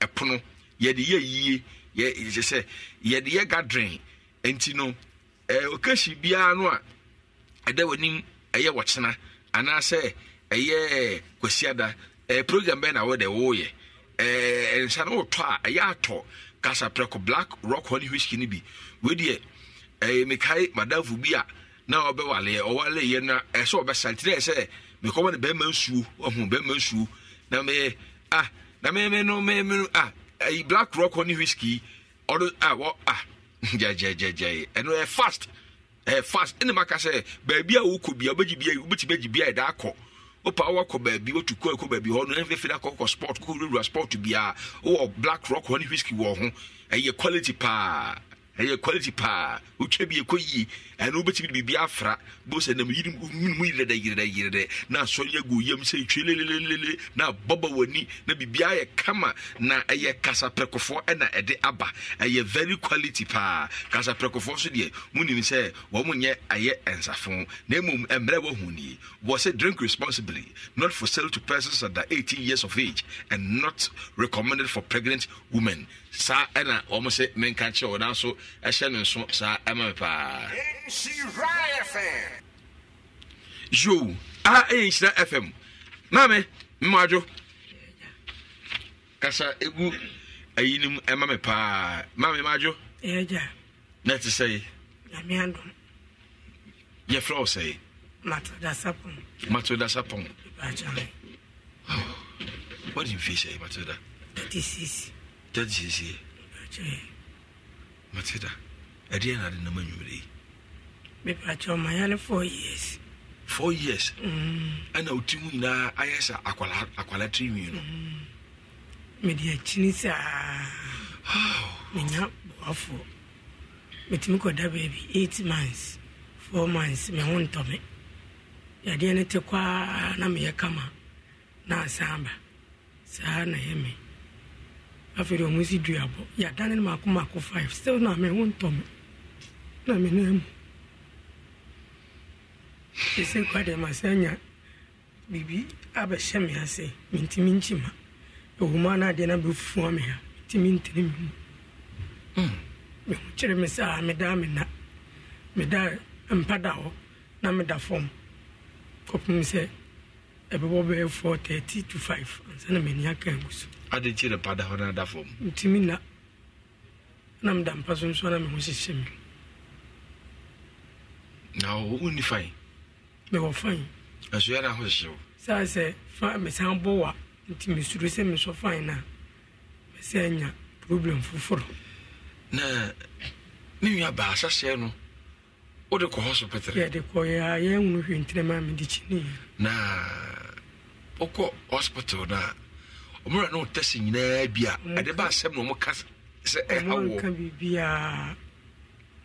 ɛpono yɛde yɛ yie yɛ sɛ yɛde yɛ gathering nti no ɛɛ okasi biara no a ɛda w'anim ɛyɛ wɔkyena anaasɛ ɛyɛ kwasiada ɛɛ program bɛn na wɔde wɔɔyɛ ɛɛ nsa no wɔtɔ a ɛyɛ atɔ kasa preko black rock honey whisky ni bi wedeɛ ɛyɛ mekae madamfo bi a na ɔbɛwaleɛ ɔwaleyɛ no a ɛsɛ ɔbɛsa nti dɛ sɛ mekɔma no bɛrima nsuo ɔhu bɛrima nsuo na meyɛ ah na meme no meme ah ɛyi black rock honey whisky ɔno ah wɔ ah [LAUGHS] gyɛgyɛgyɛgyɛ ɛno ɛyɛ fast ɛyɛ fast ɛne maka sɛ baabi a wokɔ bia wobɛgye bia wobɛtumi agye bia ɛda akɔ wopa wowakɔ baabi watu kɔ ɛkɔ baabi hɔ no ɛmfɛfiri akɔkɔ sport kɔwurawura sport biaa wowɔ black rock hɔ ne whisky wɔ ho ɛyɛ quality paa ɛyɛ quality paa wotwa bi ɛkɔ yie ɛno wobɛtumi de biribi afra bo sɛ nam yiremunmu yerɛdɛ yerɛdɛ yerɛdɛ na asɔre agu yam sɛ twe lelelelele na bɔbɔ w'ani na biribiaa yɛ kama na ɛyɛ kasaprɛkofoɔ ɛna ɛde aba ɛyɛ very quality paa kasaprɛkofoɔ so deɛ munim sɛ wɔn nyɛ ayɛ ɛnsafo na mmom mmerɛ wɔhu nie wɔ sɛ drink responsibly not for sale to persons under 18 years of age and not recommended for pregnant women saa ɛna wɔn sɛ menka kyerɛ wɔn nanso ɛhyɛ ne nso saa ɛma mi paa. yo a ɛyɛ nhyira fm maame mmadwo kasa egu ayi nim ɛma mi paa maame mmadwo. ɛyɛ na ɛte sɛ yi. nyame adum. yɛfrɛ wo sɛ yi. matodasa pɔn. matodasa pɔn. ibajan. Oh, what did you feel say matodasa? thirty six. gya siesie mateda ɛdeɛ na ade nam anwumerɛ yi mepakyɛ ɔmaya years f years mm-hmm. ɛna woti mu nyinaa ayɛ sɛ akwala tirinwi no mm-hmm. mede akyini saa menya boafoɔ metumi kɔda baabi eight months four months me ho ntɔme yadeɛ no te kwaa na meyɛ kama na asan ba saa na yɛ me afei deɛ ɔmo si dua abɔ yɛadane no maako maako five still na me ho ntɔ me na me nan mu ɛsɛ kura deɛ masɛ anya biribi abɛhyɛ me ase mentimi nkyima ɛwɔ mu ana adeɛ no bɛfua me ha mentimi ntene me mu hmm. meho kyerɛ me sɛ a ah, medaa mena medaa mpa da hɔ na meda fam kɔpem sɛ ɛbɛbɔ bɛyɛ four thirty to five ansa na m'ani aka agu so ade kyerɛ pada hɔ no ada fam ntimi na na meda mpa so nso na me ho hyehyɛ me na wonni fan mewɔ fan asua na ho hyehyɛ wo saa sɛ mesan bɔ wa nti mesuro sɛ mesɔ fan no a mɛsɛ anya problem foforɔ na ne nua baa sɛsɛɛ no wode kɔ hɔ so petere yɛde kɔyɛ a yɛhunu hwɛ ntirɛma a mede na wokɔ hospital no a ɔmo yɛ no tɛsi nyinaa bi a mm. ɛde ba asɛm na ɔmo ka sɛ ɛha wɔ. ɔmo nka biribiara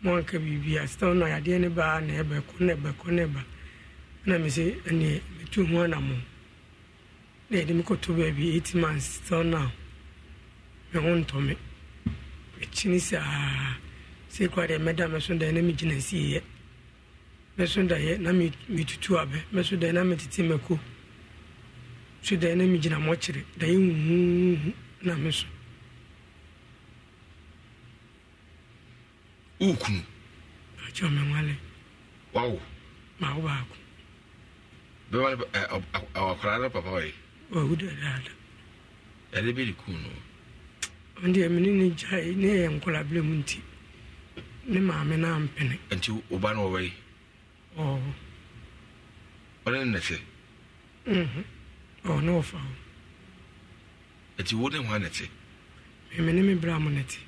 ɔmo nka biribiara sitan na yadeɛ ne ba na ɛbɛkɔ na ɛbɛkɔ na ɛba ɛna mi sɛ ɛnɛ metu ho anamo na yɛde mi kɔtɔ baabi eight months sitan na me ho ntɔme ɛkyini saa sɛ kura deɛ mɛda mɛso dan na mi gyina si yɛ mɛso dan yɛ na mi tutu abɛ mɛso dan na mi tete mɛko so dɛn na megyina mɔkyere dɛn yɛ huhuhu na me so wokunu akyɛ me nwale wawo ma wo baako bɛma awakwara no papa ɔyɛ wawu dadaada ɛde bɛde ku no ɔndeɛ ni ne gyae ne yɛ nkɔlaberɛ mu nti ne maame no ampene nti woba no wɔwɔ yi ɔwɔ ɔne ne nɛsɛ ɔne wɔfa ho ɛti wo ne ho a nɛte meme ne me brɛ mo nɛte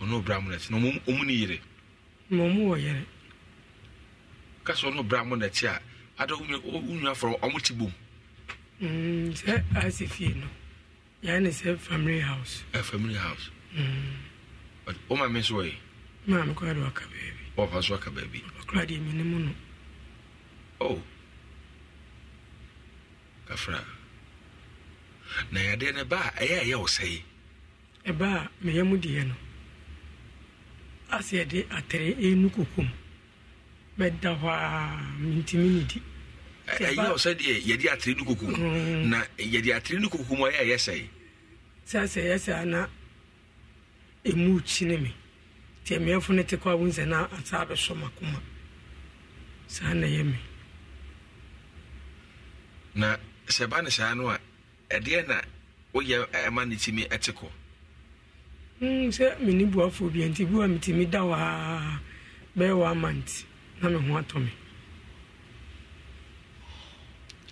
ɔne ɔbrɛ mo nɛte na ɔmu ne yere ma ɔmu wɔ yere ka sɛ ɔne ɔbrɛ mo nɛte a ada wonua frɛ ɔmo te bom mm, sɛ ase fie no yɛa ne sɛ family house eh, family house mm. woma me nso wɔyɛ maa mekɔa de waka baabi wɔfa so aka baabi ɔkora deɛ mene mu no oh. kafra na yadeɛ no ba a ɛyɛ a ɛyɛ wo sɛe ɛba a meyɛ mu deɛ no ase yɛde atere ɛnu kokom bɛda hɔ a mentimi ne di ɛyɛ wo sɛ deɛ yɛde atere no kokom mm. na yɛde atere no kokom ɛyɛ a ɛyɛ sɛe sɛ sɛ ɛyɛ sɛ na ɛmu kyine me nti ɛmeɛfo no te kɔ a wo nsɛ no asa bɛsɔ makoma saa na ɛyɛ me na sɛ ɛba no saa no a ɛdeɛ na woyɛ ɛma eh, ne tumi ɛte kɔ hmm, sɛ menni buafoɔ bia nti bi a metumi da waa bɛyɛ wɔ amant na me ho atɔ me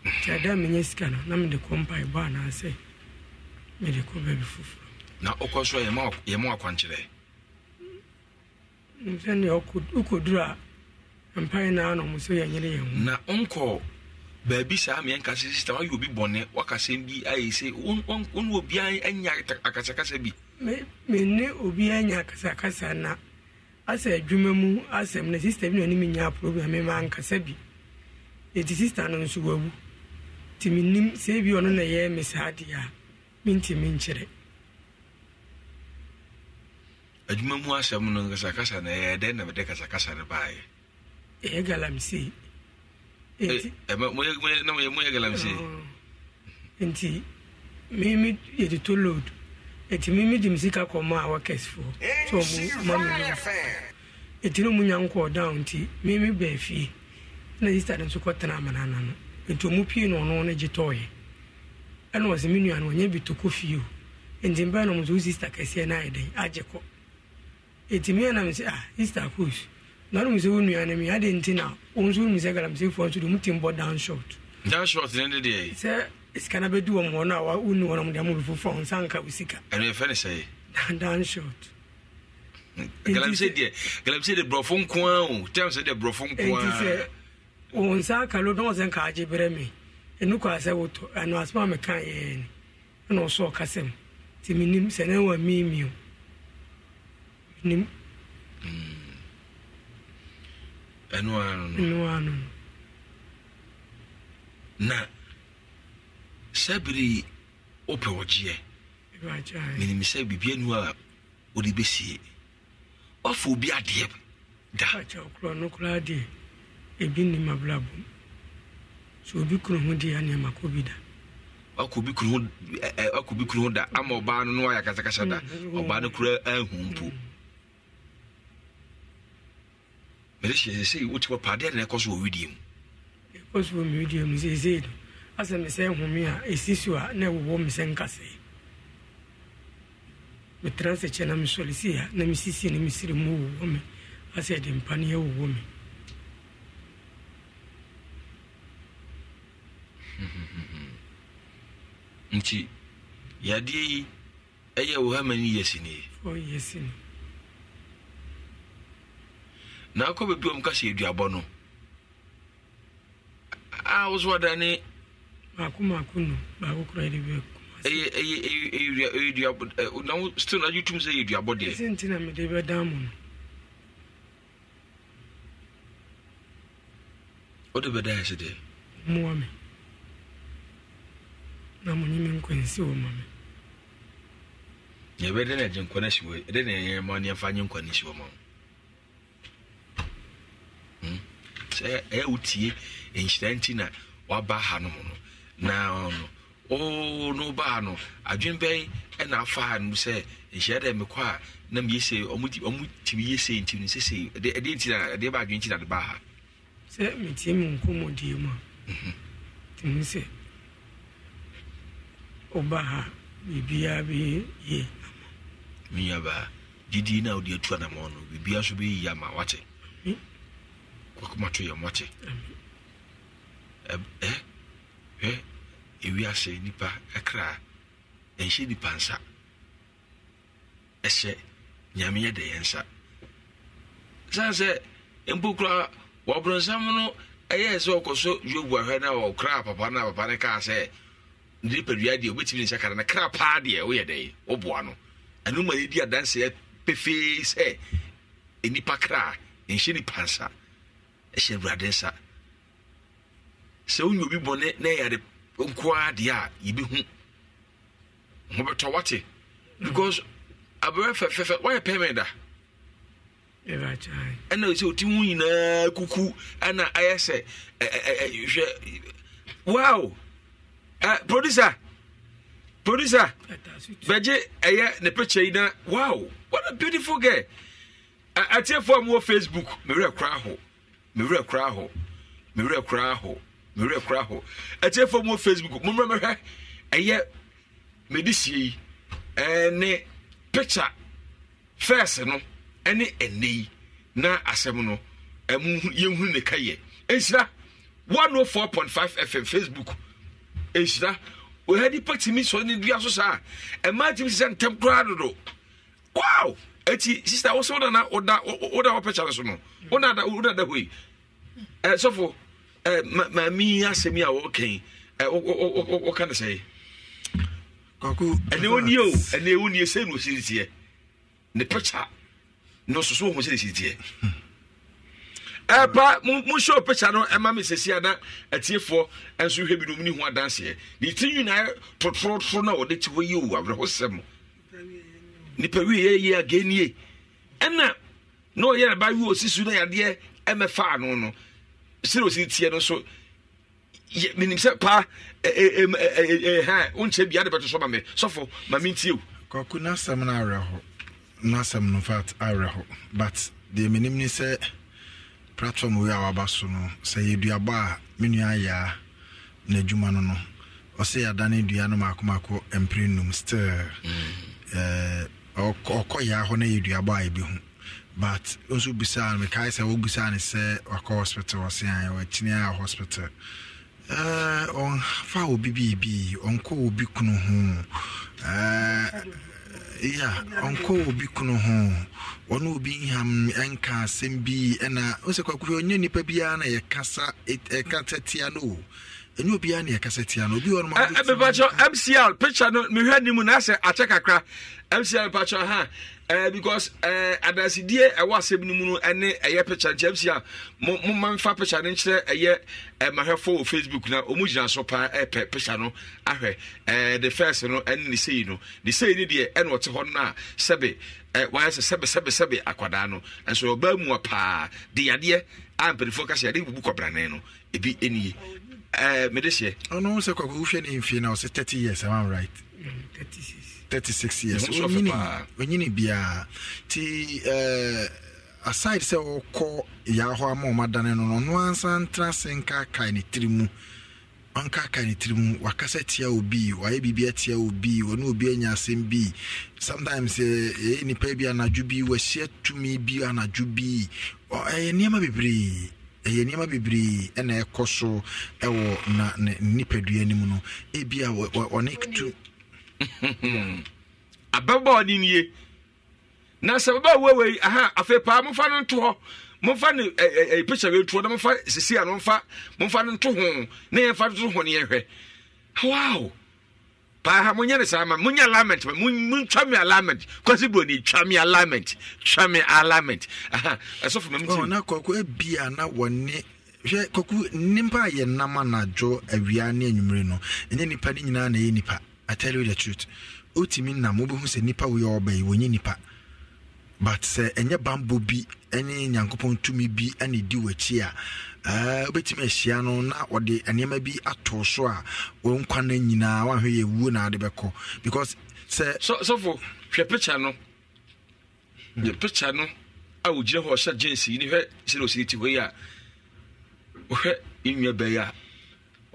nti ada menyɛ sika no na mede kɔ mpaebɔ anaasɛ mede kɔ baabi foforɔ na wokɔ so yɛma wakwankyerɛ hmm, sɛneɛ wokɔduru a mpae naa nɔm so yɛnyere yɛ ho na wonkɔɔ baabi saa meɛnka se sista woayɛ obi bɔne wakasɛm bi ayɛ sɛ wone obiaa anya akasakasa bi menne obiaa nya akasakasa na asɛ adwuma mu asɛm na sister bi na menya program ma ankasa bi ɛti sister no nso wawu nti mennim sɛ bi ɔno na ɛyɛ me saa deɛ a mentimi nkyerɛ adwuma mu asɛm no kasakasa na ɛyɛ dɛn na mede kasakasa no baayɛ ɛyɛ galamsei Eh, eh, eh, moyɛ galamsey oh. nti meme yɛde to load ɛti meme de me sika a wakɛsifoɔ ne mu nkɔɔ down nti meme baa na sista de nso kɔtena amanana no nti ɔmu pii no ɔno no gye tɔɔyɛ ɛna ɔsɛ me nua no ɔnyɛ bi tokɔ fie o nti mbɛ nom nso wo sista kɛseɛ no ayɛ dɛn agye kɔ ɛti meɛ nam sɛ ah sista kɔsu nanom sɛ wo nuanom yi ade nti na wo nso wonim sɛ galamsefoɔ nso de mutim bɔ down short down short ne de deɛ sɛ sika no bɛdu wɔm hɔ no a wonni wɔnom deɛ mobɛfu fa wo nsa nka wo sika ɛno yɛfɛ ne sɛe down short galamse deɛ galamse de borɔfo nko a o tam sɛ deɛ borɔfo nko a sɛ wo nsa ka lo dɔn sɛ nka agye berɛ me ɛno kɔ a sɛ wotɔ ɛno asɛm a meka yɛɛ no ɛna ɔsɔ ɔkasɛm nti menim sɛ ne wa mimio nim mm. ɛno na sɛ bere wopɛ wɔgyeɛ menim sɛ biribia nu a wode bɛsie wafa obi adeɛ da kyɛwokorɔ no koraa deɛ ebi nnim abrabom sɛ obi kuro ho deɛ nneɛma kɔ bi da wakɔ bi kuro ho da ama ɔbaa no no wayɛ akasakasa da ɔbaa no kora ahu mpo mm -hmm. malaysia na ɛkɔ so wɔ wedie mu ɛkɔ so wɔ me mesɛ home e a ɛsi a na ɛwowɔ me sɛ nkasɛe metena na mesɔre sei a na mesisi ne mpa ne ɛwowɔ me nti yadeɛ yi ɛyɛ wo ha ma ne yɛsi ne na akɔ baabi a wɔn kasa aduabɔ no a woso ada ne. baako baako no baako kura yɛrɛ bi akuma. ɛyɛ ɛyɛ ɛyɛ ɛyɛ ɛyɛ ɛ na wo still na youtube sɛ ɛyɛ aduabɔ deɛ. ɛsɛ ntina mi de bɛ dan mu no. o de bɛ dan yɛ deɛ. mmoa mi na mo nyi mi nkwansi wɔ ma mi. yɛ bɛ de na ɛdi nkwa na si wɔ ɛdi na ɛyɛ ma ni ɛfa nye nkwa na si wɔ ma o. e nhyira nti na waba ha no no na no um, no ba no adwene bɛn ɛna afa ha no sɛ nhyira dɛ mekɔ a na meyɛ sei ɔmo tumi yɛ ntịmị nti no sɛsei nti na ɛdeɛ ba adwene nti na de ba ha sɛ mu mu a mhm. sɛ ha ama na anamɔ no so ama wate wakoma to yɛ mmɔte ɛ hwɛ ewiase nipa ɛkra ɛnhyɛ nipa nsa ɛhyɛ nyame yɛ de yɛn nsa san sɛ mpo kora wɔbronsam no ɛyɛ sɛ ɔkɔ so yobu ahwɛ na ɔkra papa na papa no kaa sɛ ne padua deɛ wobɛtumi ne nhyɛ na kra paa deɛ woyɛ dɛ woboa no ɛno ma ne di adanseɛ pefee sɛ nnipa kra ɛnhyɛ nipa nsa ɛhyɛ awurade nsa sɛ wonya obi bɔne na ɛyɛ ade nkoaa deɛ a yɛbɛhu ho wate because abrɛ fɛfɛfɛ woayɛ pɛmɛ da ɛna sɛ ɔti ho nyinaa kuku ɛna ayɛ sɛ hwɛ wow uh, producer producer bɛgye ɛyɛ ne picture yi na wow what a beautiful girl atiefo a mowɔ facebook mewerɛ kora ho mewerɛ koraa hɔ mewerɛ koraa hɔ mewerɛ koraa hɔ atiefoɔ mu facebook mommrɛ mɛhwɛ ɛyɛ mede sie yi ɛne picture fɛs no ɛne ɛnɛ yi na asɛm no ɛmu yɛnhunu ne ka yɛ ɛnhyira 104.5 fm facebook ɛnhyira ɔha nipa tumi sɔ ne dua so saa ɛma tumi sɛ ntɛm koraa dodo wow ɛti sista wo sɛ wodana woda wopɛkya no so no wonada woda da sɔfo maame asɛm yi a wɔkɛn wɔka no sɛ ɛne wɔnie o ɛne ɛwo nie sɛ ne ɔsiritiɛ ne picture na ɔsoso wɔ ho sɛ ne siritiɛ ɛpa monhyɛ picture no ɛma me sɛsia na atiefoɔ nso hwɛ binom ne ho adanseɛ ne ti nyinaa totorotoro no a wɔde te hɔ yi o awerɛho sɛm nipa wie yɛyɛ agenie ɛna na ɔyɛ ne ba wi ɔsi su na yadeɛ ɛmɛfa eh, ano no sɛdeɛ ɔsi tiɛ no nso menim sɛ paa eh, eh, eh, wonkyɛ bia de bɛto so ma me sɔfo ma mentie o kɔko n'asɛm no awerɛ hɔ n'asɛm no fat awerɛ hɔ but deɛ menim ne sɛ platform wei a waba so no sɛ yɛduabɔ a me nua ayaa n'adwuma no no ɔsɛ yɛadane dua no maakomaako mprɛ num still mm. ɔkɔ yaa hɔ na yɛduabɔ a yɛbɛhu but nso bisaa no mekae sɛ wobisaa no sɛ wakɔ hospital ɔse a wakyini a hospital ɔmfa eh, obi biribi ɔnkɔ obi kunu ho eh, ya ɔnkɔ obi kunu ho ɔne obi nham ɛnka asɛm bi ɛna wo sɛ kwakofi ɔnyɛ nnipa biara na yɛkasa ɛkasa tia no o ɛnyɛ obiara na yɛkasa tia no obi ɔnom mepakyɛ mcl picture no mehwɛ ni mu na sɛ akyɛ kakra mcl mepakyɛ ha Eh, because uh, eh, adasidie ɛwɔ eh, uh, asɛm no mu no ɛne ɛyɛ picture gyɛmsi a mo mo ma nfa picture ne nkyerɛ ɛyɛ ɛmahwɛfo wɔ facebook na wɔn gyina so paa ɛpɛ picture no ahwɛ ɛɛ the first no ɛne ne seyi no ne seyi no deɛ ɛna ɔte hɔ no a sɛbi ɛɛ wɔayɛ sɛ sɛbi sɛbi sɛbi akwadaa no nso ɔbaa mu wa paa de yadeɛ a mpanyinfoɔ kasa yadeɛ bubu kɔbranen no ebi ɛni ɛɛ mede hyɛ. ɔno sɛ kɔkɔ wohwɛ ne mfie na ɔsɛ thirty years am I right. Mm, thirty six thirty six years nso fɛ paa onyini biara ti ɛɛ eh, aside sɛ ɔkɔ yaa hɔ ama ɔmo adane no no ɔno ansa ntra se nka kae ne tiri mu wanka kae ne tiri mu wakasa tia obi wayɛ biribi atia obi wɔne obi anya asɛm bi sometimes ɛɛ eh, eh, nipa bi anadwo bi to me bi anadwo bi ɛyɛ nneɛma bebree ɛyɛ nneɛma bebree ɛna ɛkɔ so na ne nipadua no e no ebi a ɔne tu. Hmm. ababaa ɔde nie na sɛ baba wewe yi aha afei paa mofa no nto hɔ mofa ne eh, eh, eh, picture wei toɔ na mofa sisi a no mofa mofa no nto ho na yɛmfa nto ho ne yɛhwɛ wow paa ha monyɛ ne saa ma monyɛ alignment montwa me alignment kwasi buroni twa me alignment twa me alignment aha ɛsɔfo ma oh, mti na kɔkɔ abi a na wɔne hwɛ kɔku nnipa a yɛnam anadwo awia ne anwummere no ɛnyɛ nnipa no nyinaa na ɛyɛ nipa I tell you the truth. Otimi na mobɛhu sɛ nipa wo yɛ ɔbɛ yi wɔnyi nipa but sɛ ɛnyɛ bambɔ bi ne nyankopɔn tumi bi ne di w'akyi a wobɛtumi ahyia no na ɔde nneɛma bi ato so a wɔnkwa no nyinaa woahwɛ yɛ wuo na ade bɛkɔ because sɛ sɔfo hwɛ picture no hwɛ picture no a wogyina hɔ ɔhyɛ gyens yi ne hwɛ sɛde osiri ti hɔ yi a wohwɛ nnua bɛyɛ a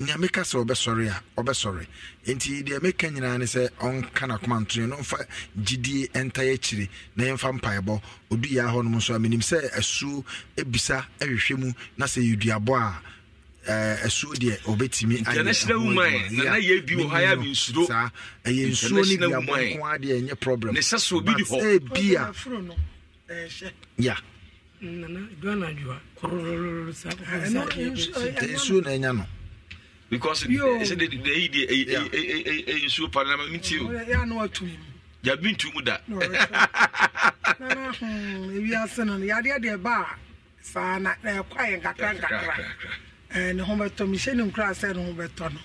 nyame ka sɛ ɔbɛsɔre a ɔbɛsɔre nti deɛ meka nyinaa ne sɛ ɔnka nakoma ntone no mfa gyidie ɛnta akyiri na yɛmfa mpaebɔ ɔduyɛ hɔ nom nso a menim sɛ asuo bisa ahwehwɛ mu na sɛ yɛduabɔ a ɛsuo eh, deɛ ɔbɛtumi ayɛsaa ɛyɛ nsuo no duabɔ nko a deɛ ɛnyɛ problem ɛbia eh, ya nsuo na ɛnya no because sɛ de de yi deɛ nsuo pa nama mi ti o yabi ntu mu da. ewiase no no yadeɛ deɛ ba a saa na ɛkɔ ayɛ nkakra nkakra ne ho bɛtɔ mehyɛ ne nkura sɛ ne ho bɛtɔ no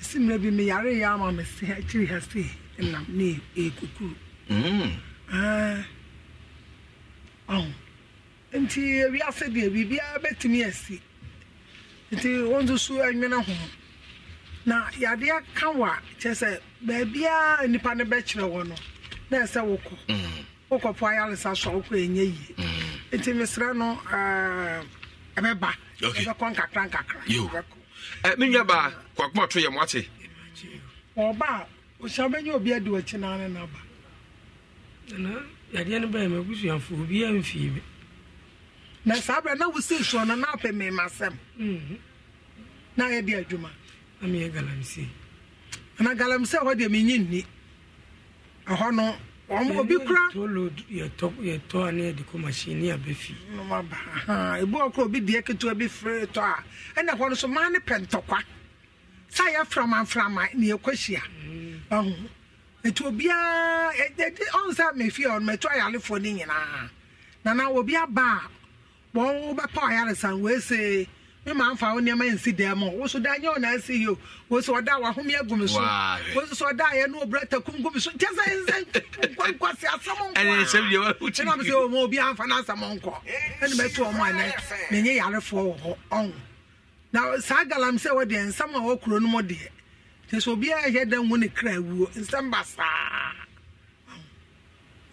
si mmerɛ bi meyare yɛ ama me se akyiri ha se nam ne ɛkukuru nti ewiase deɛ biribiara bɛtumi asi nti wɔn nso so ɛnwene ho na yade aka wɔ a kyɛ sɛ beebiara nipa no bɛkyerɛ wɔ no na ɛsɛ wokɔ mm. wokɔ po ayaresa so a wokɔ ɛnyɛ yie mm. nti mesrɛ no ɛbɛba ɛbɛkɔ nkakra nkakra me nwa baa kwakoma to yɛ mo ate ɔba a ɔhyɛ bɛnyɛ obi adi w'akyi naa ne naba yadeɛ no bɛyɛ mabusuafoɔ obiaa mfii me na saa abịa na wusi nsuo na na-apị m ịma asem mhm. na ayọ dị adwuma ama ya galamsey na galamsey ọ dị m nye nni ahọ no ọmụ obi kura yɛtɔ yɛtɔ a ne yɛde kɔ machine ne yɛbɛ fi maba ebu ɔkọ obi deɛ ketewa bi fere tɔ a ɛna hɔ no so maa ne pɛ ntɔkwa saa yɛ framaframa ne yɛ kɔ hyia mhm. ɔho etu obiara ɛdi e- e- e- ɔnsa mefie ɔno mɛtu ayalefoɔ ne nyinaa nana obi aba a wɔn bɛpa ɔyaresan wɔese mema mfa wo nneɛma nsi dan mu wo so dan nyɛ ɔna asi yi o wo so ɔda wahome agu me so wo so ɔda ayɛ no ɔbrɛ takum gu me so nkyɛ sɛ nsɛ nkwankwase asɛm nkɔɛnam sɛ ɔma obi amfa no asɛm nkɔ ɛne mɛto ɔmo anɛ menye yarefoɔ wɔ hɔ ɔn na saa galam sɛ wɔdeɛ nsɛm a wɔkuro no mu deɛ nti sɛ obiara yɛ dɛ nwo ne kra awuo nsɛm basaa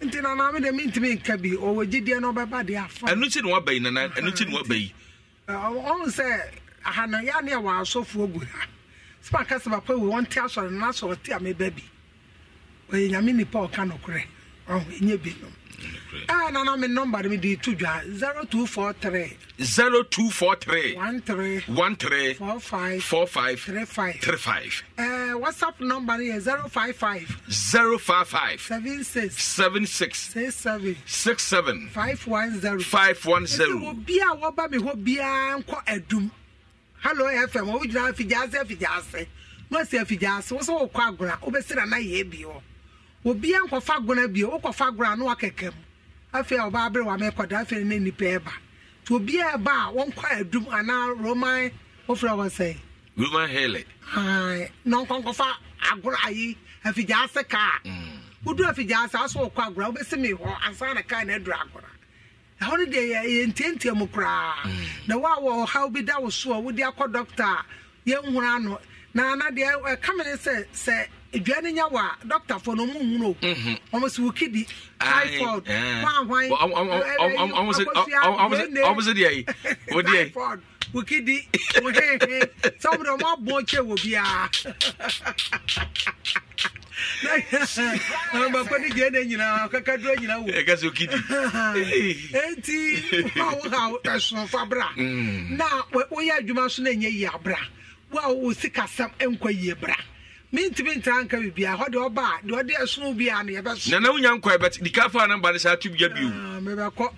nti na na me de mentimi nka bi ɔwɔ gyedeɛ no ɔbɛba de afa ɛno kyi ne waba yi nana ɛno kyi ne waba yi ɔhu sɛ aha no ɛwɔ asɔfoɔ gu ha sɛ maka sɛ papa wei ɔnte asɔre na sɛ ɔte a meba bi ɔyɛ nyame nnipa ɔka nokorɛ ɔho ɛnyɛ binom Ah, no, no, my number, me the two jar zero two four three zero two four three one three one three four five four five three five three five. Uh, WhatsApp number is zero five five zero five five seven six seven six six seven six seven five one zero five one zero. Obia, waba mi obia nko edum. Hello FM, What wo gyina afijase afijase. Wo si afijase, wo so wo kwa agora, wo be sira na ye bi wo. obi nkɔfa agorɔ bi wokɔfa agorɔ ano akɛkɛ mu afei a ɔbaa abere wa mɛ kɔda afei ne nipa ɛba nti obi a ɛba a wɔnkɔ adum anaa roman ofura wɔ sɛ. roman hele. ai na nkɔnkɔfa agora ayi afidie ase kaa mm. wodu afidie ase aso wɔkɔ agorɔ wobɛsi mi hɔ ansa na kaa na aduru agorɔ ɛhɔ no deɛ yɛ ntiantia mu koraa mm. na wo a wɔ ɔhaw bi da wo so a wode akɔ dɔkta a yɛnhura ano na na deɛ ɛka me ne sɛ sɛ dua ne nya wa doctor fo no muhunu o ɔmo sɛ wokidi typhoid hwanhwan ɔmo sɛ deɛ wodeɛ wokidi wohehe sɛ womde ɔmo abɔ kyɛ wɔ biaa bakɔne gye [LAUGHS] ne nyinaa kakaduro nyina woɛnti wohaw [LAUGHS] ɛsonofa bra mm. na woyɛ adwuma so no ɛnyɛ yie abra woa wo sikasɛm ɛnkɔ yie bra mintimi ntaa nka bibia hɔ deɛ ɔba deɛ ɔde ɛsono bia ne yɛbɛso nana wonya nkɔ ɛbɛt dika fa namba no saa to bia bio ah, mebɛkɔ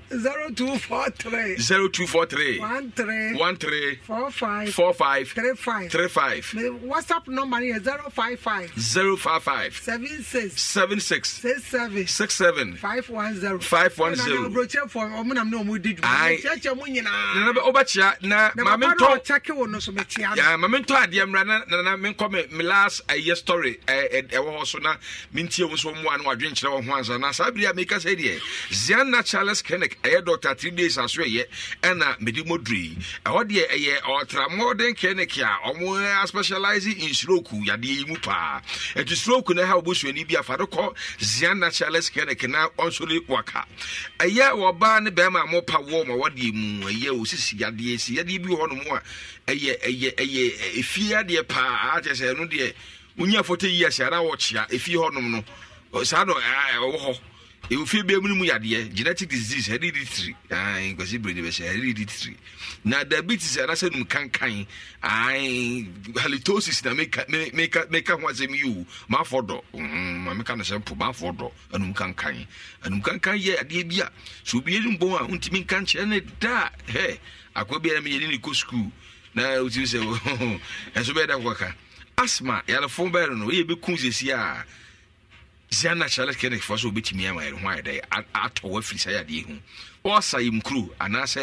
0243 0243 13 13 45 45 35 35 me whatsapp number no yɛ five. 055 76 five. 67 67 510 510 aburokyerɛfoɔ ɔmo nam ne ɔmo di dwuma kyerɛkyerɛ mo nyinaa nana wobɛkyea na mamentɔ na mamentɔ adeɛ mmra na nana menkɔ me last yɛ story ɛwɔ hɔ so na mentie wo nso mmoa no wadwenkyerɛ wɔ ho ansa na saa bere a meka sɛ deɛ ziana charles clinic ɛyɛ dɔctor three days aso ɛyɛ ɛna mede mɔdurei ɛhɔ deɛ ɛyɛ ɔtramɔden clinic a ɔmo specialise in stroke yadeɛ yi mu paa ɛti stroke no ha wobosuani bi afade kɔ ziana charles clinic na ɔnsore waka ɛyɛ wɔbaa ne bɛrima a mopa wɔ ma wɔdeɛ mu ɛyɛ osisi yadeɛ si yadeɛ bi wɔ hɔ nom a ɛyɛ ɛyɛ ɛyɛ efie adeɛ paa akyɛ sɛ ɛno deɛ wonya forty years a na wɔkyea ɛfie hɔnom no saa no ɛwɔ hɔ ɛwɔfie bɛɛ mu no mu yadeɛ genetic disease hereditary nkwasi bredi bɛhyɛ hereditary na diabetes anasɛ num kankan halitosis na meka ho asɛm yi o maafɔ dɔ mm-hmm, ma meka no sɛ mpo maafɔ dɔ anum kankan anum kankan yɛ adeɛ bi a sɛ obiɛ no mbɔn a wontumi nka ne da hɛ akwa biara meyɛne ne kɔ skul na wotumi sɛ [LAUGHS] ɛso bɛɛ da kɔka asma yɛrefo bɛre no woyɛ bɛku sesi a zia na charlotte clinic fo so wobɛtumi ama yɛre ho ayɛ dɛ atɔ wafiri yɛadeɛ hu ɔsa yi mkuru anaasɛ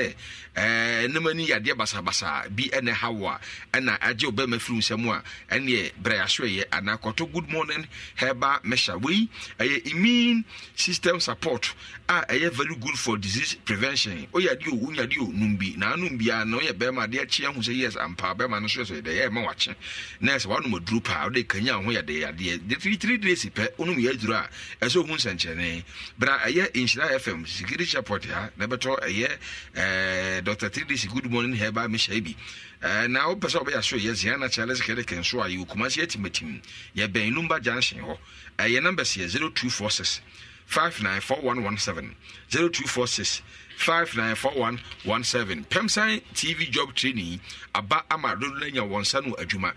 ɛɛ eh, nnɛma ni yadeɛ basabasa bi ɛna ha wɔ a ɛna agye o bɛrima firi nsɛm a ɛneɛ brɛ aso yɛ ana kɔtɔ good morning herba mesha wei ɛyɛ immune system support a ɛyɛ very good for disease prevention oyɛ adeɛ o wonya adeɛ o num bi na anum bi a na ɔyɛ bɛrima adeɛ akyi ɛho sɛ yes ampa bɛrima no so yɛ sɛ ɛdɛ yɛ ɛma wakye nɛɛsɛ wanum aduru paa ɔde kanya ho yɛ de yadeɛ de three three days pɛ onum yɛ aduru a ɛsɛ ohun nsɛnkyerɛnne bra ɛyɛ nhyira fm security support ha na ɛbɛtɔ ɛyɛ dr tdc good morning herba mehyɛe bi na o wopɛ sɛ wobɛyɛ so yɛ ziana charles kedeke nso a yɛwɔ kumase atimatim yɛbɛn numba junction hɔ ɛyɛ numbers yɛ 0246 594117 0246 594117 pɛmsan tv job training aba ama dodo no wɔn nsa no adwuma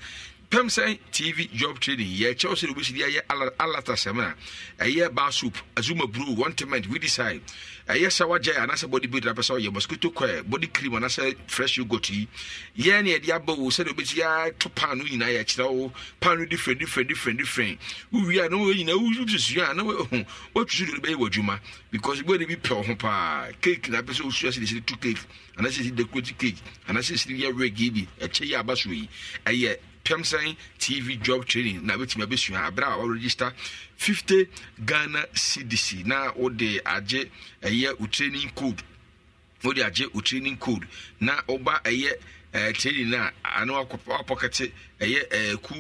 pɛmsɛn tv job training yɛkyɛw sɛ de wobɛsidi ayɛ alatasɛm a ɛyɛ bar soup azuma brew wantiment we decide ɛyɛ sɛ wagya anaasɛ body build apɛ sɛ ɔyɛ mosquito coil body cream anaasɛ fresh yogurt yi yɛn ne yɛde abɔ wo sɛdeɛ wobɛti ato pan no nyinaa yɛkyerɛ wo pan no different different different different wowie a na woyɛ nyinaa wosusua a na woatusu de bɛyɛ w'adwuma because wode bi pɛ ho paa cake na apɛ sɛ wosua sɛ de sɛ cake anaasɛ sɛ dekorati cake anaasɛ sɛ yɛ reg yi ɛkyɛ yɛ aba yi ɛyɛ pɛmsɛn tv job training na wobɛtumi abɛsua aberɛ a waregister 50 ghana cdc na wode agye ɛyɛ wo training code wode agye wo training code na woba ɛyɛ uh, training no a ano apɔkɛte ɛyɛ uh, ku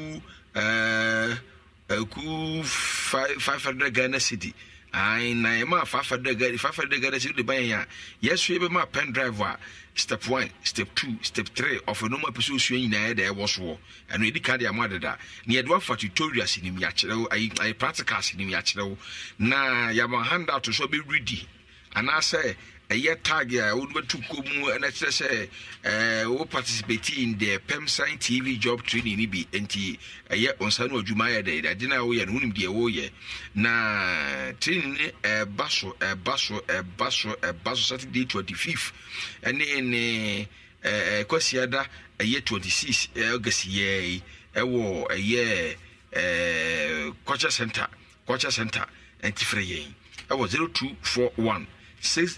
uh, ku 500 ghana city na ɛma 500 ghana city wode bayɛn a yɛso yɛbɛma pen drive a step one step two step three of a normal person so in the air was war and we did carry a mother that Ni edwa for tutorials in the i i practical in the actual now you have a handout to show be ready and i say ɛyɛ tag a wɔde bɛtu kɔ mu ɛna kyerɛ sɛ ɛɛ participate in the pemsan tv job training ni bi nti ɛyɛ ɔnsa no adwuma yɛ dɛ ade na wɔyɛ no wɔnim deɛ wɔyɛ na training ne ɛɛba so ɛɛba so ɛɛba so ɛɛba so saturday twenty fifth ɛne ne ɛɛ kwasiada ɛyɛ twenty six august yɛ yi ɛwɔ ɛyɛ ɛɛ culture center culture center ɛnti fɛrɛ yɛn ɛwɔ zero two four one six.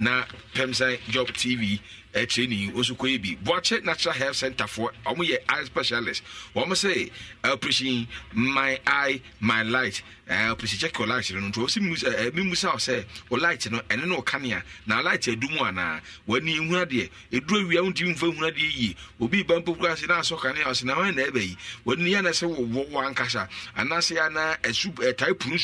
na pemsan job tv eh, training nso kɔ yɛ bi boakye natural health center foɔ wɔn yɛ eye specialist wɔn say? Eh, operation my eye my light eh, operation check your light no nti wɔsi mi musa eh, sɛ o light no ɛne no kanea na light edu mu ana wɔni ehun adeɛ eduro wia wɔn ti nfa ehun adeɛ yie obi ban poku ase na asɔ kanea ɔsi na wɔn na ɛbɛ yi wɔni yɛn na sɛ wɔwɔ wɔn ankasa anaasɛ ana ɛsu ɛtae punu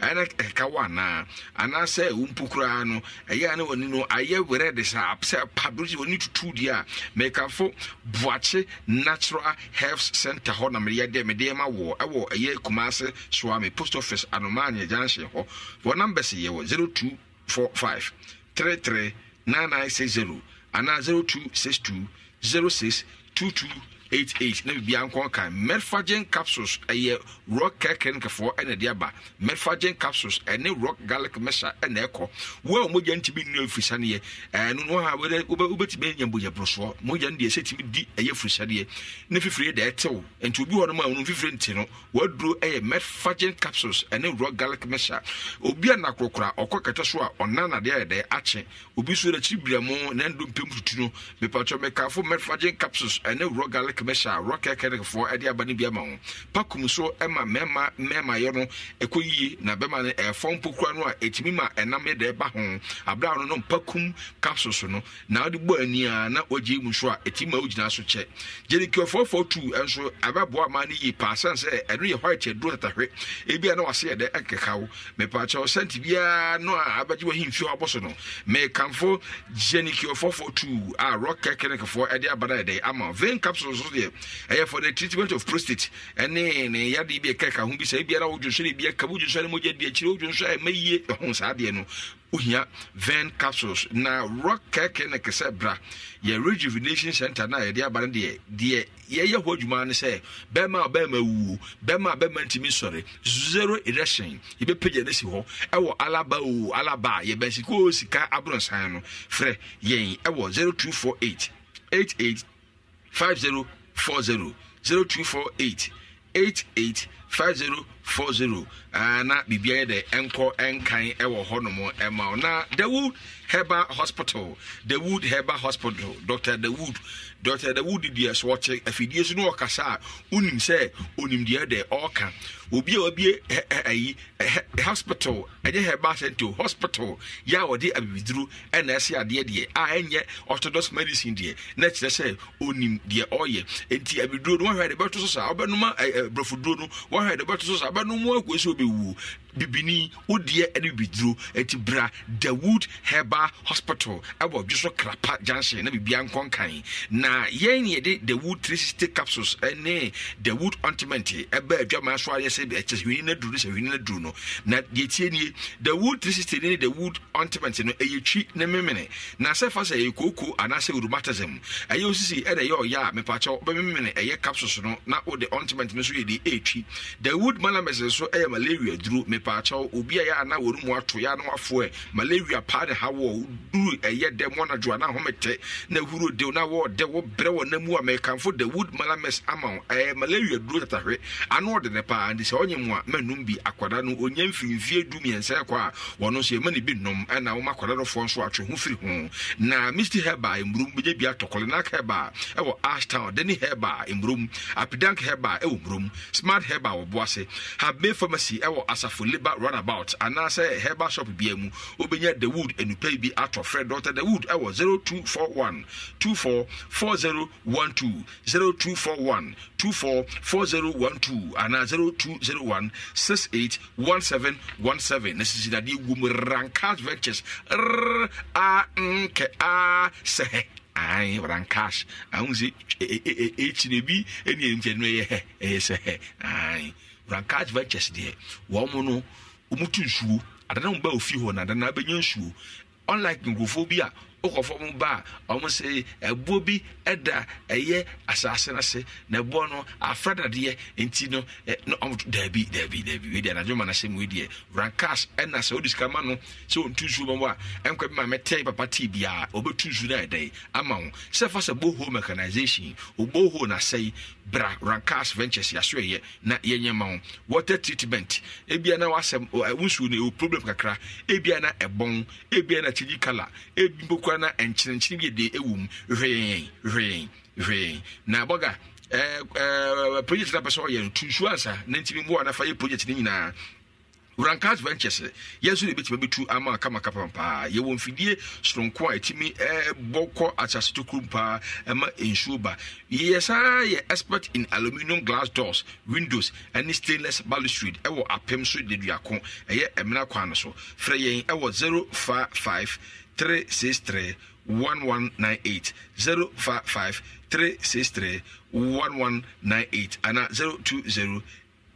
ɛna ɛka wɔ ana anaasɛ wɔn poku ara no ɛyɛ ana ɔne no ayɛ werɛ de sɛ sɛ pabrogi ɔne tutu deɛ a mekafo boakye natural health center hɔ na mereyɛ dɛ mede ɛma wɔ ɛwɔ ɛyɛ kumase soa me post office anomaanyɛ gyanhye hɔ wɔ number sɛ yɛwɔ 0245 33 9960 anaa 0262 06 22 88 na bibia nkɔ kan merfagen capsules ɛyɛ rock kɛkɛnkafoɔ ɛna ɛde aba merfagen capsules ɛne rock garlic mɛsa ɛna ɛkɔ wo a mogya ntumi nnu afirisaneɛ ɛno no ha wobɛtumi anya bogya borosoɔ mogya no deɛ sɛ tumi di ɛyɛ afirisaneɛ ne fifiri da ɛtew nti obi hɔ no ma ɔno fifiri nti no waduro ɛyɛ merfagen capsules ɛne rock garlic mɛsa obi a nakorokora ɔkɔ kɛtɛ so a ɔna nadeɛ ayɛdɛ akye obi so nakyiri biriamu na ndompem tutu no mepatwɛ mekafo merfagen capsules ɛne rock garlic commercial rock ɛkɛnɛkɛfoɔ ɛde aba no bi ama ho pakum so ɛma mmarima mmarimayɛ no ɛkɔ yie na bɛma no eh, ɛfɔ mpokura no a ɛtumi ma ɛnam ɛda ɛba ho no no mpakum so no na wode bɔ ani a na mu so a ɛtumi ma wogyina so kyɛ gyerikiofoɔfoɔ tu ɛnso ɛbɛboa ma no yie paa sɛ ɛno yɛ hɔ ɛkyɛ duro tatahwɛ ebi a na wɔase yɛ dɛ ɛkeka wo biara no a abɛgye wɔhemfie hɔ abɔ so no tu a rock ɛkɛnɛkɛfoɔ ɛde aba no ɛdɛ ama vein capsule so deɛ ɛyɛ for the treatment of prostate ɛne ne yadeɛ bi ɛkaka ho bi sɛ ebiara wodwonsɛre bi ɛka wodwonsɛre mogya di akyire wodwonsɛre ɛma yie ɛho saa deɛ no ohia ven capsules na rock kɛkɛ ne kɛsɛ bra yɛ rejuvenation center na yɛde aba no deɛ deɛ yɛyɛ hɔ adwuma no sɛ bɛrima a bɛrima wuo bɛrima a bɛrima ntumi sɔre zero erection yɛbɛpagya no si hɔ ɛwɔ alaba o alaba a yɛbɛn sika o sika aborɔnsan no frɛ yɛn ɛwɔ zero two four eight eight eight five zero 40 0248 8850 four zero ah, na biribiara yɛ dɛ nkɔ nkan wɔ hɔnom ɛma na the wood herbal hospital the wood herbal hospital dr the wood dr the wood deɛ so ɔkyɛ afidie so no ɔkasa a wonim sɛ onim deɛ dɛ ɔɔka obi a wabie ayi hospital ɛnyɛ herbal center hospital yɛ a wɔde abibiduru ɛna ɛsɛ adeɛ deɛ a ɛnyɛ orthodox medicine deɛ na kyerɛ sɛ onim deɛ ɔɔyɛ nti abibiduro no wɔhwɛ de bɛto so saa ɔbɛnoma borɔfoduro no wɔhwɛ de bɛto so saa aba no mu akɔ sɛ ɔbɛwuo bibini wodeɛ ne bibiduro ɛti bra the wood herba hospital ɛwɔ dwoso krapa junction na biribia nkɔ nkan na yɛn ne yɛde the wood 360 capsules ne the wood ointment ɛbɛ adwaman so ayɛ sɛ ɛkyɛ sɛ hwini no aduru no sɛ hwini no aduru no na deɛ tie nie the wood 360 ne the wood ointment no ɛyɛ twi ne memene na sɛ fa sɛ ɛyɛ kooko anaasɛ rheumatism ɛyɛ osisi ɛna ɛyɛ ɔyɛ a mepakyɛw wobɛmemene ɛyɛ capsules no na wode ointment no so yɛde ɛtwi the wood malames nso ɛyɛ malaria duro mep paakyɛw obi a yɛ ana wɔn mu ato yɛ ana wafoɛ malaria paa ne ha wɔ duru ɛyɛ dɛ mu ɔnadwo ana ahomete na ehuro dew na wɔ dɛ wɔ brɛ wɔ nam mu a mɛkanfo the wood malames ama wɔn ɛɛ malaria duro tatahwɛ ano ɔde ne paa nti sɛ ɔnye mu a mɛnum bi akwadaa no onye mfinfie du mmiɛnsa ɛkɔ a wɔn nso yɛma ne bi nom ɛna wɔn akwadaa no foɔ nso atwe ho firi ho na misty herba mburum bi gye bi atɔkɔlɛ nak herba ɛwɔ ashtown denny herba mburum apidank herba ɛwɔ mburum smart herba wɔ boase habe pharmacy ɛwɔ asafo labour runabout anaasɛ herba shop bia mu wobɛnya the wood anupa bi atɔ frɛ dr the wood ɛwɔ 0241 244012 0241 244012 anaa 0201 681717 na sisidadeɛ wom rankas ventures r a nkɛ eh, eh, eh, a sɛhɛ ayi rankas ahosuo ekyir ebi ɛni ɛnkyɛn no yɛ hɛ ɛyɛ sɛ hɛ ayi. rankage vouchers deɛ wɔn mo no wɔn tu nsuo adana mo ba ofie hɔ na adana abɛnya nsuo unlike nkurɔfoɔ bi a wokɔ fam ba a ɔmo sɛ ɛboɔ bi ɛda ɛyɛ asase no ase na ɛboɔ no afra dadeɛ nti no ɔmo daabi daabi daabi wei deɛ anadwo ma no asɛm wei deɛ rankas ɛna sɛ wode sika ma no sɛ ɔntu nsuo ma wo a ɛnkwa bi ma mɛtɛe papa tee biaa ɔbɛtu nsuo no ɛdɛn ama wo sɛ fa sɛ boho mechanization oboho na sɛi bra rankas ventures yɛaso ɛyɛ na yɛnyɛ ma wo water treatment ebia na wasɛm wo nsuo no problem kakra ebia na ɛbɔn ebia na kyigyi kala ebi mpoku koraa na nkyerɛnkyerɛ bi de ɛwɔ mu hwee hwee hwee na bɔga ɛɛ project na pɛ sɛ ɔyɛ ntusu ansa na ntumi mu a nafa yɛ project ne nyinaa rankas ventures yɛn nso de bɛtumi bɛtu ama kama pam paa yɛwɔ mfidie soronko a ɛtumi bɔ kɔ asase to kurom paa ɛma nsuo ba yɛyɛ saa yɛ expert in aluminium glass doors windows ɛne stainless balustrade ɛwɔ apem so deduako ɛyɛ ɛmena kwan no so frɛ yɛn ɛwɔ zero five five. 363 1198 055 363 1198 and 020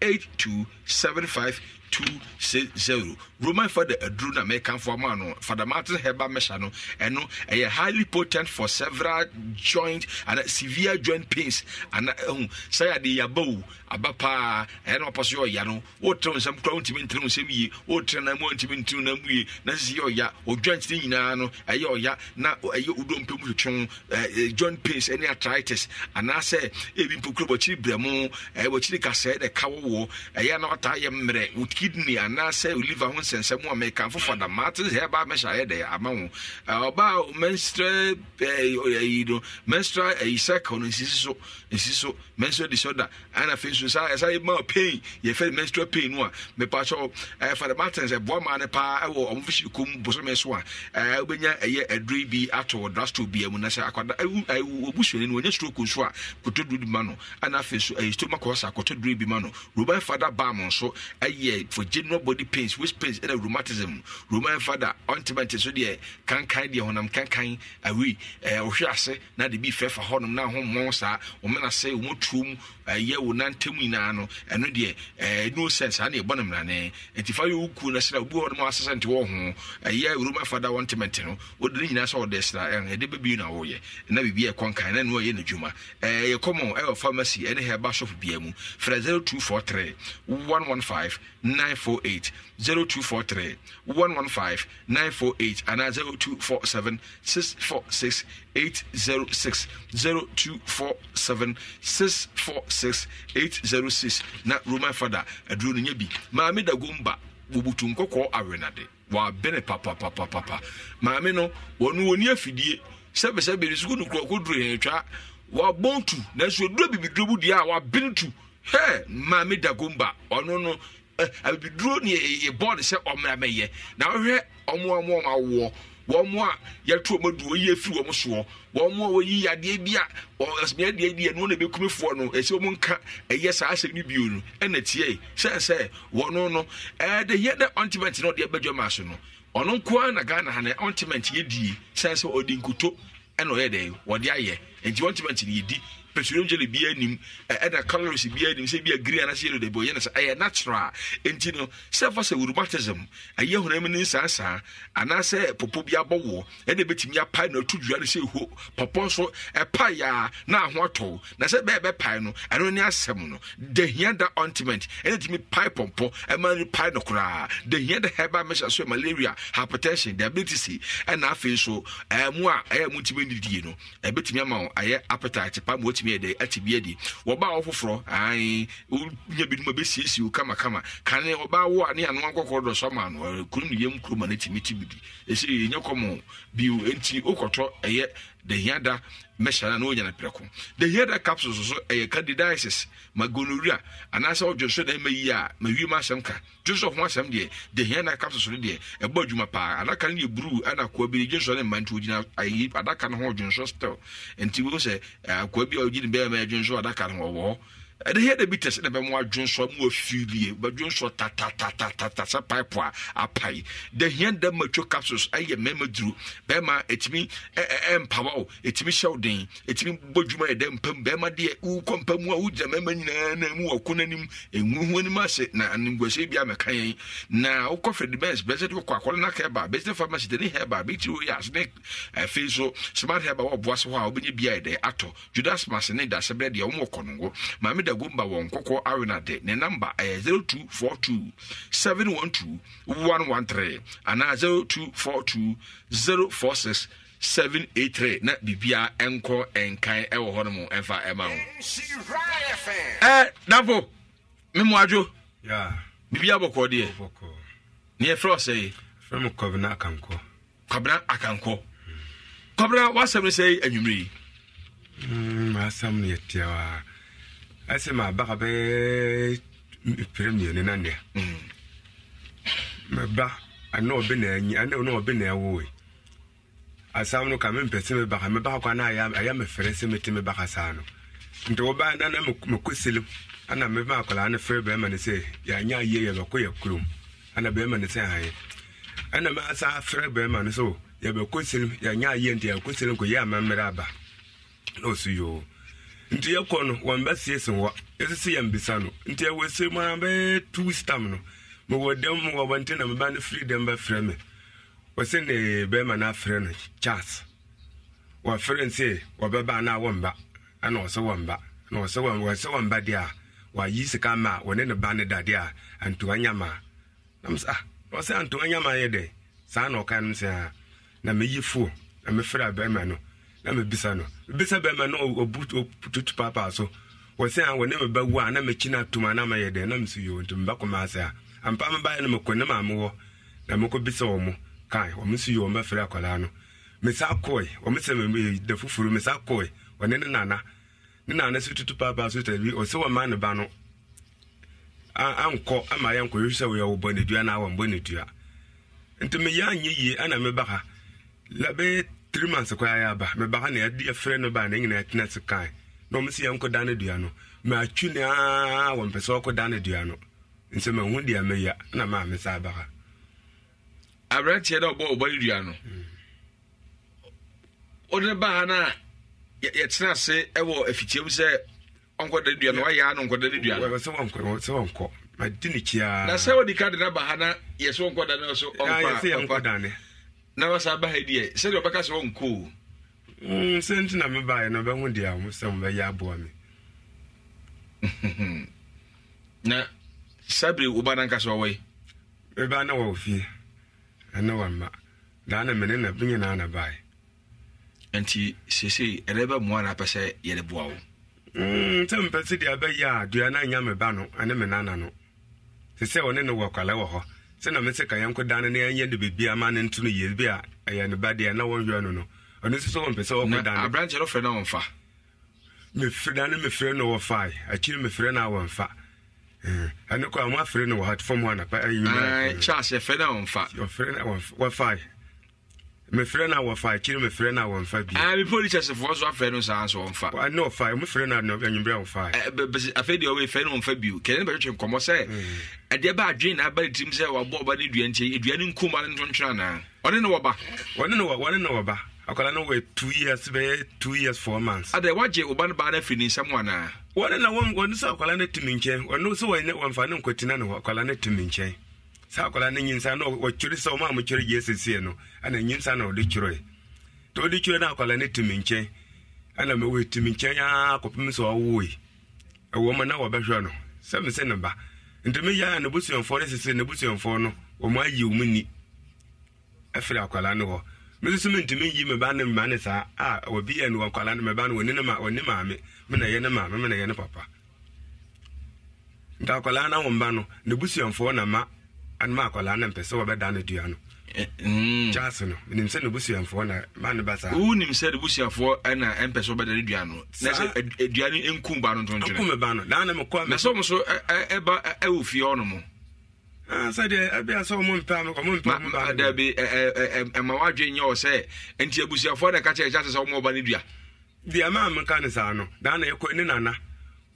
82 75260 roman fa aduru na mekamfo ama no fada martin heba mehyɛ no ɛno ɛyɛ highly potent for several joint and severe joint pains And ɛhu sɛ yɛde yaba o aba paa ɛyɛ na ɔpɔ ɔya no wotere nsɛm kora wontumi ntere nsɛm yie wotere na mu wontumi ntere na mu yie na sisi yɛ ɔya o joint ne nyinaa no ɛyɛ ɔya na ɛyɛ odom pɛ mu twetwe eh, eh, joint pains ɛne arthritis anaasɛ ebi mpo bɔkyiri brɛ mu ɛyɛ eh, bɔkyiri kasɛɛ ɛka wɔwɔ ɛyɛ na ataa yɛ mmerɛ wo kidney anaasɛ wo liver ho nsɛnsɛm a meka fofa da maate sɛ ɛba mɛhyɛ ayɛ dɛ ama wo ɔbaa menstral ayi no menstral ayi cycle no nsisi so nsisi so menstral disorder ɛna afei nso saa ɛsa yɛ ma pain yɛfɛ menstral pain no a mepakyɛ ɛɛ fada maate sɛ boa maa ne paa ɛwɔ ɔmo fisi kom bosome so a ɛɛ wobɛnya ɛyɛ ɛdure bi ato drasto bia mu na sɛ akwadaa ɛwu ɛwu obusuani no wɔnyɛ stroke nso a kotoduro ma no ɛna afei nso ɛyɛ stomach ulcer kotoduro bi ma no roban fada baa mo so ɛyɛ for general body pains which pains ɛna rheumatism roman fada ointment so deɛ kankan deɛ honam kankan awi ɛɛ ɔhwɛ ase na de bi fɛ fa hɔnom na ho mmɔn saa wɔn na sɛ wɔn tuom ɛyɛ wɔn nantam nyinaa no ɛno deɛ ɛɛ no sense saa na ɛbɔ ne mmerane nti fa yɛ wuku na sira obi wɔ hɔnom asesa nti wɔn ho ɛyɛ roman fada ointment no wɔde ne nyinaa sɛ ɔde sira ɛde bɛbi na wɔyɛ na biribi yɛ kɔnkan na ɛno yɛ n'adwuma ɛɛ yɛ kɔmɔn ɛwɔ pharmacy ɛne herbal shop biara mu frɛ zero two four three one. 115 948 0243 115 948 and 0247 646 806 0247 646 806 na roman father aduro no nya bi maame dagomba wɔbutu nkɔkɔɔ awenade papa papapapapa maame no wɔno wɔni afidie sɛbɛsɛbɛ ne so ko nokurɔkɔ duru yɛn atwa wɔabɔn tu nanso ɔdura bibiduro mu deɛ a wɔabene tu hɛ maame dagomba ɔno no abibiduro ne yɛbɔ ne sɛ ɔmmra mɛyɛ na wohwɛ ɔmo ɔmo awoɔ wɔn a yɛto wɔn adu wɔyi efiri wɔn soɔ wɔn a wɔyi yadeɛ bi a ɔsɛmɛ deɛ deɛ no na ebekumi foɔ no esi wɔn nka ɛyɛ saa asɛm no bio no ɛna tie sɛnsɛ wɔn no ɛɛ de yɛ de ɔntiment na ɔde ɛbɛdwa maa so no ɔno nkoa na ghana ha na ɔntiment yɛ die sɛnsɛ ɔdi nkuto ɛna ɔyɛ de wɔde ayɛ nti ɔntiment na yɛ di petroleum jelly bi anim ɛna calories bi anim sɛ bi a green anase yellow de bɔ yɛn sɛ ɛyɛ natural nti no sɛ fa sɛ rheumatism ɛyɛ honam ne nsaasaa anaasɛ popo bi abɔ wɔ ɛna ebetumi apae na otu dua no sɛ eho pɔpɔ nso ɛpae a na aho atɔw na sɛ bɛɛ bɛpae no ɛno ne asɛm no dahia da ointment ɛna tumi pae pɔmpɔ ɛma no pae no koraa dahia da herbal measure so malaria hypertension diabetes ɛna afei nso ɛmu a ɛyɛ mu ntumi nidie no ɛbɛtumi ama wɔn ayɛ appetite pa mu wɔtumi atumi ɛdɛ atumi ɛdi ɔbaa ɔfoforɔ ayi nya bi duma besiesie o kamakama kane ɔbaa wo a ne anoo akɔkɔ dɔ so ama no kurum ne yam kuroma ne timi timi bi esi nyɛ kɔmɔ bi o okɔtɔ ɛyɛ dahiada mehyɛ na na ɔnya no prɛko dahiada capsules so ɛyɛ candidiasis ma gonorrhea anaasɛ wodwo so dɛn ma yi a ma wiem asɛm ka dwosɔ ho asɛm deɛ dahiada capsules no deɛ ɛbɔ adwuma paa adaka no yɛ bruu ɛna akoa bi gye so ne mma nti ogyina ayi adaka no ho ɔdwonso still nti wo sɛ eh, akoa bi a ogyine bɛɛ ma ɛdwonso adaka no ɔwɔ ɛde yɛ dɛ bi tɛ sɛ dɛ bɛmo adwonsɔ mu ta ta tatatatata sɛ pipe a de da hia da matwo capsules ɛyɛ mmarima duro bɛrima ɛtumi ɛmpawa o ɛtumi hyɛ wo den ɛtumi bɔ dwuma yɛ dɛ mpam bɛrima deɛ wokɔ mpa mu a wogya mmarima nyinaa na mu wɔko no anim ɛnwu ho anim ase na animguasɛ bi a mɛka yɛn na wokɔ fred bens bɛsɛ de wokɔ akɔle no hɛba bɛsɛ pharmacy dani hɛba bɛtiri woyɛ ase ne afei so smart hɛba wɔboa so hɔ a wobɛnya bia yɛ dɛ atɔ judas mase ne dasɛbrɛ deɛ wɔmɔkɔ no ngo maame da gumba mba koko kɔkɔɔ de ne namba ɛyɛ 0242 one 113 anaa 0242 046 783 na biribiara nkɔ nkan wɔ hɔ no mu ɛmfa ɛma ho ɛ eh, dapo memu adwo biribiara bɔkɔɔ deɛ ne yɛfrɛ ɔ sɛ yi kɔbena akankɔ kɔbena wasɛm no sɛ anwummere yi mm, masɛm no yɛtiawaa ɛsɛ ma baka bɛɛ pere mmienu na nea mɛba mm. ana ɔbɛ na anyi ana ɔna ɔbɛ na ɛwoe asam no ka mempɛ sɛ mebaka mebaka kɔ ana ayɛ mɛfrɛ sɛ mete mebaka saa no nti wɔbaa na na mekɔ selem ana mema akwadaa no frɛ bɛrima no sɛ yɛanyɛ ayie yɛbɛkɔ yɛ kurom ana bɛrima no sɛ ayɛ ɛna masa frɛ bɛrima no sɛ oh, yɛbɛkɔ selem yɛanyɛ ayie nti yɛkɔ selem kɔ yɛ amammerɛ aba na ɔso yoo nti yɛkɔ no wɔmbɛsie sen hɔ ɛsisi yɛn bisa no nti ɛwɔ esie mu a bɛyɛ two stam no mewɔ dɛm mu wɔbɔnten na meba no firi dɛm bɛfrɛ me wɔsɛ ne bɛrima no afrɛ no charles wɔfrɛ n wɔbɛba no a wɔmba ɛna wɔsɛ wɔmba na wɔsɛ wɔsɛ wɔmba deɛ a wɔayi sika ma a wɔne ne ba ne da a antoa nyama na mo sɛ ah nyama yɛ dɛ saa na ɔka no sɛ na meyi fuo na mefrɛ bɛrima no na mebisa no mebisa bɛrima na ɔbututu paapaa so wɔsɛ a ah, wɔne me bɛwu a na makyi no atom a na mayɛ dɛn na meso yo nti meba ase a ampa mebaeɛ no mekɔ ne maa mewɔ na mekɔbisa wɔ mo kae ɔmo so yo ɔmɛfrɛ akwadaa no mesa kɔe ɔmo sɛ da foforo mesa kɔe ɔne ne nana ne nana so tutu paapaa so tɛbi ɔsɛ wɔma ne ba no ankɔ ama yɛ nkɔ yɛhwɛ sɛ wɔyɛ wɔbɔ ne dua na awɔmbɔ ne dua nti meyɛ anyɛ yie ana meba ha labɛyɛ three months kɔ ayɛ aba mɛba ha na yɛde ɛfrɛ no baa na nyinaa tena se kan na ɔmo si yɛn kɔ dan ne dua no matwi ne aa ah, wɔn pɛ sɛ ɔkɔ dan ne dua no nso ma ho deɛ mɛya na maame sa aba ha. aberanteɛ dɛ ɔbɔ ɔbɔ dua no ɔde baa na yɛtena ase ɛwɔ afitie mu sɛ ɔnkɔ da dua no wayɛ a na ɔnkɔ da ne dua no. wɔn sɛ wɔnkɔ sɛ wɔnkɔ ma di ne kyiaa. na sɛ wɔde ka de na baa ha na yɛ sɛ wɔnkɔ da ne so ɔnkɔ a ɔnkɔ da ne na wasa aba ha deɛ sɛdeɛ ɔbɛka sɛ wɔnkɔ o mm, sɛ nti na mebaeɛ no ɔbɛhu deɛ ho sɛ mobɛyɛ aboa me [LAUGHS] na saa bere wo ba no anka sɛ ɔwɔe meba na wɔwɔ fie ɛne wɔmma daa na mene na nyinaa na baeɛ nti seesei ɛdɛ bɛmmoa na apɛ sɛ yɛde boa wo mm, sɛ mpɛ sɛ deɛ abɛyɛ a dua no anya me ba no ɛne me nana no te sɛ ɔne ne wɔ kwala wɔ hɔ sɛna mesɛ ka yɛnkɔ da no na yɛnyɛ no bebia ma no nto no yie bi a ɛyɛ ne ba deɛ na wɔnwɛ no no ɔno nso sɛ wɔmpɛ sɛ wɔkɔ da noaberantɛ no frɛ no wɔmfa mefrɛ da no mefrɛ no wɔfae akyiri mefrɛ no a wɔmfa ɛno kɔ a mo afrɛ no wɔ hatfam hɔ anapa kyɛs yɛfrɛ no wɔmfa wɔfae mefrɛ no a wɔfa akyiri mefrɛ no a wɔmfa bi mepolikyɛsefoɔ ah, so afrɛ no saa so wɔmfa ne ɔfa mefrɛ no anwummerɛ a wɔfa eh, afei deɛ ɔwɛfrɛ no wɔmfa bio kɛne no bɛtwetwe nkɔmmɔ sɛ hmm. ɛdeɛ ba adwene na aba ne tirim sɛ wɔabɔ ɔba no dua nkyɛ ɛdua no nkuma no ntontwere anaa ɔne ne wɔba ɔne ne wɔba akwadaa no wɔ two years bɛyɛ two years four months. ada wagye ɔba no baa no afiri ne nsam anaa wɔne na wɔn sɛ akwadaa no tumi nkyɛn ɔno sɛ wɔnfa ne nkwatina ne hɔ akwadaa no tumi nkyɛn saa akwadaa no nyinsa na wɔkyerɛ sɛ ɔma a mokyerɛ gye sesie no ana nyinsa na ɔde kyerɛ nti ɔde kyerɛ no akwadaa no timi nkyɛn ana mɛwɔ timi nkyɛn aa kɔpem sɛ ɔwoe ɛwɔ ma na wɔbɛhwɛ no sɛ me sɛ ne ba nti meyɛ a n'abusuamfoɔ no sesie n'abusuamfoɔ no wɔn ayi wɔn ni afiri akwadaa no hɔ mese so mentumi yi meba ne mma ne saa a wɔbi yɛ no wɔkwala no meba no wɔne ne wɔne maame me na yɛ ne maame me na yɛ ne papa nti akwala no wo no ne busuamfoɔ na ma anoma akwadaa na mpɛ sɛ wɔbɛda no dua no eh, mm. charles no nim sɛ ne na ma ne basa wonim sɛ ne ɛna ɛmpɛ sɛ wɔbɛda no dua no na sɛ adua eh, eh, no ɛnkum ba no ntontwene ba no na na mekɔ na sɛ ɔmo so ɛba ɛwɔ fie hɔ no mo ah, sɛdeɛ ɛbia sɛ ɔmo mpɛ ɔmo mpɛ ɔmo dabi ɛma wadwe nyɛ wɔ sɛ nti abusuafoɔ na ɛka kyerɛ kyɛ sɛ ɔmo ɔba no dua deɛ maa meka ne saa no daa na ɛkɔ ne nana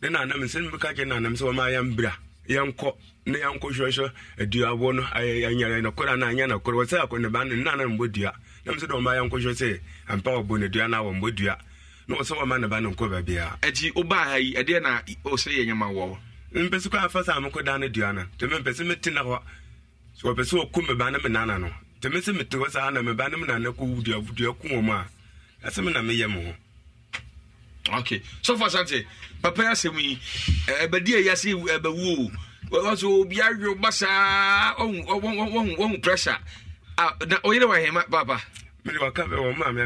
ne nana mesɛ ne meka kyerɛ nana m sɛ ɔma yɛmbra yɛnkɔ ne yankɔhwɛhwɛ aduabɔ no anyare nokora na anyɛ nokora wɔ sɛ akɔ ne ba no nna na mbɔ dua nam sɛ dɛ ɔma yankɔhwɛ sɛ ampa wɔbɔ ne dua na wɔmbɔ dua na wɔ sɛ wɔma ne ba no nkɔ baabiaa agyi wobaa ha yi ɛdeɛ na ɔsɛ yɛ nyama wɔ mpɛ sɛ kɔ afa sɛ amekɔ da no dua no nti mempɛ sɛ metena hɔ wɔpɛ sɛ wɔku me ba no me nana no nti sɛ mete hɔ saa na me ba no me nana kɔ dua ku wɔ mu a ɛsɛ me na meyɛ me ho okay sɔfo asante papa asɛm yi ɛbɛdi a yɛase ɛbɛwuo ɔso obi awo basaa ɔhu pressure ah, na ɔyere wa hɛn bɛ aka baabi.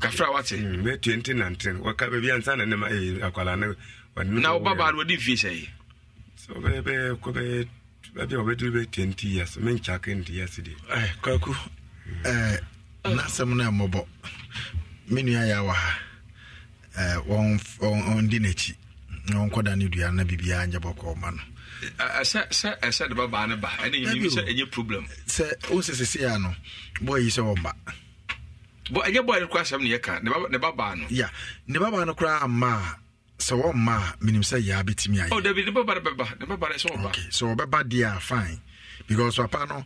kafra wate. baabi ansa na ne. na baa no ɔdi nfi sɛ yi. sɛ bụ bɛ kɔ bɛ baabi a ɔbɛduru bɛ de. kwaku n'asɛm no ɛmɔbɔ me nua yɛ ha n'akyi. na ɔnkɔda ne dua na biribiaa nyɛ bɔkɔɔ ma no sɛ ɛsɛ de babaa no ba ɛne yɛnim sɛ a no bɔɔ yi sɛ wɔmba no kora asɛm ne ne babaa no ya ne babaa no koraa amma a sɛ wɔmma a menim sɛ yɛa bɛtumi ayɛ dabi ne baba no bɛba ne baba no sɛ wɔba sɛ wɔbɛba deɛ a fine because papa no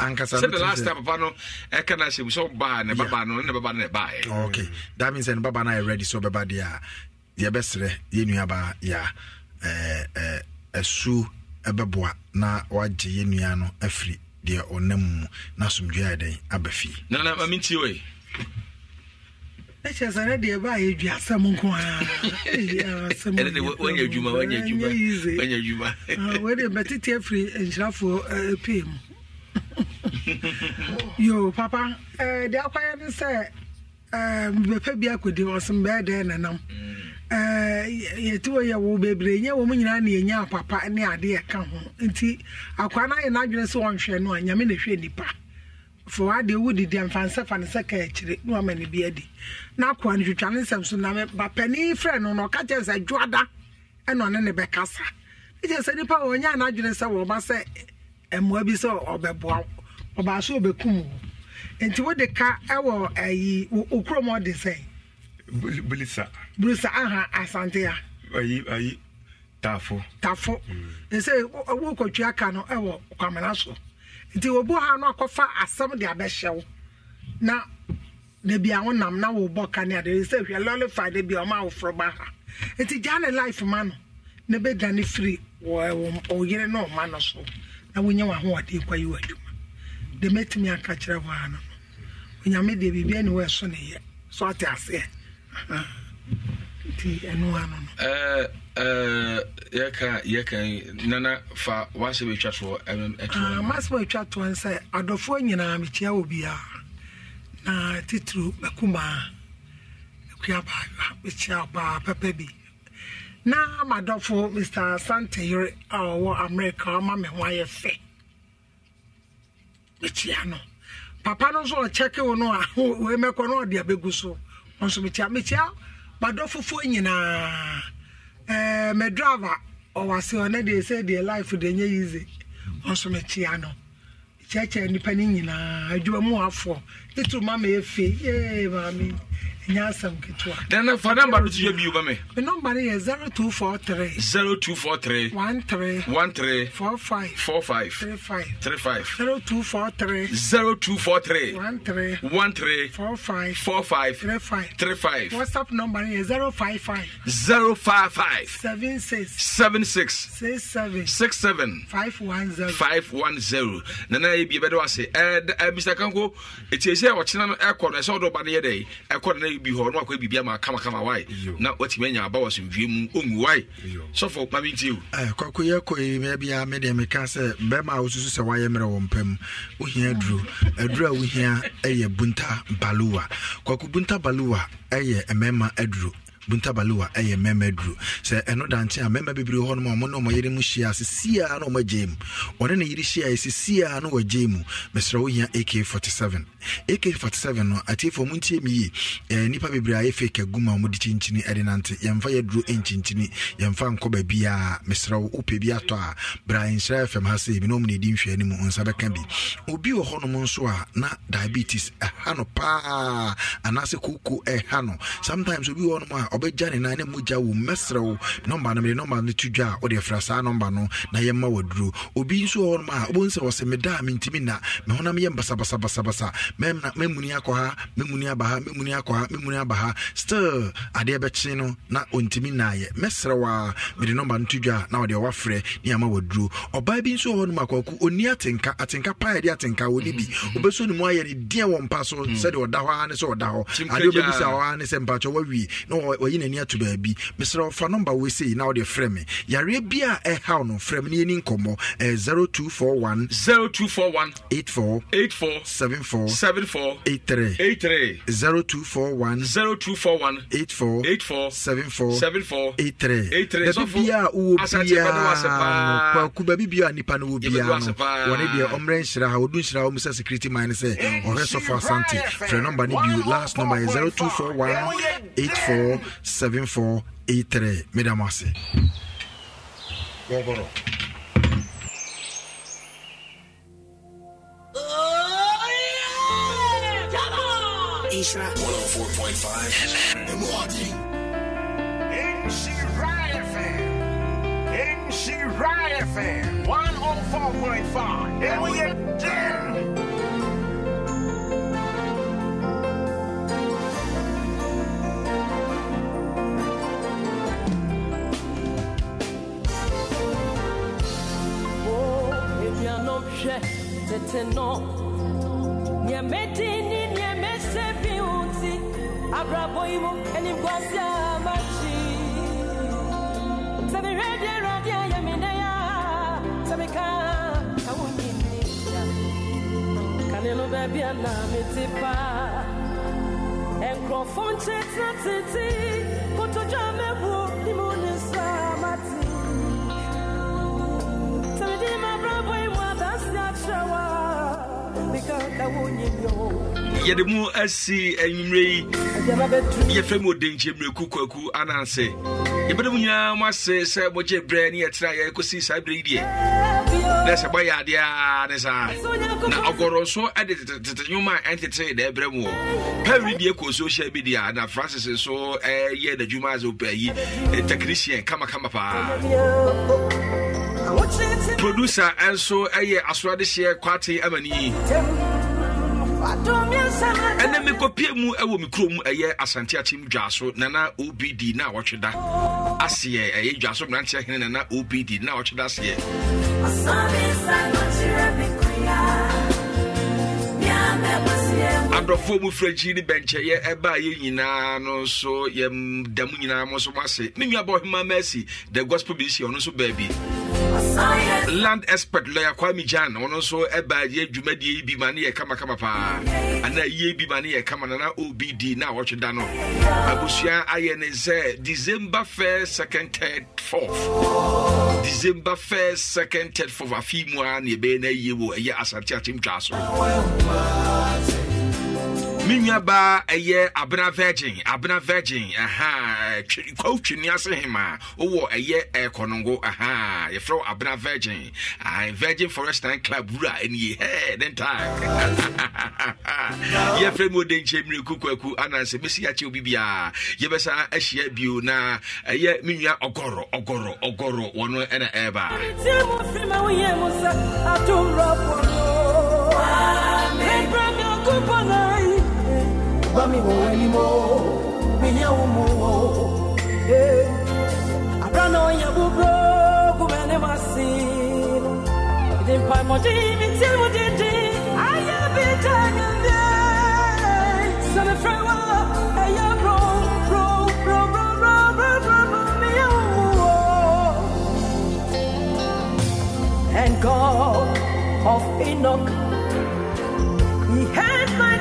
ankasa sɛ the last time papa no ɛka no ahyɛ mu sɛ wɔbaa ne baba no ne baba ne ɛbaɛ okay that means sɛ ne baba no ayɛ ready sɛ wɔbɛba deɛ a deɛ yɛn nuabaa yɛ eh, eh, a asuo bɛboa na wagye yɛn nua no afiri deɛ ɔnam mu na asomdwea yɛ dɛn aba fie nana ah, [LAUGHS] yo papa deɛ akɔyɛ ne sɛ mbɛpɛ bi akɔdi ɔsembɛɛ dɛn nanam mm. Eh, yɛtiwɔ yɛ bebree nyɛ wɔn nyinaa na yɛnya apapa ne adeɛ ka ho nti akwa no ayɛ n'adwene sɛ ɔnhwɛ no a nyame na ɛhwɛ nnipa fo adeɛ mfa nsa fa ne sɛ ka akyire na wama ne bi na akoa no twitwa ne nsɛm so frɛ no ɔka sɛ dwoada ne bɛkasa nnipa sɛ wɔba sɛ mmoa bi sɛ ɔbɛboa ɔbaa so ɔbɛkum wo nti wode ka ɛwɔ ayi ɔde sɛn bulisa bulisa aha asante ya ayi ayi tafo tafo mm. nse wo kwatwa aka no ɛwɔ kwamena so nti obu ha no akɔfa asɛm de abɛhyɛ wo na na bia wo nam na wo bɔ ka ne ade sɛ hwɛ lɔlefa de bia ɔma wo forɔ ba ha nti gya life ma no na bɛdwane firi wɔ ɔyere na ɔma no so na wonyɛ w'ahoɔden kɔyi w'adwuma de mɛtumi aka kyerɛ hɔ ha no onyame deɛ biribi ani wɔ ɛso ne yɛ so ate aseɛ yɛka yɛka nana fa ah, adɔfoɔ nyinaa mekyia wɔ biaa na titiri makumaa akuabaawa mekyia baa pɛpɛ bi na madɔfo mr sante yere a ɔwɔ america ɔma me ho ayɛ fɛ mekyia no papa no nso ɔkyɛke wo no a [LAUGHS] wei no ɔde abɛgu so nso metia metia madɔfofoɔ nyinaa ɛɛ eh, mɛ drava ɔwase ɔne deɛ sɛ deɛ life deɛ nyɛ easy nso metia no kyerɛkyerɛ nipa ne nyinaa adwuma mu afoɔ titiri maame efe yee maame ɛnyɛ asɛm ketewa dɛn fa namba no tiyɛ bio bɛmɛ me nɔmba no yɛ 0243 0243 13 13 45 45 35 35 0243 0243 13 13 45 45 35 35 whatsapp number no yɛ 055 055 76 76 67 67 510 510 nana yɛ bie bɛde wase eh, ɛɛ eh, mr kanko ɛtie sɛ ɔkyena no ɛkɔ no ɛsɛ ɔdɔ ba no yɛ dɛ ɛkɔ no yi bi hɔ ɔno akɔ biribi ama kamakama wae na watumi anya aba wasomdwie mu ɔngu wae sɔfo ma mentie wo kɔko kɔi maabia medeɛ meka sɛ bɛma a wosusu sɛ woayɛ mmerɛ wɔ mpa mu wohia aduro aduro a wohia ɛyɛ bunta baluwa kɔko bunta baluwa ɛyɛ mmarima aduro buntabaliwa ɛyɛ eh, mɛmɛ duro sɛ ɛno eh, dante a mɛmɛ bebree hɔ nom a ɔmo ne ɔmo yere ah, mu hyia sisia na ɔmo agye mu ɔne ne yere hyia yɛ sisia na wɔagye mu mesrɛ wo hia ak47 ak47 no atiefo ɔmo ntie eh, mu yie ɛɛ nipa bebree a yɛ fake agu mu a ɔmo de kyinkyini ɛde nante yɛmfa yɛ duro nkyinkyini yɛmfa nkɔ baabi a mesrɛ wo wopɛ bi atɔ a bra nhyira fm ha sɛ ebi na ɔmo na edi nhwɛ anim nsa bɛka bi obi wɔ hɔ nom nso a ah, na diabetes ɛha no paa anaasɛ kooko ɛha no sometimes obi wɔ nom a ah, ɔbɛgya ne nan ne mogya wo mɛsrɛ wo nɔmba no mede nɔmba no to dwa a wode fra saa nɔmba no na yɛma waduro obi nso wɔ hɔnom a wobɛhu sɛ ɔsɛ meda a mentimi na me honam yɛ mbasabasabasabasa mamuni akɔ ha mamuni aba ha mamuni akɔ ha mamuni aba ha still adeɛ bɛkye no na ɔntimi naayɛ mɛsrɛ wo a mede nɔmba no to dwa a na wɔde wɔafrɛ ne ama waduro ɔbaa bi nso wɔ hɔnom akwaku ɔnni atenka atenka paa yɛde atenka wɔni bi mhm, mhm. obɛso ne mu ayɛ ne deɛ wɔ mpa so mhm. sɛdeɛ ɔda hɔ a ne sɛ ɔda hɔ adeɛ wobɛbisa hɔ a ne sɛ mpakyɛ wawie na wayi n'ani ato baabi mesrɛ ɔfa nɔmba wɔsei na wode frɛ me yareɛ bi a ɛhaw no frɛ me ne yɛni nkɔmmɔ 0241 0241 84 84 74 74 83 83 0241 0241 84 84 74 74 83 83 dabi bia wowɔ biaa kwaku baabi bia nnipa no wɔ biaa no wɔne deɛ ɔmmerɛ nhyira ha wɔdu nhyira wɔ mu sɛ security man no sɛ ɔhwɛ sɔfo asante frɛ nɔmba no bio last number yɛ 0241 84 seven four eight three madam ase. gbọgbọrọ. Isra. 104.5 Mwadi. Inshirai FM. Inshirai FM. 104.5. And we are hwɛ tete nɔ nea mɛdi ni nea mɛsɛ bi wo ti abrabɔ yi mu animguase a makyi sɛ mehwɛ deɛ awurade a sɛ meka ka wo kane no baabi a na mete paa kotodwa mɛbuo mu ne mate sɛ ma yɛde mu asi anwummerɛ yi yɛfrɛ mu ɔdenkye mmerɛku kwaku anaasɛ yɛbɛde mu nyinaa mo ase sɛ mogye berɛ ne yɛtena yɛkɔsi saa berɛ yi deɛ na sɛ bɔyɛ adeɛ a ne saa na ɔgɔrɔ so de tete nwoma a ɛntete na ɛbrɛ mu wɔ pɛwri deɛ kɔ social media na francis so ɛyɛ n'adwuma sɛ ɔpɛ yi technician kamakama paa producer ɛnso ɛyɛ asoradehyeɛ kwate amani ɛnɛ mekɔpie mu ɛwɔ eh, me kurom ɛyɛ eh, asante akyem dwaaso nana obd na wɔtweda aseɛ ɛyɛ eh, dwaaso mmeranteɛ hene nana obd na wɔtweda aseɛ adɔfoɔ mu frɛkyi ne bɛnkyɛeɛ ɛbaa yɛ nyinaa no nso yɛda mu nyinaa mo nso mo ase me nuaba ɔhema mercy the gospel bi si ɔno nso baabi land expert lawyer kwame jan ɔno nso ɛba yɛ dwumadie yi bi ma ne yɛ kamakama paa anaa yie bi ma ne yɛ kama nana obd na wɔtwe da no abusua ayɛ ne sɛ december first second third fourth december first second third fourth afei mu a ne ɛbɛyɛ no ayie wɔ ɛyɛ asante akyemtwaa so me nuabaa ɛyɛ abena virgin abena virgin kwaw twini ase hema wowɔ ɛyɛ ɛkɔnongo e, yɛfrɛ abena virgin virgin forest and club wura ɛnie ne ntak [LAUGHS] yɛfrɛ mu ɔde nkyɛ mmire kukuaku anansɛ mɛsi akyɛ obi biaa yɛbɛsa ahyia e, e, bio na ɛyɛ me nua ɔgɔrɔ ɔgɔrɔ ɔgɔrɔ wɔno ɛna ɛɛbaa Amen. Bami mo weni mo, mi ya eh, Abrano ya pa mo di, mi ti mo di di, aya bi And God of Enoch, he has. my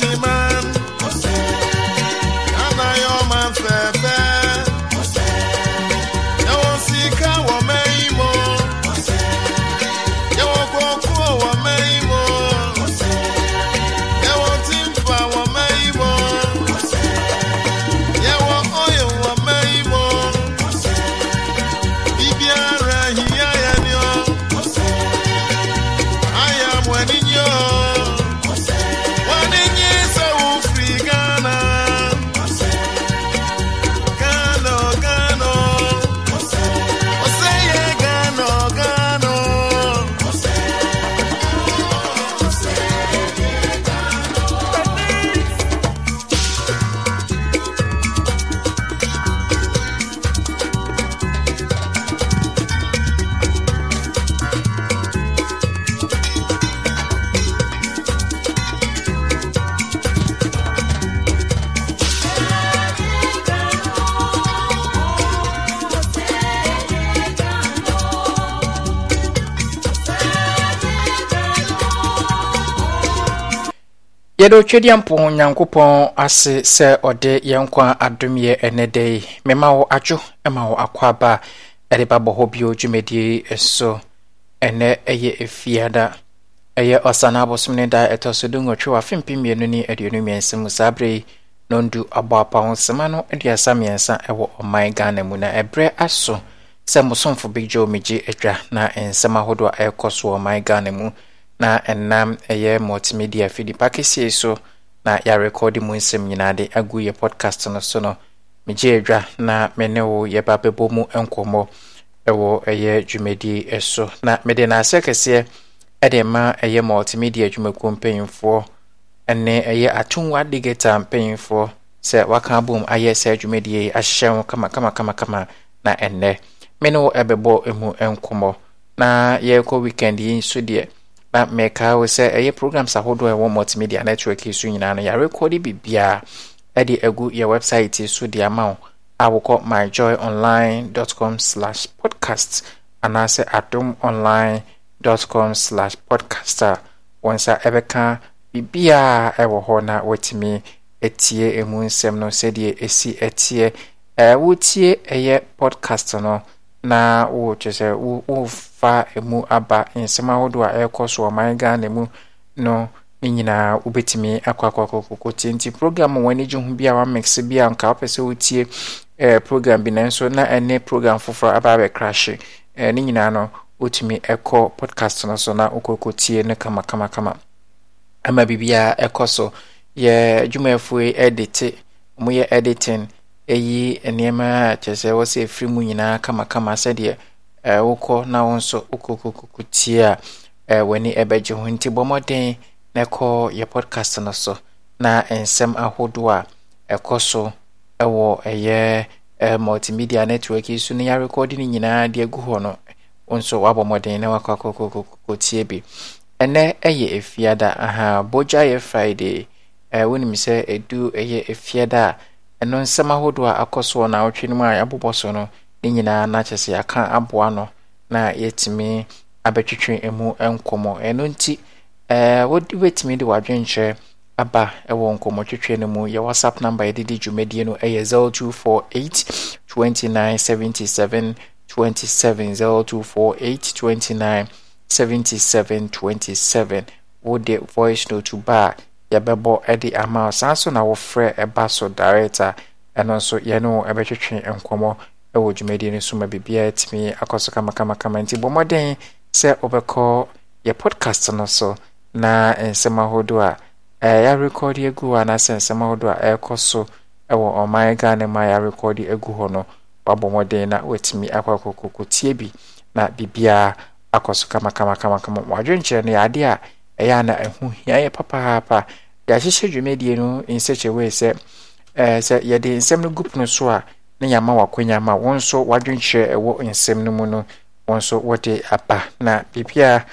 Hiroshima. yɛde otwadi ampo nyankopɔn ase sɛ ɔde yɛn nkwa adomyɛ ɛnɛ da yi mema wo adwo ma wo akɔ aba a ɛde babɔ hɔ bio dwumadie so ɛnɛ ɛyɛ efiada ɛyɛ ɔsana abosom ne da ɛtɔ so dunwɔtwe wɔ afempe mmienu ne aduonu mmiɛnsa mu saa berɛ yi na ɔndu aboapa ho sema no aduasa mmiɛnsa ɛwɔ ɔman ghana mu na ebre asụ sɛ mosomfo big joe megye na nsɛm ahodoɔ a ɛrekɔ so wɔ mu na ɛnam ɛyɛ multimedia fidipa kɛseɛ so na yɛarekɔde mu nsɛm nyinaa de agu yɛ podcast no so no megye adwa na me ne wo yɛba bɛbɔ mu nkɔmmɔ ɛwɔ ɛyɛ dwumadie so na mede naasɛ kɛseɛ ɛde ma ɛyɛ multimedia adwumakuo mpanyimfoɔ ɛne ɛyɛ atongwa digita mpanyimfoɔ sɛ waka abom ayɛ sɛ dwumadie yi ahyehyɛ ho kama kama kama na ɛnnɛ me ne wo ɛbɛbɔ mu nkɔmmɔ na yɛrekɔ weekend yi nso deɛ na mmɛka wo sɛ ɛyɛ programs ahodoɔ ɛwɔ e multimedia network yi e e so nyinaa no yɛarekɔde biribiaa ɛde agu yɛ website so de ama wo a wokɔ myjoyonline com slash podcast anaasɛ adom online com slash podcast a wɔn nsa ɛbɛka biribiaa ɛwɔ hɔ na watumi atie emu nsɛm no sɛdeɛ ɛsi ɛteɛ ɛwotie ɛyɛ podcast no na wokyɛ sɛ wofa mu aba nsɛm ahodoɔ a ɛrekɔ so ɔman ghana mu no ne nyinaa wobɛtumi akɔ akɔakɔkɔkɔtie nti program w'ani gye ho bi a wamix bi a nka wopɛ sɛ wotie eh, program bi nanso na ɛne program foforɔ aba abɛkrahye eh, ne nyinaa no wotumi ɛkɔ podcast no so na wokɔkɔtie no kamakamakama ama biribiaa ɛkɔ so yɛ adwumayɛfoɔ yi edite ɔmoyɛ editing ɛyi nneɛma a kyerɛ sɛ wɔ sɛ ɛfiri mu nyinaa kamakama sɛdeɛ wokɔ na wo nso wokɔkɔkɔkɔ tie a w'ani ɛbɛgye ho nti bɔ mmɔden na ɛkɔ yɛ podcast no so na nsɛm ahodoɔ a ɛkɔ so ɛwɔ ɛyɛ multimedia network yi so no yɛarekɔde no nyinaa de agu hɔ no wo nso woabɔ mmɔden na wakɔ akɔkɔkɔtie bi ɛnɛ yɛ efiada aha bogya yɛ friday wonim sɛ edu ɛyɛ efiada a ɛno nsɛm ahodoɔ a akɔ soɔ na awotwe no mu a yɛabobɔ so no ne nyinaa na kyɛ sɛ yɛaka aboa no na yɛtumi abɛtwitwe mu nkɔmmɔ ɛno nti wobɛtumi de w'adwenkyerɛ aba ɛwɔ nkɔmmɔtwitwe no mu yɛ whatsapp number yɛdedi dwumadie no ɛyɛ 0248 29 77 27 0248 29 77 27 wode voice note ba yɛbɛbɔ de ama saa nso na wɔfrɛ ba so director ɛno nso yɛne ɛbɛtwetwe nkɔmmɔ ɛwɔ dwumadie no so ma biribiaa tumi akɔ so kamakamakama nti bɔ sɛ wobɛkɔ yɛ podcast no so na nsɛm ahodoɔ a yɛarekɔde agu hɔ anaasɛ nsɛm ahodoɔ a ɛrekɔ so ɛwɔ ɔman ghana mu a yɛarekɔde agu hɔ no wabɔ mmɔden na watumi akɔ akɔkɔkɔtie bi na biribiaa akɔ so kamakamakamakama wadwenkyerɛ no yɛ adeɛ a ɛyɛ ana ɛho hia yɛ papaapa yɛahyehyɛ dwumadie no nsɛkyɛwei sɛ ɛɛ eh, sɛ yɛde nsɛm no gu pono so a ne yɛama wakonya ma wɔn nso wadwenkyerɛ ɛwɔ nsɛm no mu no wɔn nso wɔde aba na biribi a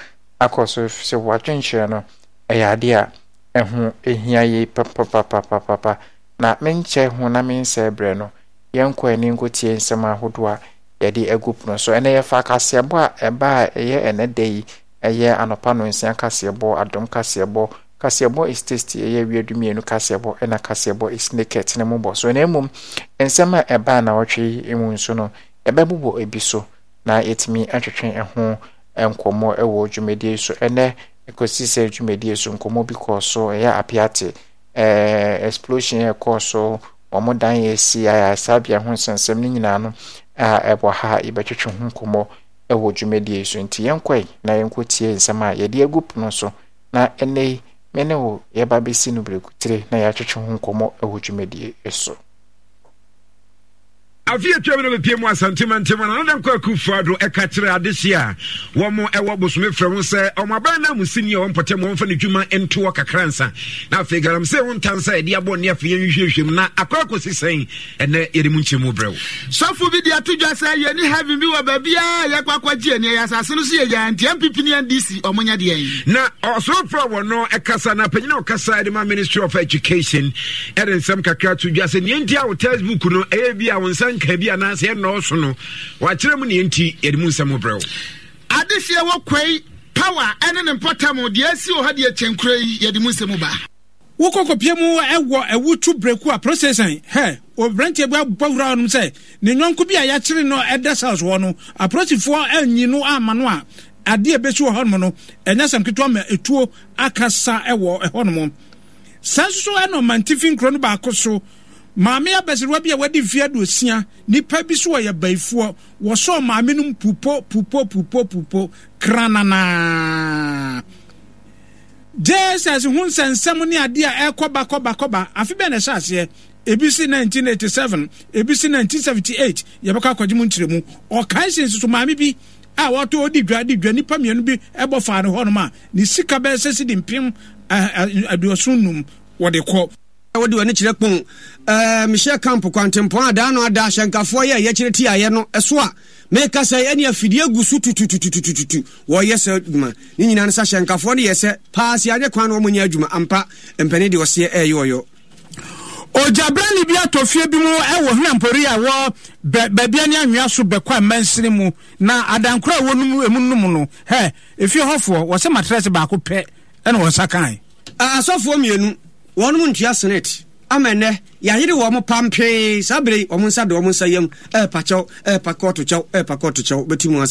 akɔ so sɛ wadwenkyerɛ no ɛyɛ adeɛ a ɛho hia yi papapapapapa na menkyɛ ho na mensɛe berɛ no yɛnkɔ ani nkɔtie nsɛm ahodoɔ a yɛde agu pono so ɛnɛ yɛfa akaseɛbɔ a ɛbaa ɛyɛ ɛnɛ da yi ɛyɛ anɔpa no nsia kaseɛbɔ adom kaseɛbɔ kaseɛbɔ is tasty ɛyɛ awiedu mmienu kaseɛbɔ ɛna kaseɛbɔ is naked ne mu bɔ so na emu nsɛm a ɛbaa na ɔtwe emu nso no ɛbɛbobɔ ebi so na yɛtumi atwetwe ɛho nkɔmɔ ɛwɔ dwumadie so ɛnɛ ekosi sɛ dwumadie so nkɔmɔ bi kɔɔ so ɛyɛ apiate ɛɛ explosion ɛkɔɔ so wɔn dan yɛ si ayɛ saa bea ho nsɛnsɛm ne nyinaa no a ɛwɔ ha yɛbɛtwetwe ho nkɔmmɔ ɛwɔ dwumadie so nti yɛnkɔe na yɛnkɔtie nsɛm a yɛde agu pono so na ɛnɛ yi me ne wo yɛba bɛsi no berɛkutire na yɛatwetwe ho nkɔmmɔ ɛwɔ dwumadie so afei atua bi na bɛpie mu asantemantem no anada nkɔ akufoɔ do ɛka kyerɛ adehye a wɔm ɛwɔ bosome frɛ ho sɛ ɔmo aban no amusini a wɔmpɔtɛ ma wɔmfa no dwuma ntoɔ kakra nsa na afei garam sɛ wo ntansa ɛde abɔ nne afei yɛnhwehwɛhwɛm na akɔ akɔsi sɛn ɛnɛ yɛde mu nkyɛ mu wo sɔfo bi de ato dwa sɛ yɛni heaven bi wɔ baabiaa yɛkɔ akɔgye ani ɛyɛ asase no so yɛ yɛantia mpipi ne deɛ yi na ɔsorofoɔ wɔ no ɛkasa na panyina ɔkasa de ma ministry of education ɛde nsɛm kakra to dwa sɛ neɛnti a wo textbook no ɛyɛ bi a wo nsa nka bi anaasɛ ɛnɔɔso no wakyerɛ mu neɛ nti yɛde mu nsɛm brɛ wo adehyeɛ wɔ kwai power ɛne ne mpɔtam deɛ asi wɔ ha deɛ kyɛnkura yi yɛde mu nsɛm baa wokɔkɔpia mu ɛwɔ ɛwotu breku a processan hɛ oberanteɛ bi abɔ wura hɔnom sɛ ne nyɔnko bi a yɛakyere no ɛda sals hɔ no aprosifoɔ anyi no ama no a adeɛ bɛsi wɔ hɔnom no ɛnyɛ sɛm ketewa ma ɛtuo akasa ɛwɔ ɛhɔnom saa nso so ɛna ɔmantifi nkuro no baako so maame abɛsiriwa bi a wadi mfe aduosia nipa bi so ɔyɛ baifoɔ wɔsɔ maame no pupo pupo pupo pupo kranana. jesus ho nsɛnsɛm ne adeɛ a ɛkɔba kɔba kɔba afe bɛɛ na ɛhyɛ aseɛ ebi si 1987 ebi si 1978 yɛbɛkɔ akɔgye mu nkyerɛmu ɔkae si nsoso maame bi a wɔtɔ ɔdi dwa di dwa nipa mmienu bi ɛbɔ faare hɔnom a ne sika bɛɛ sɛ si de mpem aduoson num wɔde kɔ. wɔde wɔn ani kyerɛ kpɔn Eh, mehyɛ camp kwantempɔn adaa no ada ahyɛnkafoɔ yɛ yɛkyerɛ ti ayɛ no ɛso a meka sɛ ɛne afidie gu so tutututututu wɔyɛ sɛ adwuma ne nyinaa no sɛ ahyɛnkafoɔ no yɛ sɛ paa si anyɛ kwan no wɔmɔnyɛ adwuma ampa mpani de ɔseɛ ɛyɛ ɔyɔ ogyabrane bi fie bi mu ɛwɔ hwenampori a wɔ baabia ne anwea so bɛkɔ a mansini mu na adankoro a wɔnum ɛmu nom no hɛ ɛfie hɔfoɔ wɔ sɛ matrɛse baako pɛ ɛna wɔ nsa kae ah, asɔfoɔ mmienu wɔnom ntua senate ama nɛ yɛayere wɔ mo pam pee saa bere ɔmo nsa de ɔmo nsa yam ɛɛpa kyɛw ɛɛpa kɔɔto kyɛw ɛɛpa kɔɔto kyɛw bɛtumi asɛ